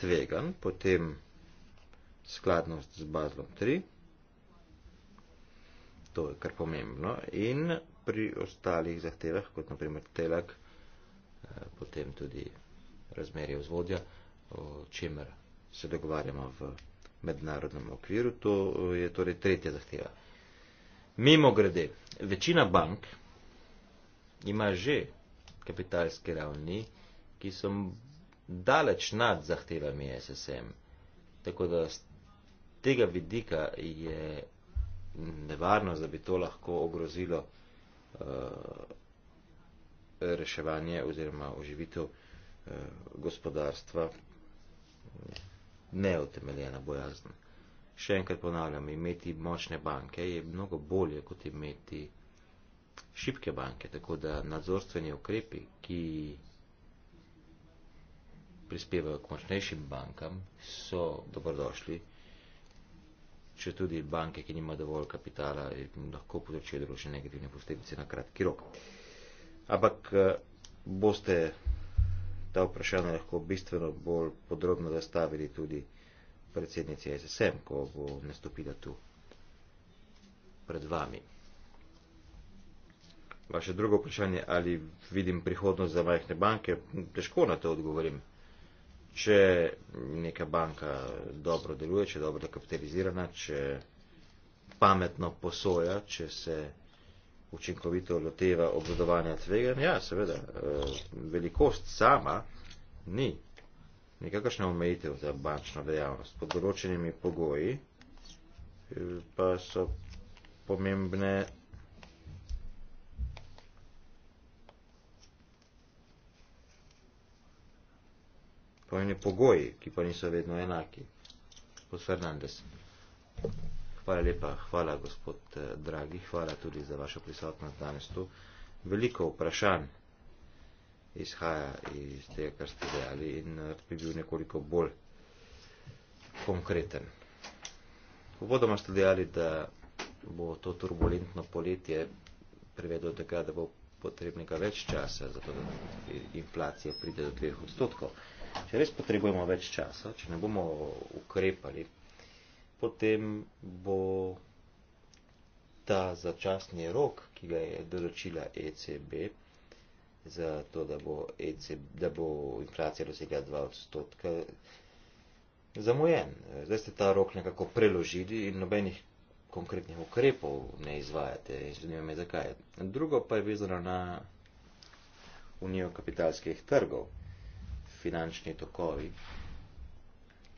tvegan, potem skladnost z bazlom 3, to je kar pomembno, in pri ostalih zahtevah, kot naprimer telak, eh, potem tudi razmerje vzvodja, o čemer se dogovarjamo v mednarodnem okviru, to eh, je torej tretja zahteva. Mimo grede, večina bank ima že kapitalske ravni, ki so daleč nad zahtevami SSM. Tako da z tega vidika je nevarno, da bi to lahko ogrozilo uh, reševanje oziroma oživitev uh, gospodarstva. Neotemeljena bojazna. Še enkrat ponavljam, imeti močne banke je mnogo bolje, kot imeti šibke banke, tako da nadzorstveni ukrepi, ki prispevajo k močnejšim bankam, so dobrodošli, če tudi banke, ki nima dovolj kapitala, lahko povzročijo določene negativne posledice na kratki rok. Ampak eh, boste ta vprašanja lahko bistveno bolj podrobno zastavili tudi predsednici SSM, ko bo nastopila tu pred vami. Vaše drugo vprašanje, ali vidim prihodnost za majhne banke, težko na to odgovorim. Če neka banka dobro deluje, če je dobro kapitalizirana, če pametno posoja, če se učinkovito loteva obvladovanja tveganja, ja, seveda, eh, velikost sama ni nikakršna omejitev za bančno dejavnost. Pod določenimi pogoji eh, pa so pomembne pomembni pogoji, ki pa niso vedno enaki. Gospod Fernandez. Hvala lepa, hvala gospod eh, Dragi, hvala tudi za vašo prisotnost danes tu. Veliko vprašanj izhaja iz tega, kar ste dejali in eh, bi bil nekoliko bolj konkreten. Uvodoma ste dejali, da bo to turbulentno poletje privedlo tega, da bo potrebnega več časa, zato da inflacija pride do dveh odstotkov če res potrebujemo več časa, če ne bomo ukrepali, potem bo ta začasni rok, ki ga je določila ECB, za to, da bo, ECB, da bo inflacija dosegla 2 odstotka, zamujen. Zdaj ste ta rok nekako preložili in nobenih konkretnih ukrepov ne izvajate in zanima me zakaj. Drugo pa je vezano na unijo kapitalskih trgov finančni tokovi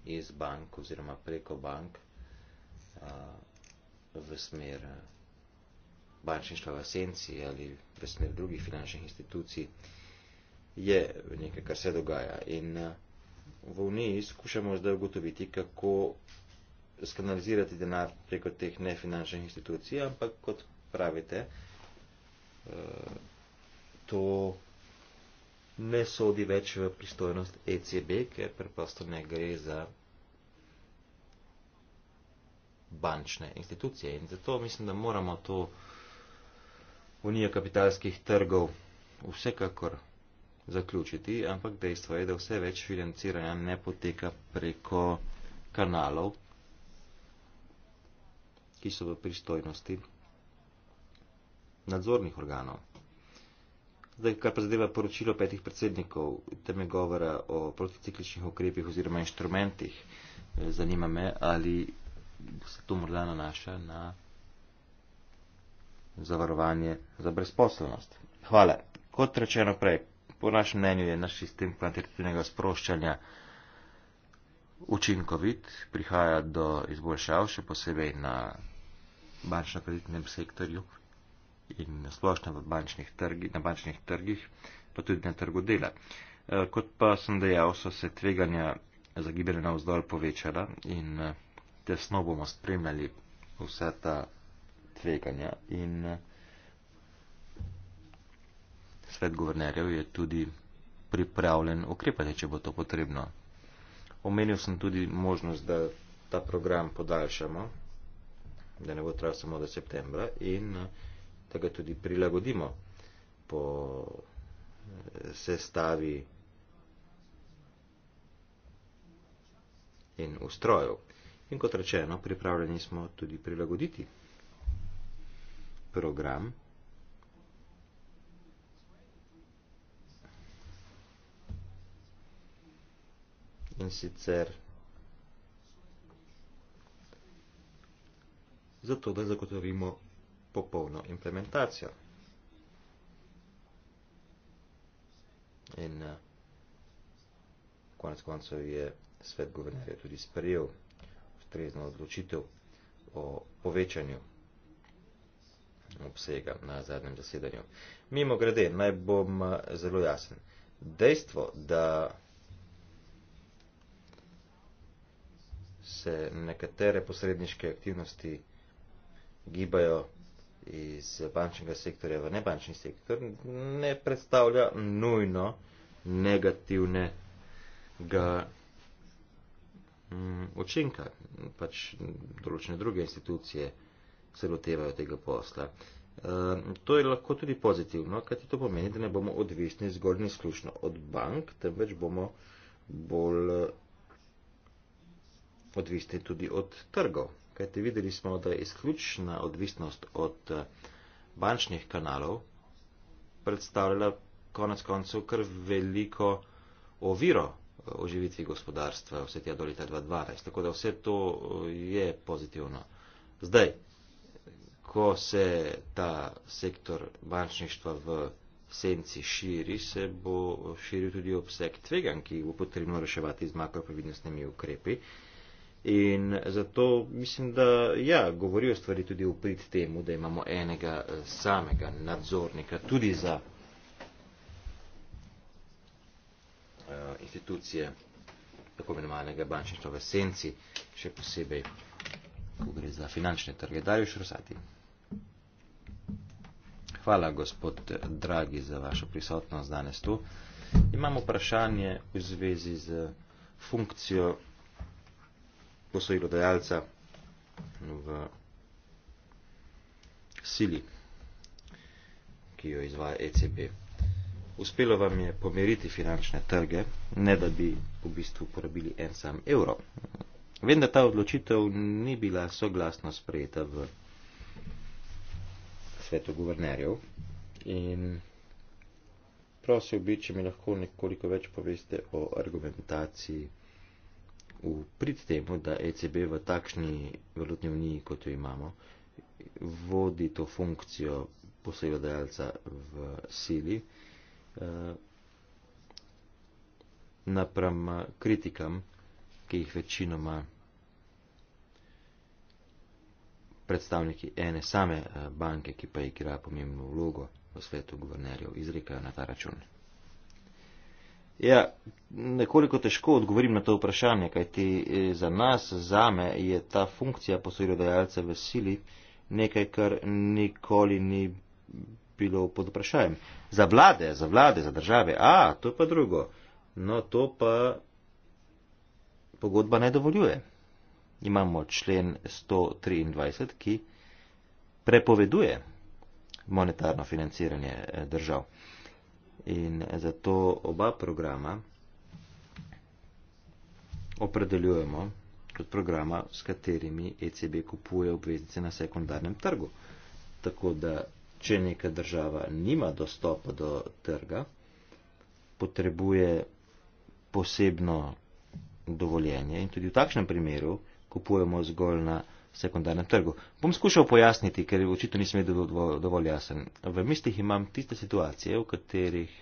iz bank oziroma preko bank v smer bančništva v Asenci ali v smer drugih finančnih institucij, je nekaj, kar se dogaja. In v Uniji skušamo zdaj ugotoviti, kako skanalizirati denar preko teh nefinančnih institucij, ampak kot pravite, to ne sodi več v pristojnost ECB, ker preprosto ne gre za bančne institucije. In zato mislim, da moramo to unijo kapitalskih trgov vsekakor zaključiti, ampak dejstvo je, da vse več financiranja ne poteka preko kanalov, ki so v pristojnosti nadzornih organov. Zdaj, kar pa zadeva poročilo petih predsednikov, tam je govora o proticikličnih ukrepih oziroma inštrumentih. Eh, zanima me, ali se to morda nanaša na zavarovanje za brezposelnost. Hvala. Kot rečeno prej, po našem mnenju je naš sistem kvantitativnega sproščanja učinkovit, prihaja do izboljšav, še posebej na bančno-kreditnem sektorju in splošno v bančnih trgi, na bančnih trgih, pa tudi na trgu dela. Eh, kot pa sem dejal, so se tveganja za gibanje na vzdolj povečala in eh, tesno bomo spremljali vsa ta tveganja. In eh, svet guvernerjev je tudi pripravljen ukrepati, če bo to potrebno. Omenil sem tudi možnost, da ta program podaljšamo, da ne bo trajal samo do septembra. In, uh, da ga tudi prilagodimo po eh, sestavi in ustroju. In kot rečeno, pripravljeni smo tudi prilagoditi program. In sicer zato, da zagotovimo popolno implementacijo. In eh, konec koncev je svet guvernerja tudi sprejel ustrezno odločitev o povečanju obsega na zadnjem zasedanju. Mimo grede, naj bom eh, zelo jasen. Dejstvo, da se nekatere posredniške aktivnosti gibajo iz bančnega sektorja v nebančni sektor ne predstavlja nujno negativnega mm, učinka. Pač določene druge institucije se lotevajo tega posla. E, to je lahko tudi pozitivno, kajti to pomeni, da ne bomo odvisni zgolj neslušno od bank, temveč bomo bolj odvisni tudi od trgov. Kajte videli smo, da je izključna odvisnost od eh, bančnih kanalov predstavljala konec koncev kar veliko oviro oživitvi eh, gospodarstva vse tja do leta 2012. Tako da vse to eh, je pozitivno. Zdaj, ko se ta sektor bančništva v senci širi, se bo širil tudi obseg tvegan, ki bo potrebno reševati z makroprevidnostnimi ukrepi. Uh, In zato mislim, da ja, govorijo stvari tudi v prid temu, da imamo enega eh, samega nadzornika tudi za uh, institucije tako imenovanega bančništva v senci, še posebej, ko gre za finančne trge. Darjuš Rosati. Hvala, gospod eh, Dragi, za vašo prisotnost danes tu. Imamo vprašanje v zvezi z funkcijo posojilodajalca v sili, ki jo izvaja ECB. Uspelo vam je pomeriti finančne trge, ne da bi v bistvu porabili en sam evro. Vem, da ta odločitev ni bila soglasno sprejeta v svetu guvernerjev in prosil bi, če mi lahko nekoliko več poveste o argumentaciji v prid temu, da ECB v takšni valutni uniji, kot jo imamo, vodi to funkcijo posegodajalca v sili, eh, napram eh, kritikam, ki jih večinoma predstavniki ene same eh, banke, ki pa igra pomembno vlogo v svetu guvernerjev, izrekajo na ta račun. Ja, nekoliko težko odgovorim na to vprašanje, kajti eh, za nas, za me je ta funkcija posojilodajalca v sili nekaj, kar nikoli ni bilo pod vprašanjem. Za vlade, za vlade, za države, a, to pa drugo. No, to pa pogodba ne dovoljuje. Imamo člen 123, ki prepoveduje monetarno financiranje eh, držav. In zato oba programa opredeljujemo kot programa, s katerimi ECB kupuje obveznice na sekundarnem trgu. Tako da, če neka država nima dostopa do trga, potrebuje posebno dovoljenje in tudi v takšnem primeru kupujemo zgolj na sekundarnem trgu. Bom skušal pojasniti, ker očitno nisem bil dovolj jasen. V mislih imam tiste situacije, v katerih,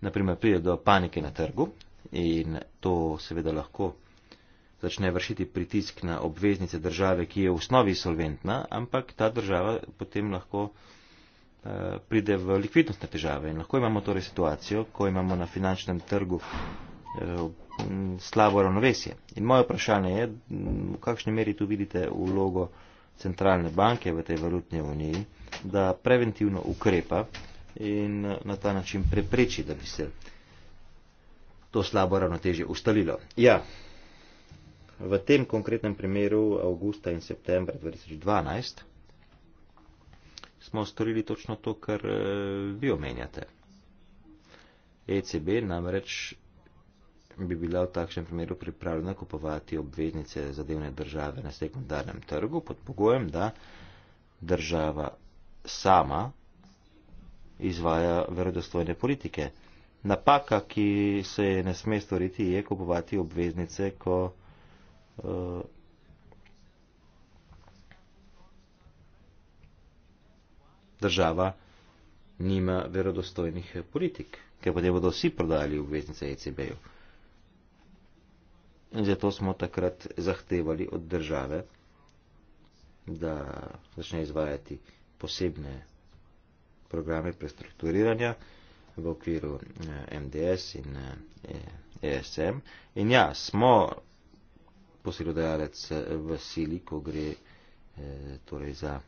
naprimer, pride do panike na trgu in to seveda lahko začne vršiti pritisk na obveznice države, ki je v osnovi solventna, ampak ta država potem lahko eh, pride v likvidnostne težave. In lahko imamo torej situacijo, ko imamo na finančnem trgu eh, Mm, slabo ravnovesje. In moje vprašanje je, mm, v kakšni meri tu vidite vlogo centralne banke v tej valutni uniji, da preventivno ukrepa in na ta način prepreči, da bi se to slabo ravnotežje ustalilo. Ja, v tem konkretnem primeru avgusta in septembra 2012 smo storili točno to, kar eh, vi omenjate. ECB namreč bi bila v takšnem primeru pripravljena kupovati obveznice zadevne države na sekundarnem trgu pod pogojem, da država sama izvaja verodostojne politike. Napaka, ki se je ne sme storiti, je kupovati obveznice, ko uh, država nima verodostojnih politik, ker potem bodo vsi prodali obveznice ECB-ju. -ju. Zato smo takrat zahtevali od države, da začne izvajati posebne programe prestrukturiranja v okviru eh, MDS in ESM. Eh, e in ja, smo posilodajalec eh, v sili, ko gre torej za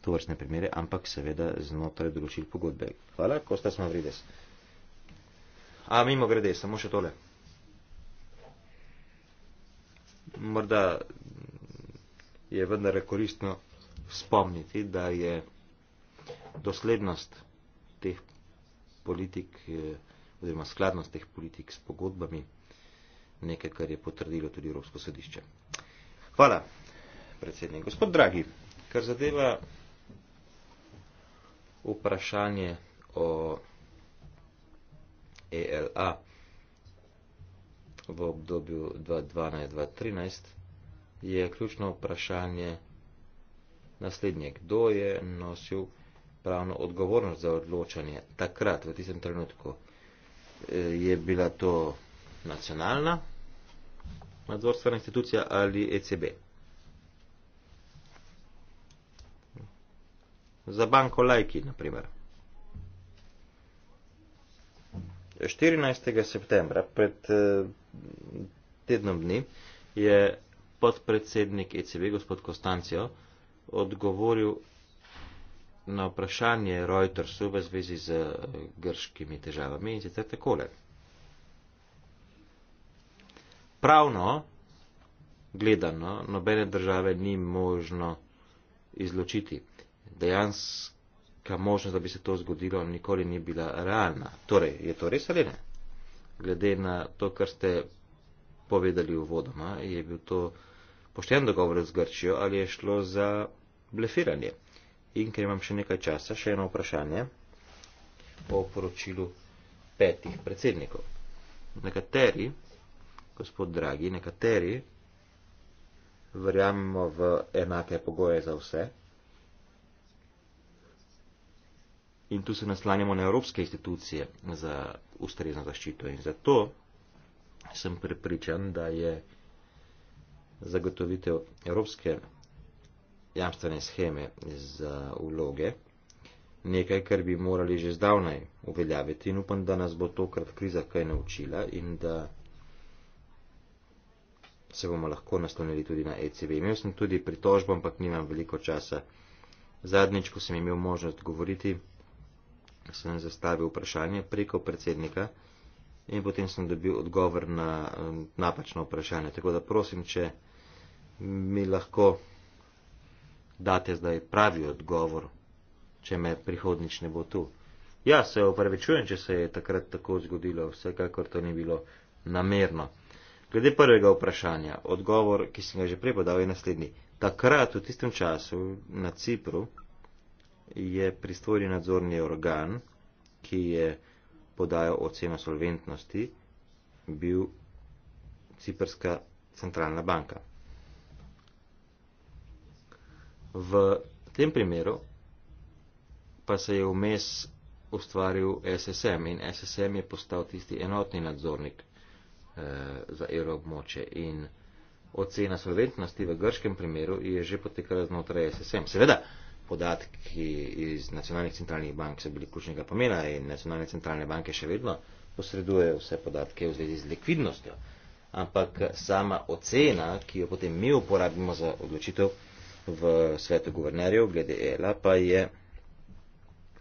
tovrstne primere, ampak seveda znotraj določil pogodbe. Hvala, Kostas Mavrides. A mimo grede, samo še tole. morda je vendar koristno spomniti, da je doslednost teh politik eh, oziroma skladnost teh politik s pogodbami nekaj, kar je potrdilo tudi Evropsko sodišče. Hvala, predsednik. Gospod Dragi, kar zadeva vprašanje o ELA, v obdobju 2012-2013, je ključno vprašanje naslednje. Kdo je nosil pravno odgovornost za odločanje takrat, v tistem trenutku? E, je bila to nacionalna nadzorstvena institucija ali ECB? Za banko Lajki, naprimer. 14. septembra, pred eh, tednom dni, je podpredsednik ECB, gospod Kostancijo, odgovoril na vprašanje Reutersu v zvezi z eh, grškimi težavami in sicer takole. Pravno gledano, nobene države ni možno izločiti. Dejansko ka možnost, da bi se to zgodilo, nikoli ni bila realna. Torej, je to res ali ne? Glede na to, kar ste povedali v vodoma, je bil to pošten dogovor z Grčijo ali je šlo za blefiranje. In ker imam še nekaj časa, še eno vprašanje o poročilu petih predsednikov. Nekateri, gospod Dragi, nekateri verjamemo v enake pogoje za vse. In tu se naslanjamo na evropske institucije za ustrezno zaščito. In zato sem prepričan, da je zagotovitev evropske jamstvene scheme za vloge nekaj, kar bi morali že zdavnaj uveljaviti. In upam, da nas bo tokrat kriza kaj naučila in da se bomo lahko naslonili tudi na ECB. Imel sem tudi pritožbo, ampak nimam veliko časa. Zadnjič, ko sem imel možnost govoriti, sem zastavil vprašanje preko predsednika in potem sem dobil odgovor na napačno vprašanje. Tako da prosim, če mi lahko date zdaj pravi odgovor, če me prihodnič ne bo tu. Ja, se opravičujem, če se je takrat tako zgodilo, vsekakor to ni bilo namerno. Glede prvega vprašanja, odgovor, ki sem ga že prej podal, je naslednji. Takrat, v tistem času, na Cipru, je pristojni nadzorni organ, ki je podajal oceno solventnosti, bil Ciperska centralna banka. V tem primeru pa se je vmes ustvaril SSM in SSM je postal tisti enotni nadzornik eh, za evroobmoče in ocena solventnosti v grškem primeru je že potekala znotraj SSM. Seveda, eh, podatki iz nacionalnih centralnih bank so bili ključnega pomena in nacionalne centralne banke še vedno posredujejo vse podatke v zvezi z likvidnostjo. Ampak sama ocena, ki jo potem mi uporabimo za odločitev v svetu guvernerjev glede ELA, pa je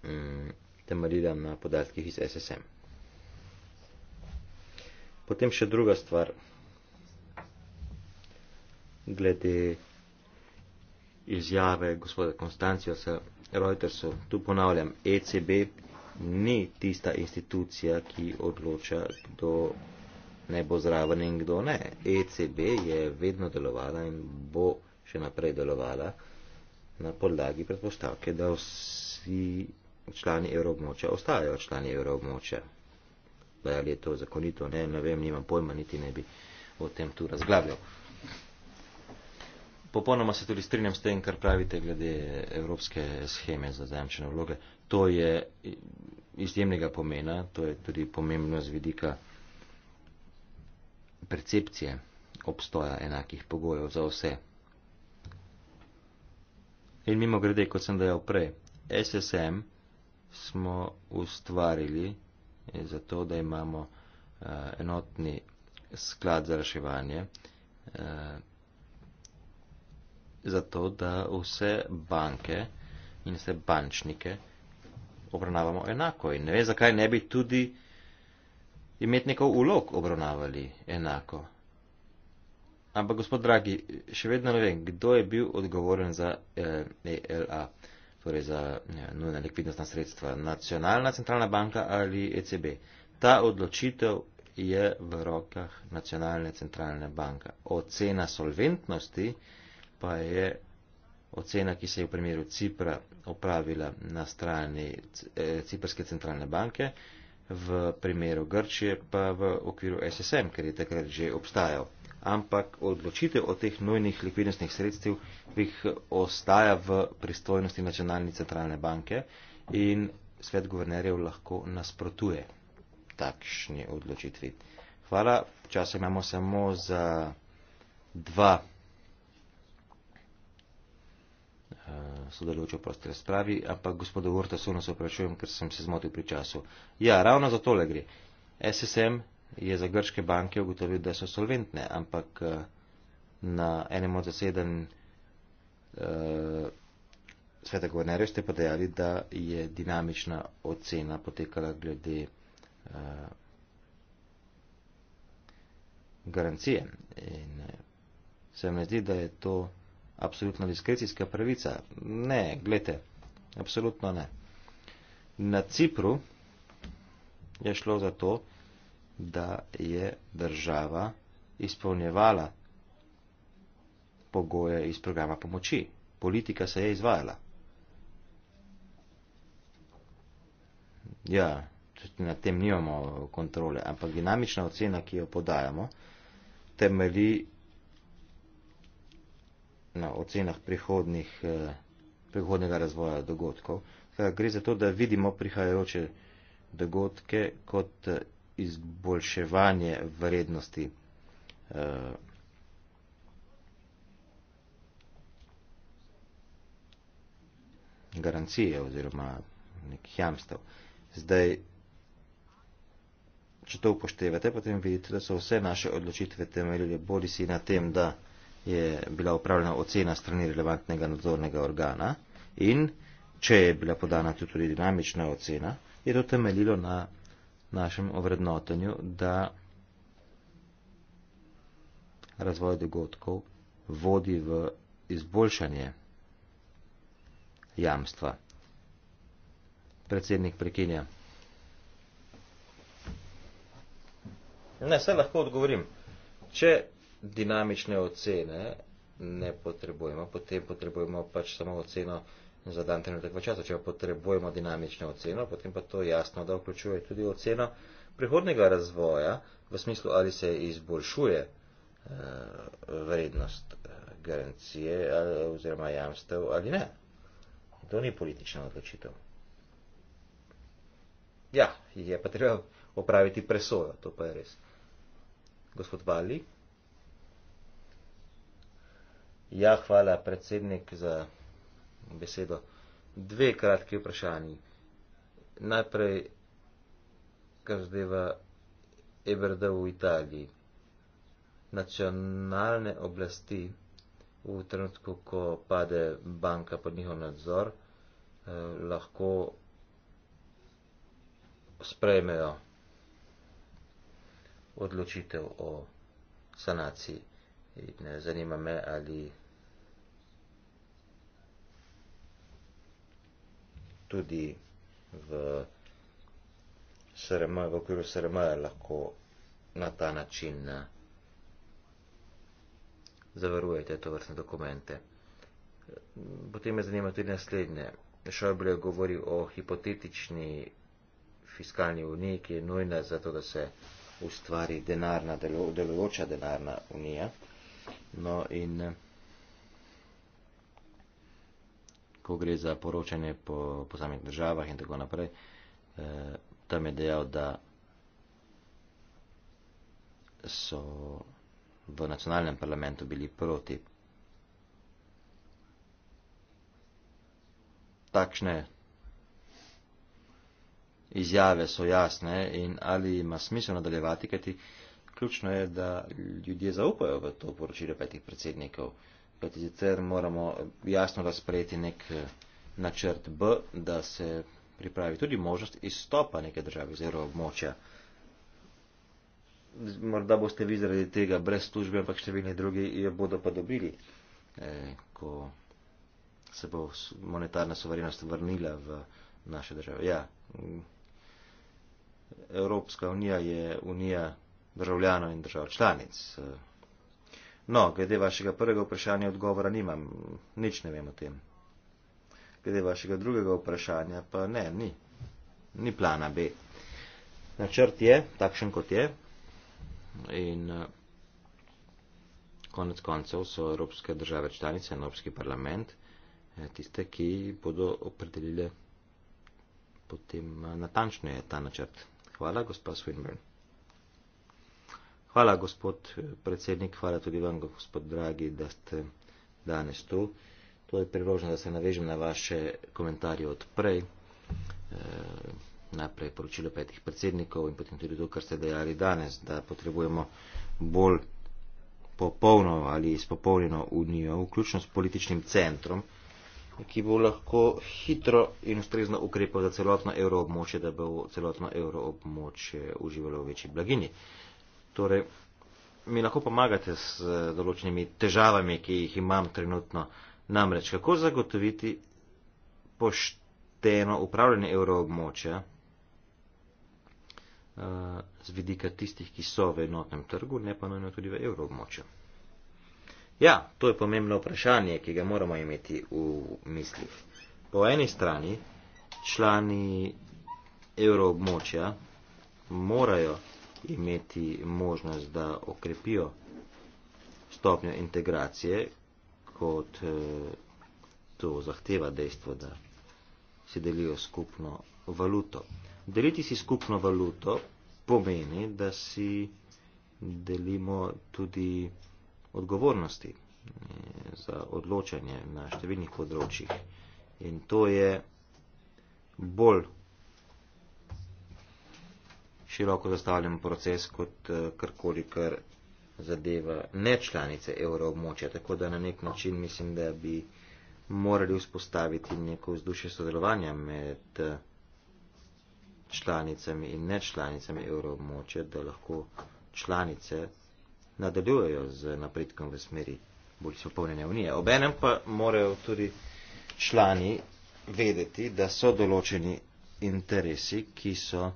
mm, temeljila na podatkih iz SSM. Potem še druga stvar glede izjave gospoda Konstancijosa Reutersu. Tu ponavljam, ECB ni tista institucija, ki odloča, kdo ne bo zraven in kdo ne. ECB je vedno delovala in bo še naprej delovala na podlagi predpostavke, da vsi člani evroobmoča ostajajo člani evroobmoča. Ali je to zakonito, ne, ne vem, nimam pojma, niti ne bi o tem tu razglabljal popolnoma se tudi strinjam s tem, kar pravite glede evropske scheme za zajamčene vloge. To je izjemnega pomena, to je tudi pomembno z vidika percepcije obstoja enakih pogojev za vse. In mimo grede, kot sem dejal prej, SSM smo ustvarili zato, da imamo uh, enotni sklad za reševanje. Uh, za to, da vse banke in vse bančnike obravnavamo enako. In ne vem, zakaj ne bi tudi imetnikov ulog obravnavali enako. Ampak, gospod dragi, še vedno ne vem, kdo je bil odgovoren za ELA, eh, e torej za eh, nujna likvidnostna sredstva. Nacionalna centralna banka ali ECB. Ta odločitev je v rokah nacionalne centralne banke. Ocena solventnosti pa je ocena, ki se je v primeru Cipra opravila na strani eh, Ciprske centralne banke, v primeru Grčije pa v okviru SSM, ker je takrat že obstajal. Ampak odločitev o teh nujnih likvidnostnih sredstev jih ostaja v pristojnosti nacionalne centralne banke in svet guvernerjev lahko nasprotuje takšni odločitvi. Hvala, čas imamo samo za dva Eh, sodelujočo proste razpravi, ampak gospodo Vorta, sono se vprašujem, ker sem se zmotil pri času. Ja, ravno za tole gre. SSM je za grške banke ugotovil, da so solventne, ampak eh, na enem od zaseden uh, sveta guvernerja ste pa dejali, da je dinamična ocena potekala glede uh, garancije. In se mi zdi, da je to apsolutno diskrecijska pravica. Ne, gledajte, apsolutno ne. Na Cipru je šlo za to, da je država izpolnjevala pogoje iz programa pomoči. Politika se je izvajala. Ja, tudi na tem nimamo kontrole, ampak dinamična ocena, ki jo podajamo, temelji na ocenah prihodnih, eh, prihodnega razvoja dogodkov. Kaj, torej, gre za to, da vidimo prihajajoče dogodke kot eh, izboljševanje vrednosti eh, garancije oziroma nekih jamstev. Zdaj, če to upoštevate, potem vidite, da so vse naše odločitve temeljile bodi si na tem, da je bila upravljena ocena strani relevantnega nadzornega organa in če je bila podana tudi dinamična ocena, je to temeljilo na našem ovrednotenju, da razvoj dogodkov vodi v izboljšanje jamstva. Predsednik prekinja. Ne, se lahko odgovorim. Če dinamične ocene ne potrebujemo, potem potrebujemo pač samo oceno za dan trenutek v času. Če pa potrebujemo dinamično oceno, potem pa to jasno, da vključuje tudi oceno prihodnega razvoja v smislu, ali se izboljšuje eh, vrednost eh, garancije oziroma jamstev ali ne. To ni politična odločitev. Ja, je pa treba opraviti presojo, to pa je res. Gospod Balik. Ja, hvala, predsednik, za besedo. Dve kratki vprašanji. Najprej, kar zdeva Eberda v Italiji. Nacionalne oblasti v trenutku, ko pade banka pod njihov nadzor, eh, lahko sprejmejo odločitev o sanaciji. Ne, eh, zanima me, ali tudi v, SRM, v okviru SRM lahko na ta način eh, zavarujete to vrstne dokumente. Potem me zanima tudi naslednje. Šojbel je govoril o hipotetični fiskalni uniji, ki je nujna za to, da se ustvari denarna, delujoča denarna unija. No in eh, ko gre za poročanje po posameznih državah in tako naprej, eh, tam je dejal, da so v nacionalnem parlamentu bili proti takšne izjave so jasne in ali ima smisel nadaljevati, kajti ključno je, da ljudje zaupajo v to poročilo petih predsednikov kajti sicer moramo jasno razpreti nek eh, načrt B, da se pripravi tudi možnost izstopa neke države iz evroobmočja. Morda boste vi zaradi tega brez službe, ampak številni drugi jo bodo pa dobili, e, ko se bo monetarna soverenost vrnila v naše države. Ja, Evropska unija je unija državljanov in držav članic. E, No, glede vašega prvega vprašanja odgovora nimam, nič ne vem o tem. Glede vašega drugega vprašanja pa ne, ni. Ni plana B. Načrt je takšen, kot je. In eh, konec koncev so Evropske države članice, Evropski parlament, eh, tiste, ki bodo opredelile potem eh, natančno je ta načrt. Hvala, gospod Swinburne. Hvala, gospod eh, predsednik, hvala tudi vam, gospod Dragi, da ste danes tu. To je priložno, da se navežem na vaše komentarje od prej. Eh, najprej poročilo petih predsednikov in potem tudi to, kar ste dejali danes, da potrebujemo bolj popolno ali izpopolnjeno unijo, vključno s političnim centrom, ki bo lahko hitro in ustrezno ukrepal za celotno evroobmočje, da bo celotno evroobmočje uživalo v večji blaginji. Torej, mi lahko pomagate s eh, določenimi težavami, ki jih imam trenutno. Namreč, kako zagotoviti pošteno upravljanje evroobmočja eh, z vidika tistih, ki so v enotnem trgu, ne pa nujno tudi v evroobmočju. Ja, to je pomembno vprašanje, ki ga moramo imeti v mislih. Po eni strani člani evroobmočja morajo imeti možnost, da okrepijo stopnjo integracije, kot eh, to zahteva dejstvo, da si delijo skupno valuto. Deliti si skupno valuto pomeni, da si delimo tudi odgovornosti eh, za odločanje na številnih področjih. In to je bolj široko zastavljen proces kot eh, karkoli, kar zadeva ne članice evroobmočja. Tako da na nek način mislim, da bi morali vzpostaviti neko vzdušje sodelovanja med eh, članicami in ne članicami evroobmočja, da lahko članice nadaljujejo z napredkom v smeri bolj spopolnjene unije. Obenem pa morajo tudi člani vedeti, da so določeni interesi, ki so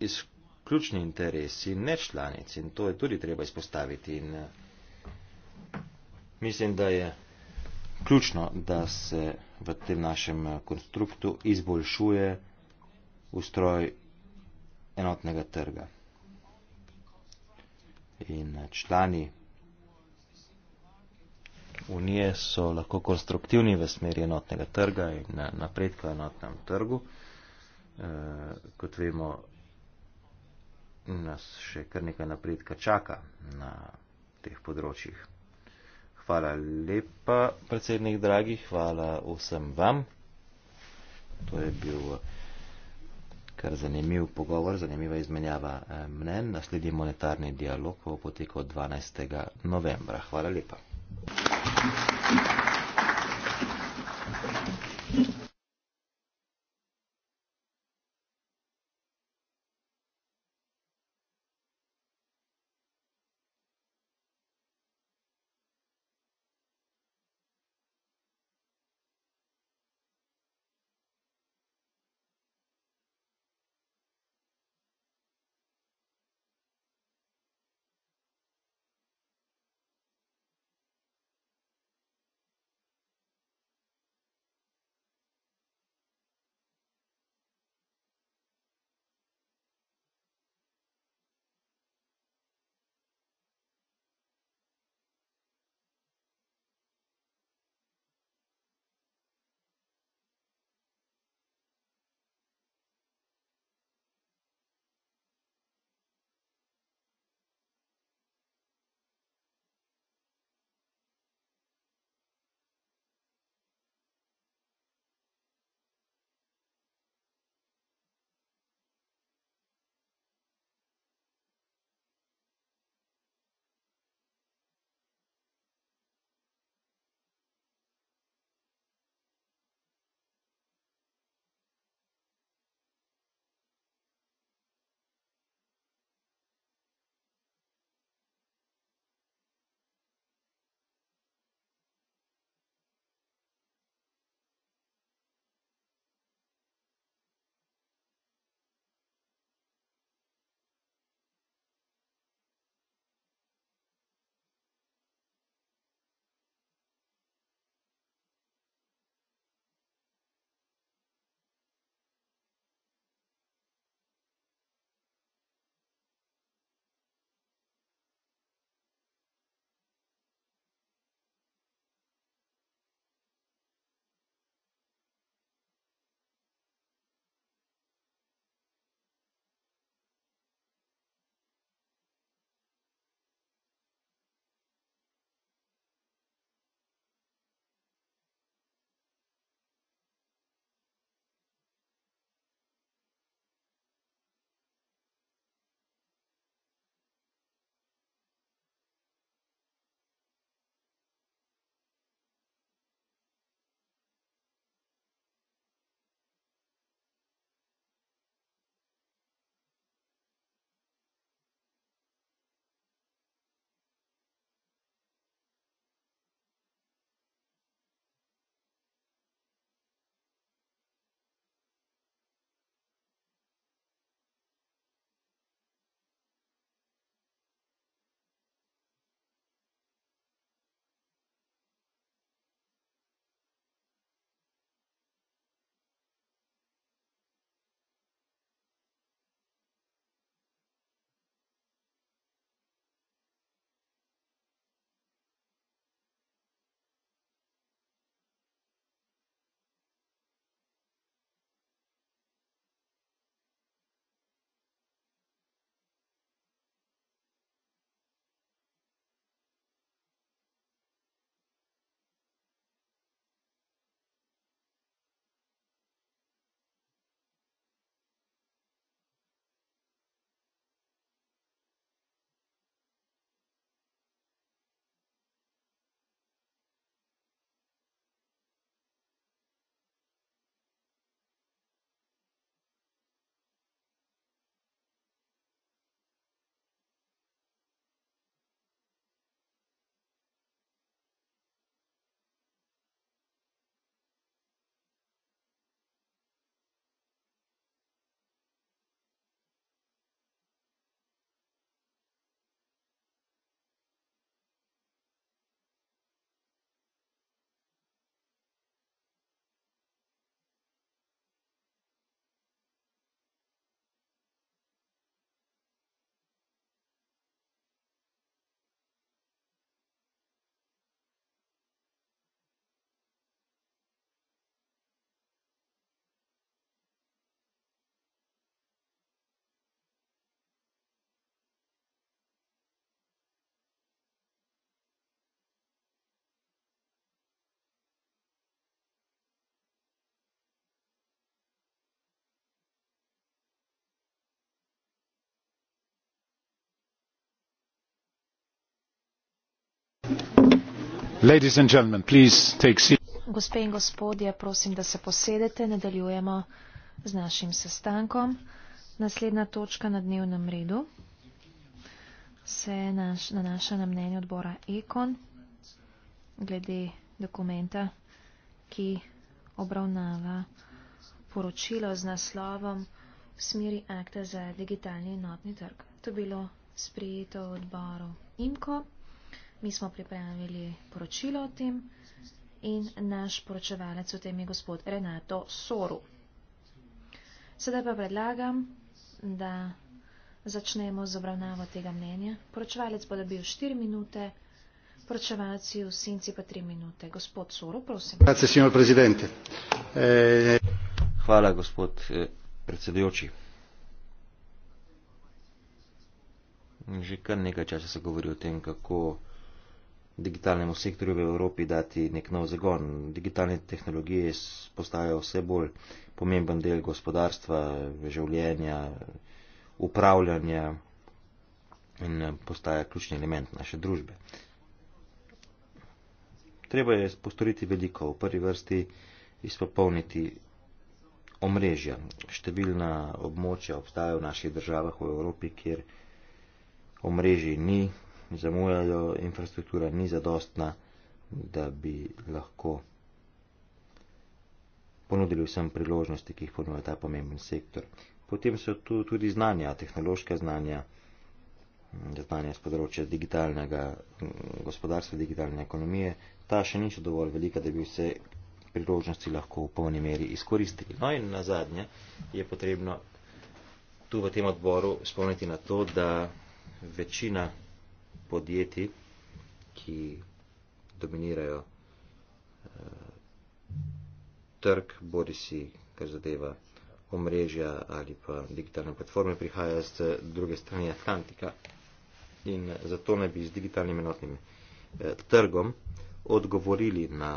izključni interesi nečlanic in to je tudi treba izpostaviti. In, eh, mislim, da je ključno, da se v tem našem eh, konstruktu izboljšuje ustroj enotnega trga. In eh, člani Unije so lahko konstruktivni v smeri enotnega trga in napredka enotnem trgu. E, kot vemo, nas še kar nekaj napredka čaka na teh področjih. Hvala lepa, predsednik dragi, hvala vsem vam. To je bil kar zanimiv pogovor, zanimiva izmenjava eh, mnen. Naslednji monetarni dialog bo potekal 12. novembra. Hvala lepa. Thank you. gospe in gospodje prosim da se posedete nadaljujemo z našim sestankom naslednja točka na dnevnem redu se naš, nanaša na mnenje odbora ekon glede dokumenta ki obravnava poročilo z naslovom v smeri akta za digitalni enotni trg. To bilo sprejeto v odboru IMKO. Mi smo pripravili poročilo o tem in naš poročevalec o tem je gospod Renato Soru. Sedaj pa predlagam, da začnemo z obravnavo tega mnenja. Poročevalec bo dobil 4 minute, poročevalci v senci pa 3 minute. Gospod Soru, prosim. Grazie, signor presidente. Eh, Hvala, gospod eh, predsedujoči. Že kar nekaj časa se govori o tem, kako digitalnemu sektorju v Evropi dati nek nov zagon. Digitalne tehnologije postajajo vse bolj pomemben del gospodarstva, življenja, upravljanja in eh, postaja ključni element naše družbe. Treba je postoriti veliko. V prvi vrsti izpopolniti omrežja. Številna območja obstajajo v naših državah v Evropi, kjer omrežji ni, zamujajo, infrastruktura ni zadostna, da bi lahko ponudili vsem priložnosti, ki jih ponuja ta pomemben sektor. Potem so tu tudi znanja, tehnološke znanja, znanja z področja digitalnega gospodarstva, digitalne ekonomije. Ta še niso dovolj velika, da bi vse priložnosti lahko v polni meri izkoristili. No in na zadnje je potrebno tu v tem odboru spomniti na to, da večina podjetij, ki dominirajo eh, trg, bodi si, kar zadeva omrežja ali pa digitalne platforme, prihaja z eh, druge strani Atlantika. In eh, zato ne bi z digitalnim enotnim eh, trgom odgovorili na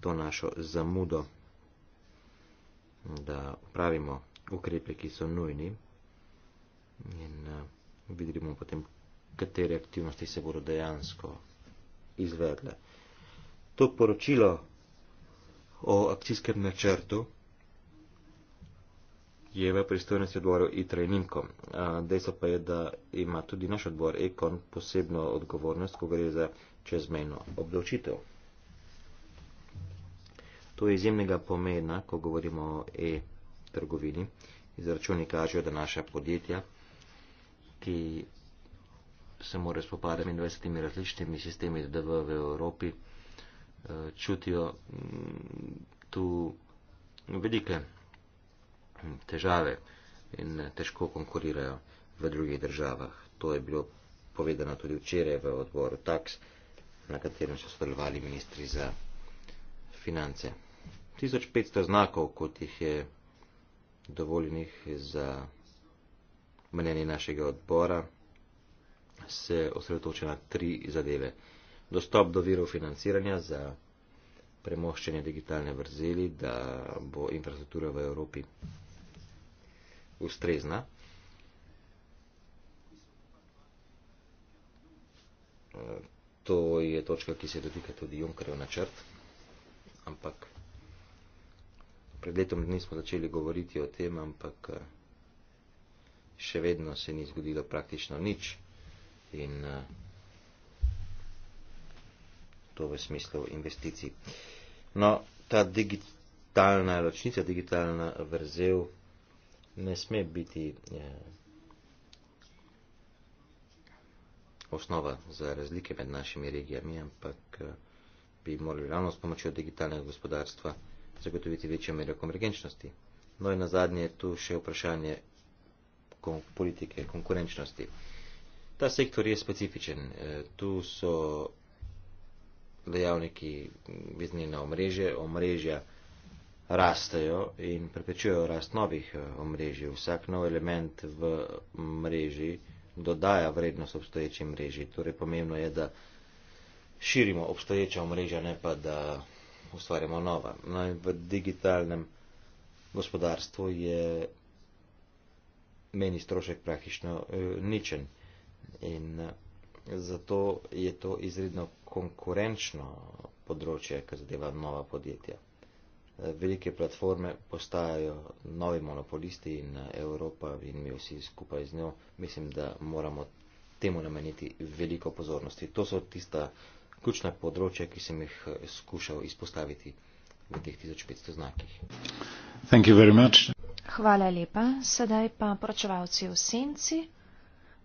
to našo zamudo, da upravimo ukrepe, ki so nujni. In, eh, vidimo potem, katere aktivnosti se bodo dejansko izvedle. To poročilo o akcijskem načrtu je v pristojnosti odboru ITRE in INKO. Dejstvo pa je, da ima tudi naš odbor EKON posebno odgovornost, ko gre za čezmejno obdavčitev. To je izjemnega pomena, ko govorimo o e-trgovini. Izračuni kažejo, da naša podjetja ki se mora spopadati z 20 različnimi sistemi DDV v Evropi, eh, čutijo mm, tu velike mm, težave in eh, težko konkurirajo v drugih državah. To je bilo povedano tudi včeraj v odboru TAX, na katerem so sodelovali ministri za finance. 1500 znakov, kot jih je dovoljenih za mnenje našega odbora se osredotoča na tri zadeve. Dostop do virov financiranja za premoščenje digitalne vrzeli, da bo infrastruktura v Evropi ustrezna. To je točka, ki se dotika tudi Junkerjev načrt, ampak pred letom dni smo začeli govoriti o tem, ampak še vedno se ni zgodilo praktično nič in eh, to v smislu investicij. No, ta digitalna ročnica, digitalna vrzel ne sme biti eh, osnova za razlike med našimi regijami, ampak eh, bi morali ravno s pomočjo digitalnega gospodarstva zagotoviti večjo mero konvergenčnosti. No in na zadnje je tu še vprašanje politike konkurenčnosti. Ta sektor je specifičen. Eh, tu so dejavniki vizni na omrežje, omrežja rastejo in prepečujejo rast novih eh, omrežij. Vsak nov element v mreži dodaja vrednost obstoječi mreži. Torej pomembno je, da širimo obstoječa omrežja, ne pa da ustvarjamo nova. No, v digitalnem gospodarstvu je meni strošek praktično uh, ničen. In uh, zato je to izredno konkurenčno področje, kar zadeva nova podjetja. Uh, velike platforme postajajo novi monopolisti in uh, Evropa in mi vsi skupaj z njo mislim, da moramo temu nameniti veliko pozornosti. To so tista ključna področja, ki sem jih skušal izpostaviti v teh 1500 znakih. Thank you very much. Hvala lepa. Sedaj pa poročevalci v senci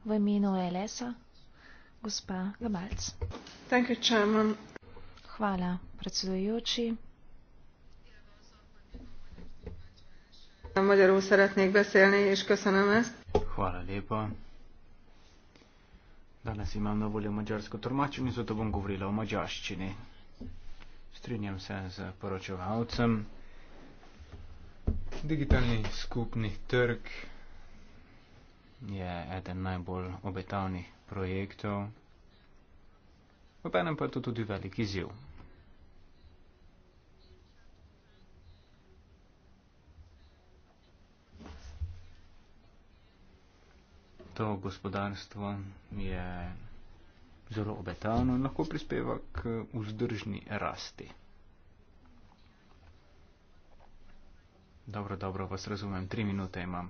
v imenu LS-a, gospa Gabalc. Hvala, predsedujoči. Hvala lepa. Danes imam na voljo mađarsko tormačenje, zato bom govorila o mađarščini. Strinjam se z poročevalcem. Digitalni skupni trg je eden najbolj obetavnih projektov, obenem pa je to tudi velik izziv. To gospodarstvo je zelo obetavno in lahko prispeva k vzdržni rasti. Dobro, dobro, vas razumem, tri minute imam.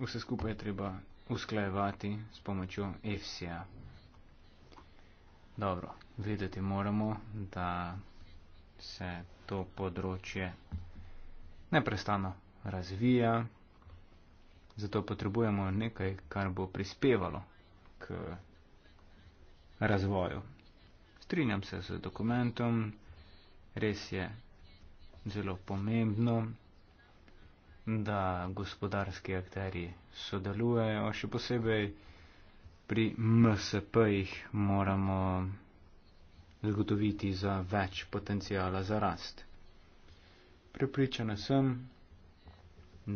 Vse skupaj je treba usklajevati s pomočjo EFSI-ja. Dobro, vedeti moramo, da se to področje neprestano razvija, zato potrebujemo nekaj, kar bo prispevalo k razvoju. Strinjam se z dokumentom res je zelo pomembno, da gospodarski akteri sodelujejo, še posebej pri MSP-jih moramo zagotoviti za več potencijala za rast. Pripričana sem,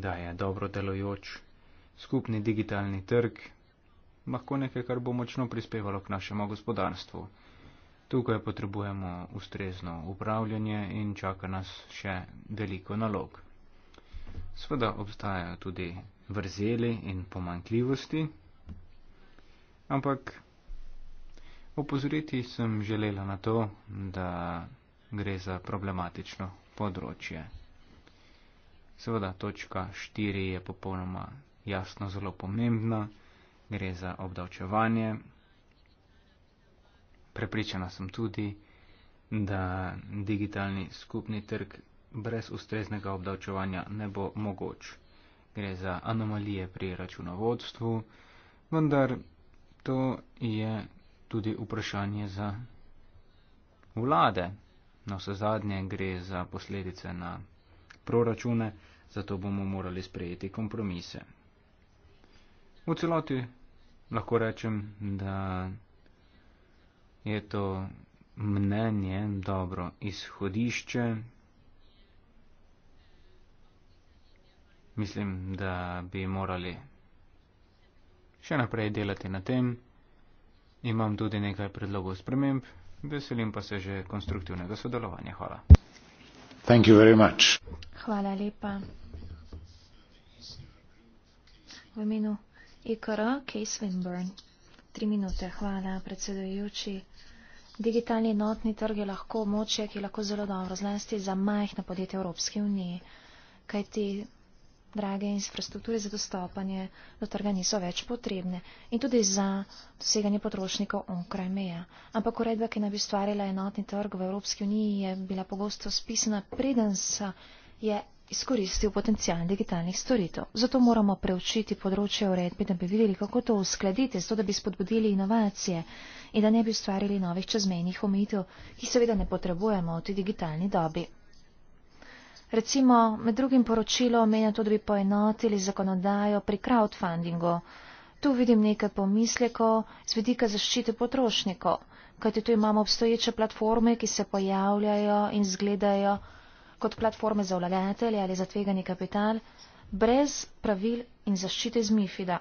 da je dobro delojoč skupni digitalni trg lahko nekaj, kar bo močno prispevalo k našemu gospodarstvu. Tukaj potrebujemo ustrezno upravljanje in čaka nas še veliko nalog. Sveda obstajajo tudi vrzeli in pomankljivosti, ampak opozoriti sem želela na to, da gre za problematično področje. Seveda točka 4 je popolnoma jasno zelo pomembna, gre za obdavčevanje, prepričana sem tudi, da digitalni skupni trg brez ustreznega obdavčevanja ne bo mogoč. Gre za anomalije pri računovodstvu, vendar to je tudi vprašanje za vlade. Na vse zadnje gre za posledice na proračune, zato bomo morali sprejeti kompromise. V celoti lahko rečem, da je to mnenje dobro izhodišče. Mislim, da bi morali še naprej delati na tem. Imam tudi nekaj predlogov sprememb, veselim pa se že konstruktivnega sodelovanja. Hvala. Hvala lepa. V imenu IKR, Kay Swinburne. Tri minute, hvala, predsedujoči. Digitalni notni trg je lahko močje, ki lahko zelo dobro zlasti za majhne podjetje Evropske unije, kaj ti drage infrastrukture za dostopanje do trga niso več potrebne in tudi za doseganje potrošnikov onkraj meja. Ampak uredba, ki naj bi stvarila enotni trg v Evropski uniji, je bila pogosto spisana preden se je izkoristil potencijal digitalnih storitev. Zato moramo preučiti področje uredbe, da bi videli, kako to uskladiti, zato da bi spodbudili inovacije in da ne bi ustvarili novih čezmejnih omejitev, ki seveda ne potrebujemo v tej digitalni dobi. Recimo, med drugim poročilo omenja tudi, da bi poenotili zakonodajo pri crowdfundingu. Tu vidim nekaj pomislekov z vidika zaščite potrošnikov, kajti tu imamo obstoječe platforme, ki se pojavljajo in zgledajo kot platforme za vlagatelje ali za tvegani kapital, brez pravil in zaščite z MIFID-a.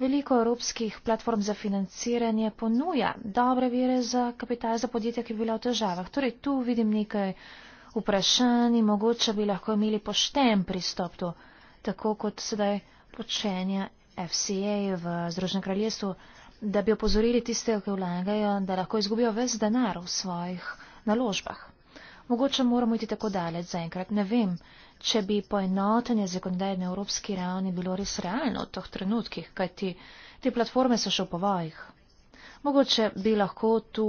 Veliko evropskih platform za financiranje ponuja dobre vire za kapital za podjetja, ki bi bila v težavah. Torej, tu vidim nekaj vprašanj in mogoče bi lahko imeli pošten pristop to, tako kot sedaj počenja FCA v Združenem kraljestvu, da bi opozorili tiste, ki vlagajo, da lahko izgubijo ves denar v svojih naložbah. Mogoče moramo iti tako daleč zaenkrat. Ne vem, če bi poenotenje zakonodaje na evropski ravni bilo res realno v teh trenutkih, kajti te platforme so še v povojih. Mogoče bi lahko tu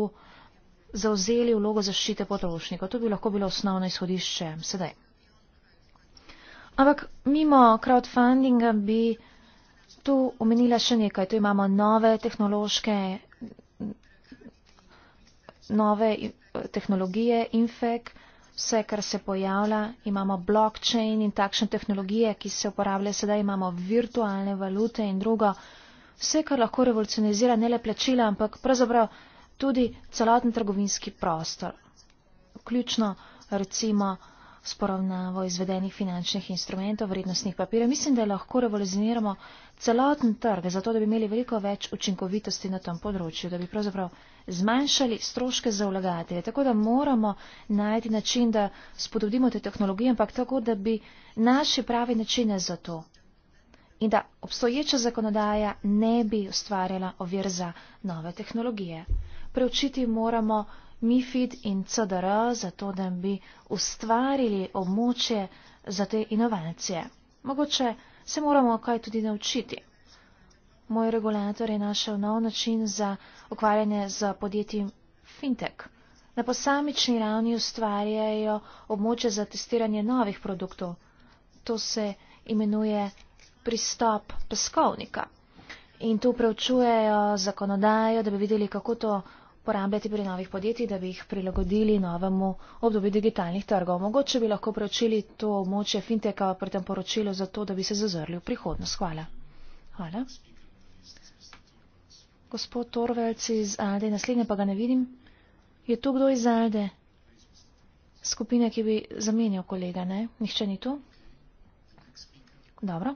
zauzeli vlogo zaščite potrošnikov. To bi lahko bilo osnovno izhodišče sedaj. Ampak mimo crowdfundinga bi tu omenila še nekaj. Tu imamo nove tehnološke nove tehnologije, infek, vse, kar se pojavlja, imamo blockchain in takšne tehnologije, ki se uporabljajo sedaj, imamo virtualne valute in drugo. Vse, kar lahko revolucionizira ne le plačila, ampak pravzaprav tudi celoten trgovinski prostor. Ključno recimo s poravnavo izvedenih finančnih instrumentov, vrednostnih papirjev. Mislim, da lahko revolucioniramo celoten trg, zato da bi imeli veliko več učinkovitosti na tem področju, da bi pravzaprav zmanjšali stroške za vlagatelje. Tako da moramo najti način, da spodobimo te tehnologije, ampak tako, da bi naši pravi načine za to in da obstoječa zakonodaja ne bi ustvarjala ovir za nove tehnologije. Preučiti moramo MIFID in CDR za to, da bi ustvarili območje za te inovacije. Mogoče se moramo kaj tudi naučiti moj regulator je našel nov način za ukvarjanje z podjetjem Fintech. Na posamični ravni ustvarjajo območje za testiranje novih produktov. To se imenuje pristop peskovnika. In tu preučujejo zakonodajo, da bi videli, kako to porabljati pri novih podjetjih, da bi jih prilagodili novemu obdobju digitalnih trgov. Mogoče bi lahko preučili to območje Fintecha pri tem poročilu, zato da bi se zazrli v prihodnost. Hvala. Hvala gospod Torvalc iz Alde, naslednje pa ga ne vidim. Je tu kdo iz Alde? Skupine, ki bi zamenjal kolega, ne? Nihče ni tu? Dobro.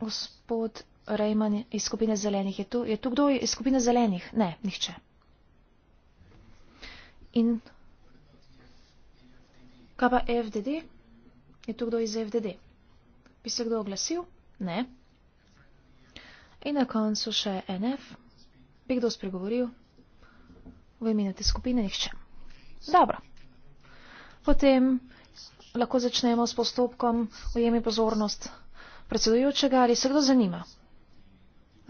Gospod Rejman iz skupine zelenih je tu. Je tu kdo iz skupine zelenih? Ne, nihče. In kaj pa FDD? Je tu kdo iz FDD? Bi se kdo oglasil? Ne. In na koncu še NF. Bi kdo spregovoril? V imenu te skupine nihče. Dobro. Potem lahko začnemo s postopkom ujemi pozornost predsedujočega ali se kdo zanima.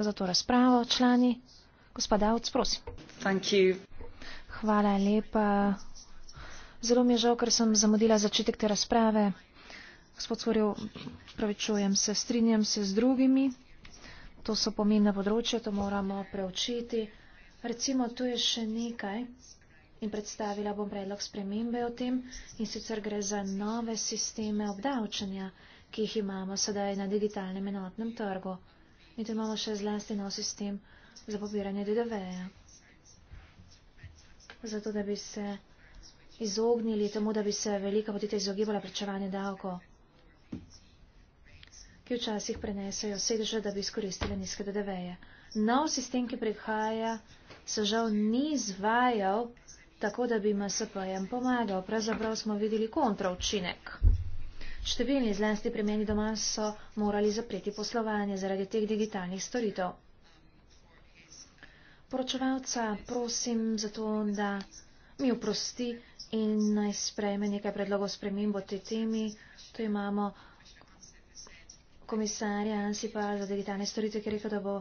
Za to razpravo, člani, gospodavc, prosim. Thank you. Hvala lepa. Zelo mi je žal, ker sem zamudila začetek te razprave. Gospod Svorjo, pravičujem se, strinjam se z drugimi to so pomembna področja, to moramo preučiti. Recimo, tu je še nekaj in predstavila bom predlog spremembe o tem in sicer gre za nove sisteme obdavčanja, ki jih imamo sedaj na digitalnem enotnem trgu. In tu imamo še zlasti nov sistem za pobiranje DDV-ja. Zato, da bi se izognili temu, da bi se velika podjetja izogibala plačevanju davko ki včasih prenesejo sedeže, da bi izkoristili nizke DDV-je. Nov sistem, ki prihaja, se žal ni izvajal tako, da bi MSP-jem pomagal. Pravzaprav smo videli kontraučinek. Številni zlasti pri meni doma so morali zapreti poslovanje zaradi teh digitalnih storitev. Poročevalca prosim za to, da mi oprosti in naj sprejme nekaj predlogov spremembo te temi. Tu imamo komisarja Ansipa za digitalne storitve, ki je rekel, da bo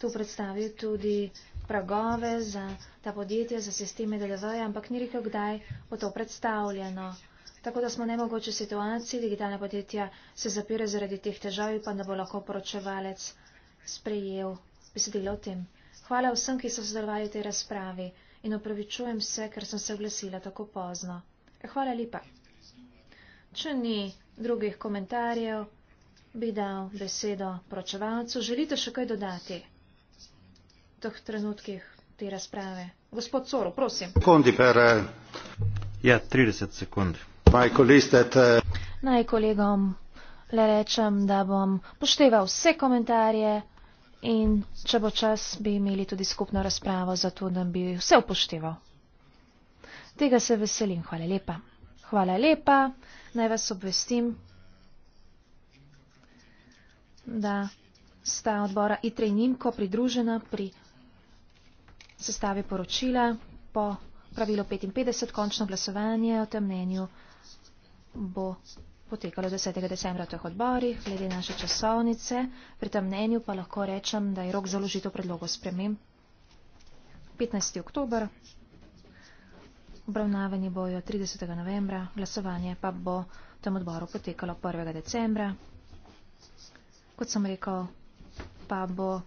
tu predstavil tudi pragove za ta podjetja, za sisteme DDV, ampak ni rekel, kdaj bo to predstavljeno. Tako da smo nemogoče v situaciji, digitalna podjetja se zapira zaradi teh težav in pa ne bo lahko poročevalec sprejel besedilo o tem. Hvala vsem, ki so sodelovali v tej razpravi in opravičujem se, ker sem se oglasila tako pozno. Hvala lepa. Če ni drugih komentarjev bi dal besedo pročevalcu. Želite še kaj dodati v teh trenutkih te razprave? Gospod Soro, prosim. Per, uh... Ja, 30 sekund. Listet, uh... Naj kolegom le rečem, da bom pošteval vse komentarje in če bo čas, bi imeli tudi skupno razpravo, zato da bi vse upošteval. Tega se veselim. Hvala lepa. Hvala lepa. Naj vas obvestim, da sta odbora ITRE in IMKO pridružena pri sestavi poročila po pravilu 55 končno glasovanje o tem mnenju bo potekalo 10. decembra v teh odborih, glede naše časovnice. Pri tem mnenju pa lahko rečem, da je rok za vložitev predlogov spremem 15. oktober. Obravnavanje bojo 30. novembra, glasovanje pa bo v tem odboru potekalo 1. decembra. Kot sem rekel, pa bo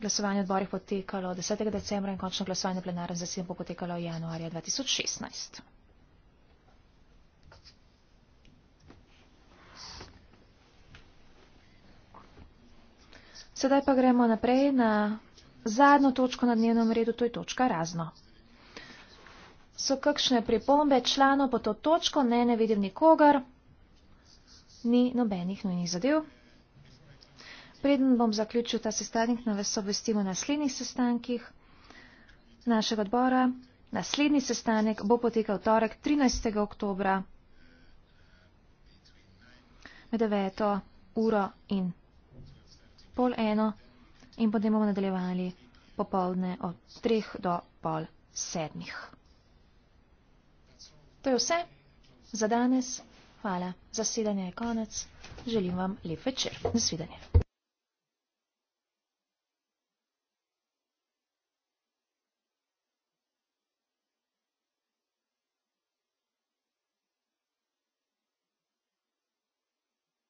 glasovanje odborih potekalo 10. decembra in končno glasovanje plenarne zasedbe bo potekalo januarja 2016. Sedaj pa gremo naprej na zadnjo točko na dnevnem redu, to je točka razno. So kakšne pripombe članov po to točko? Ne, ne vidim nikogar. Ni nobenih nujnih zadev. Preden bom zaključil ta sestanek, na vas obvestim o naslednjih sestankih našega odbora. Naslednji sestanek bo potekal torek 13. oktobra med 9. uro in pol eno in potem bomo nadaljevali popoldne od 3. do pol sedmih. To je vse za danes. Hvala. Zasedanje je konec. Želim vam lep večer. Nasvidenje.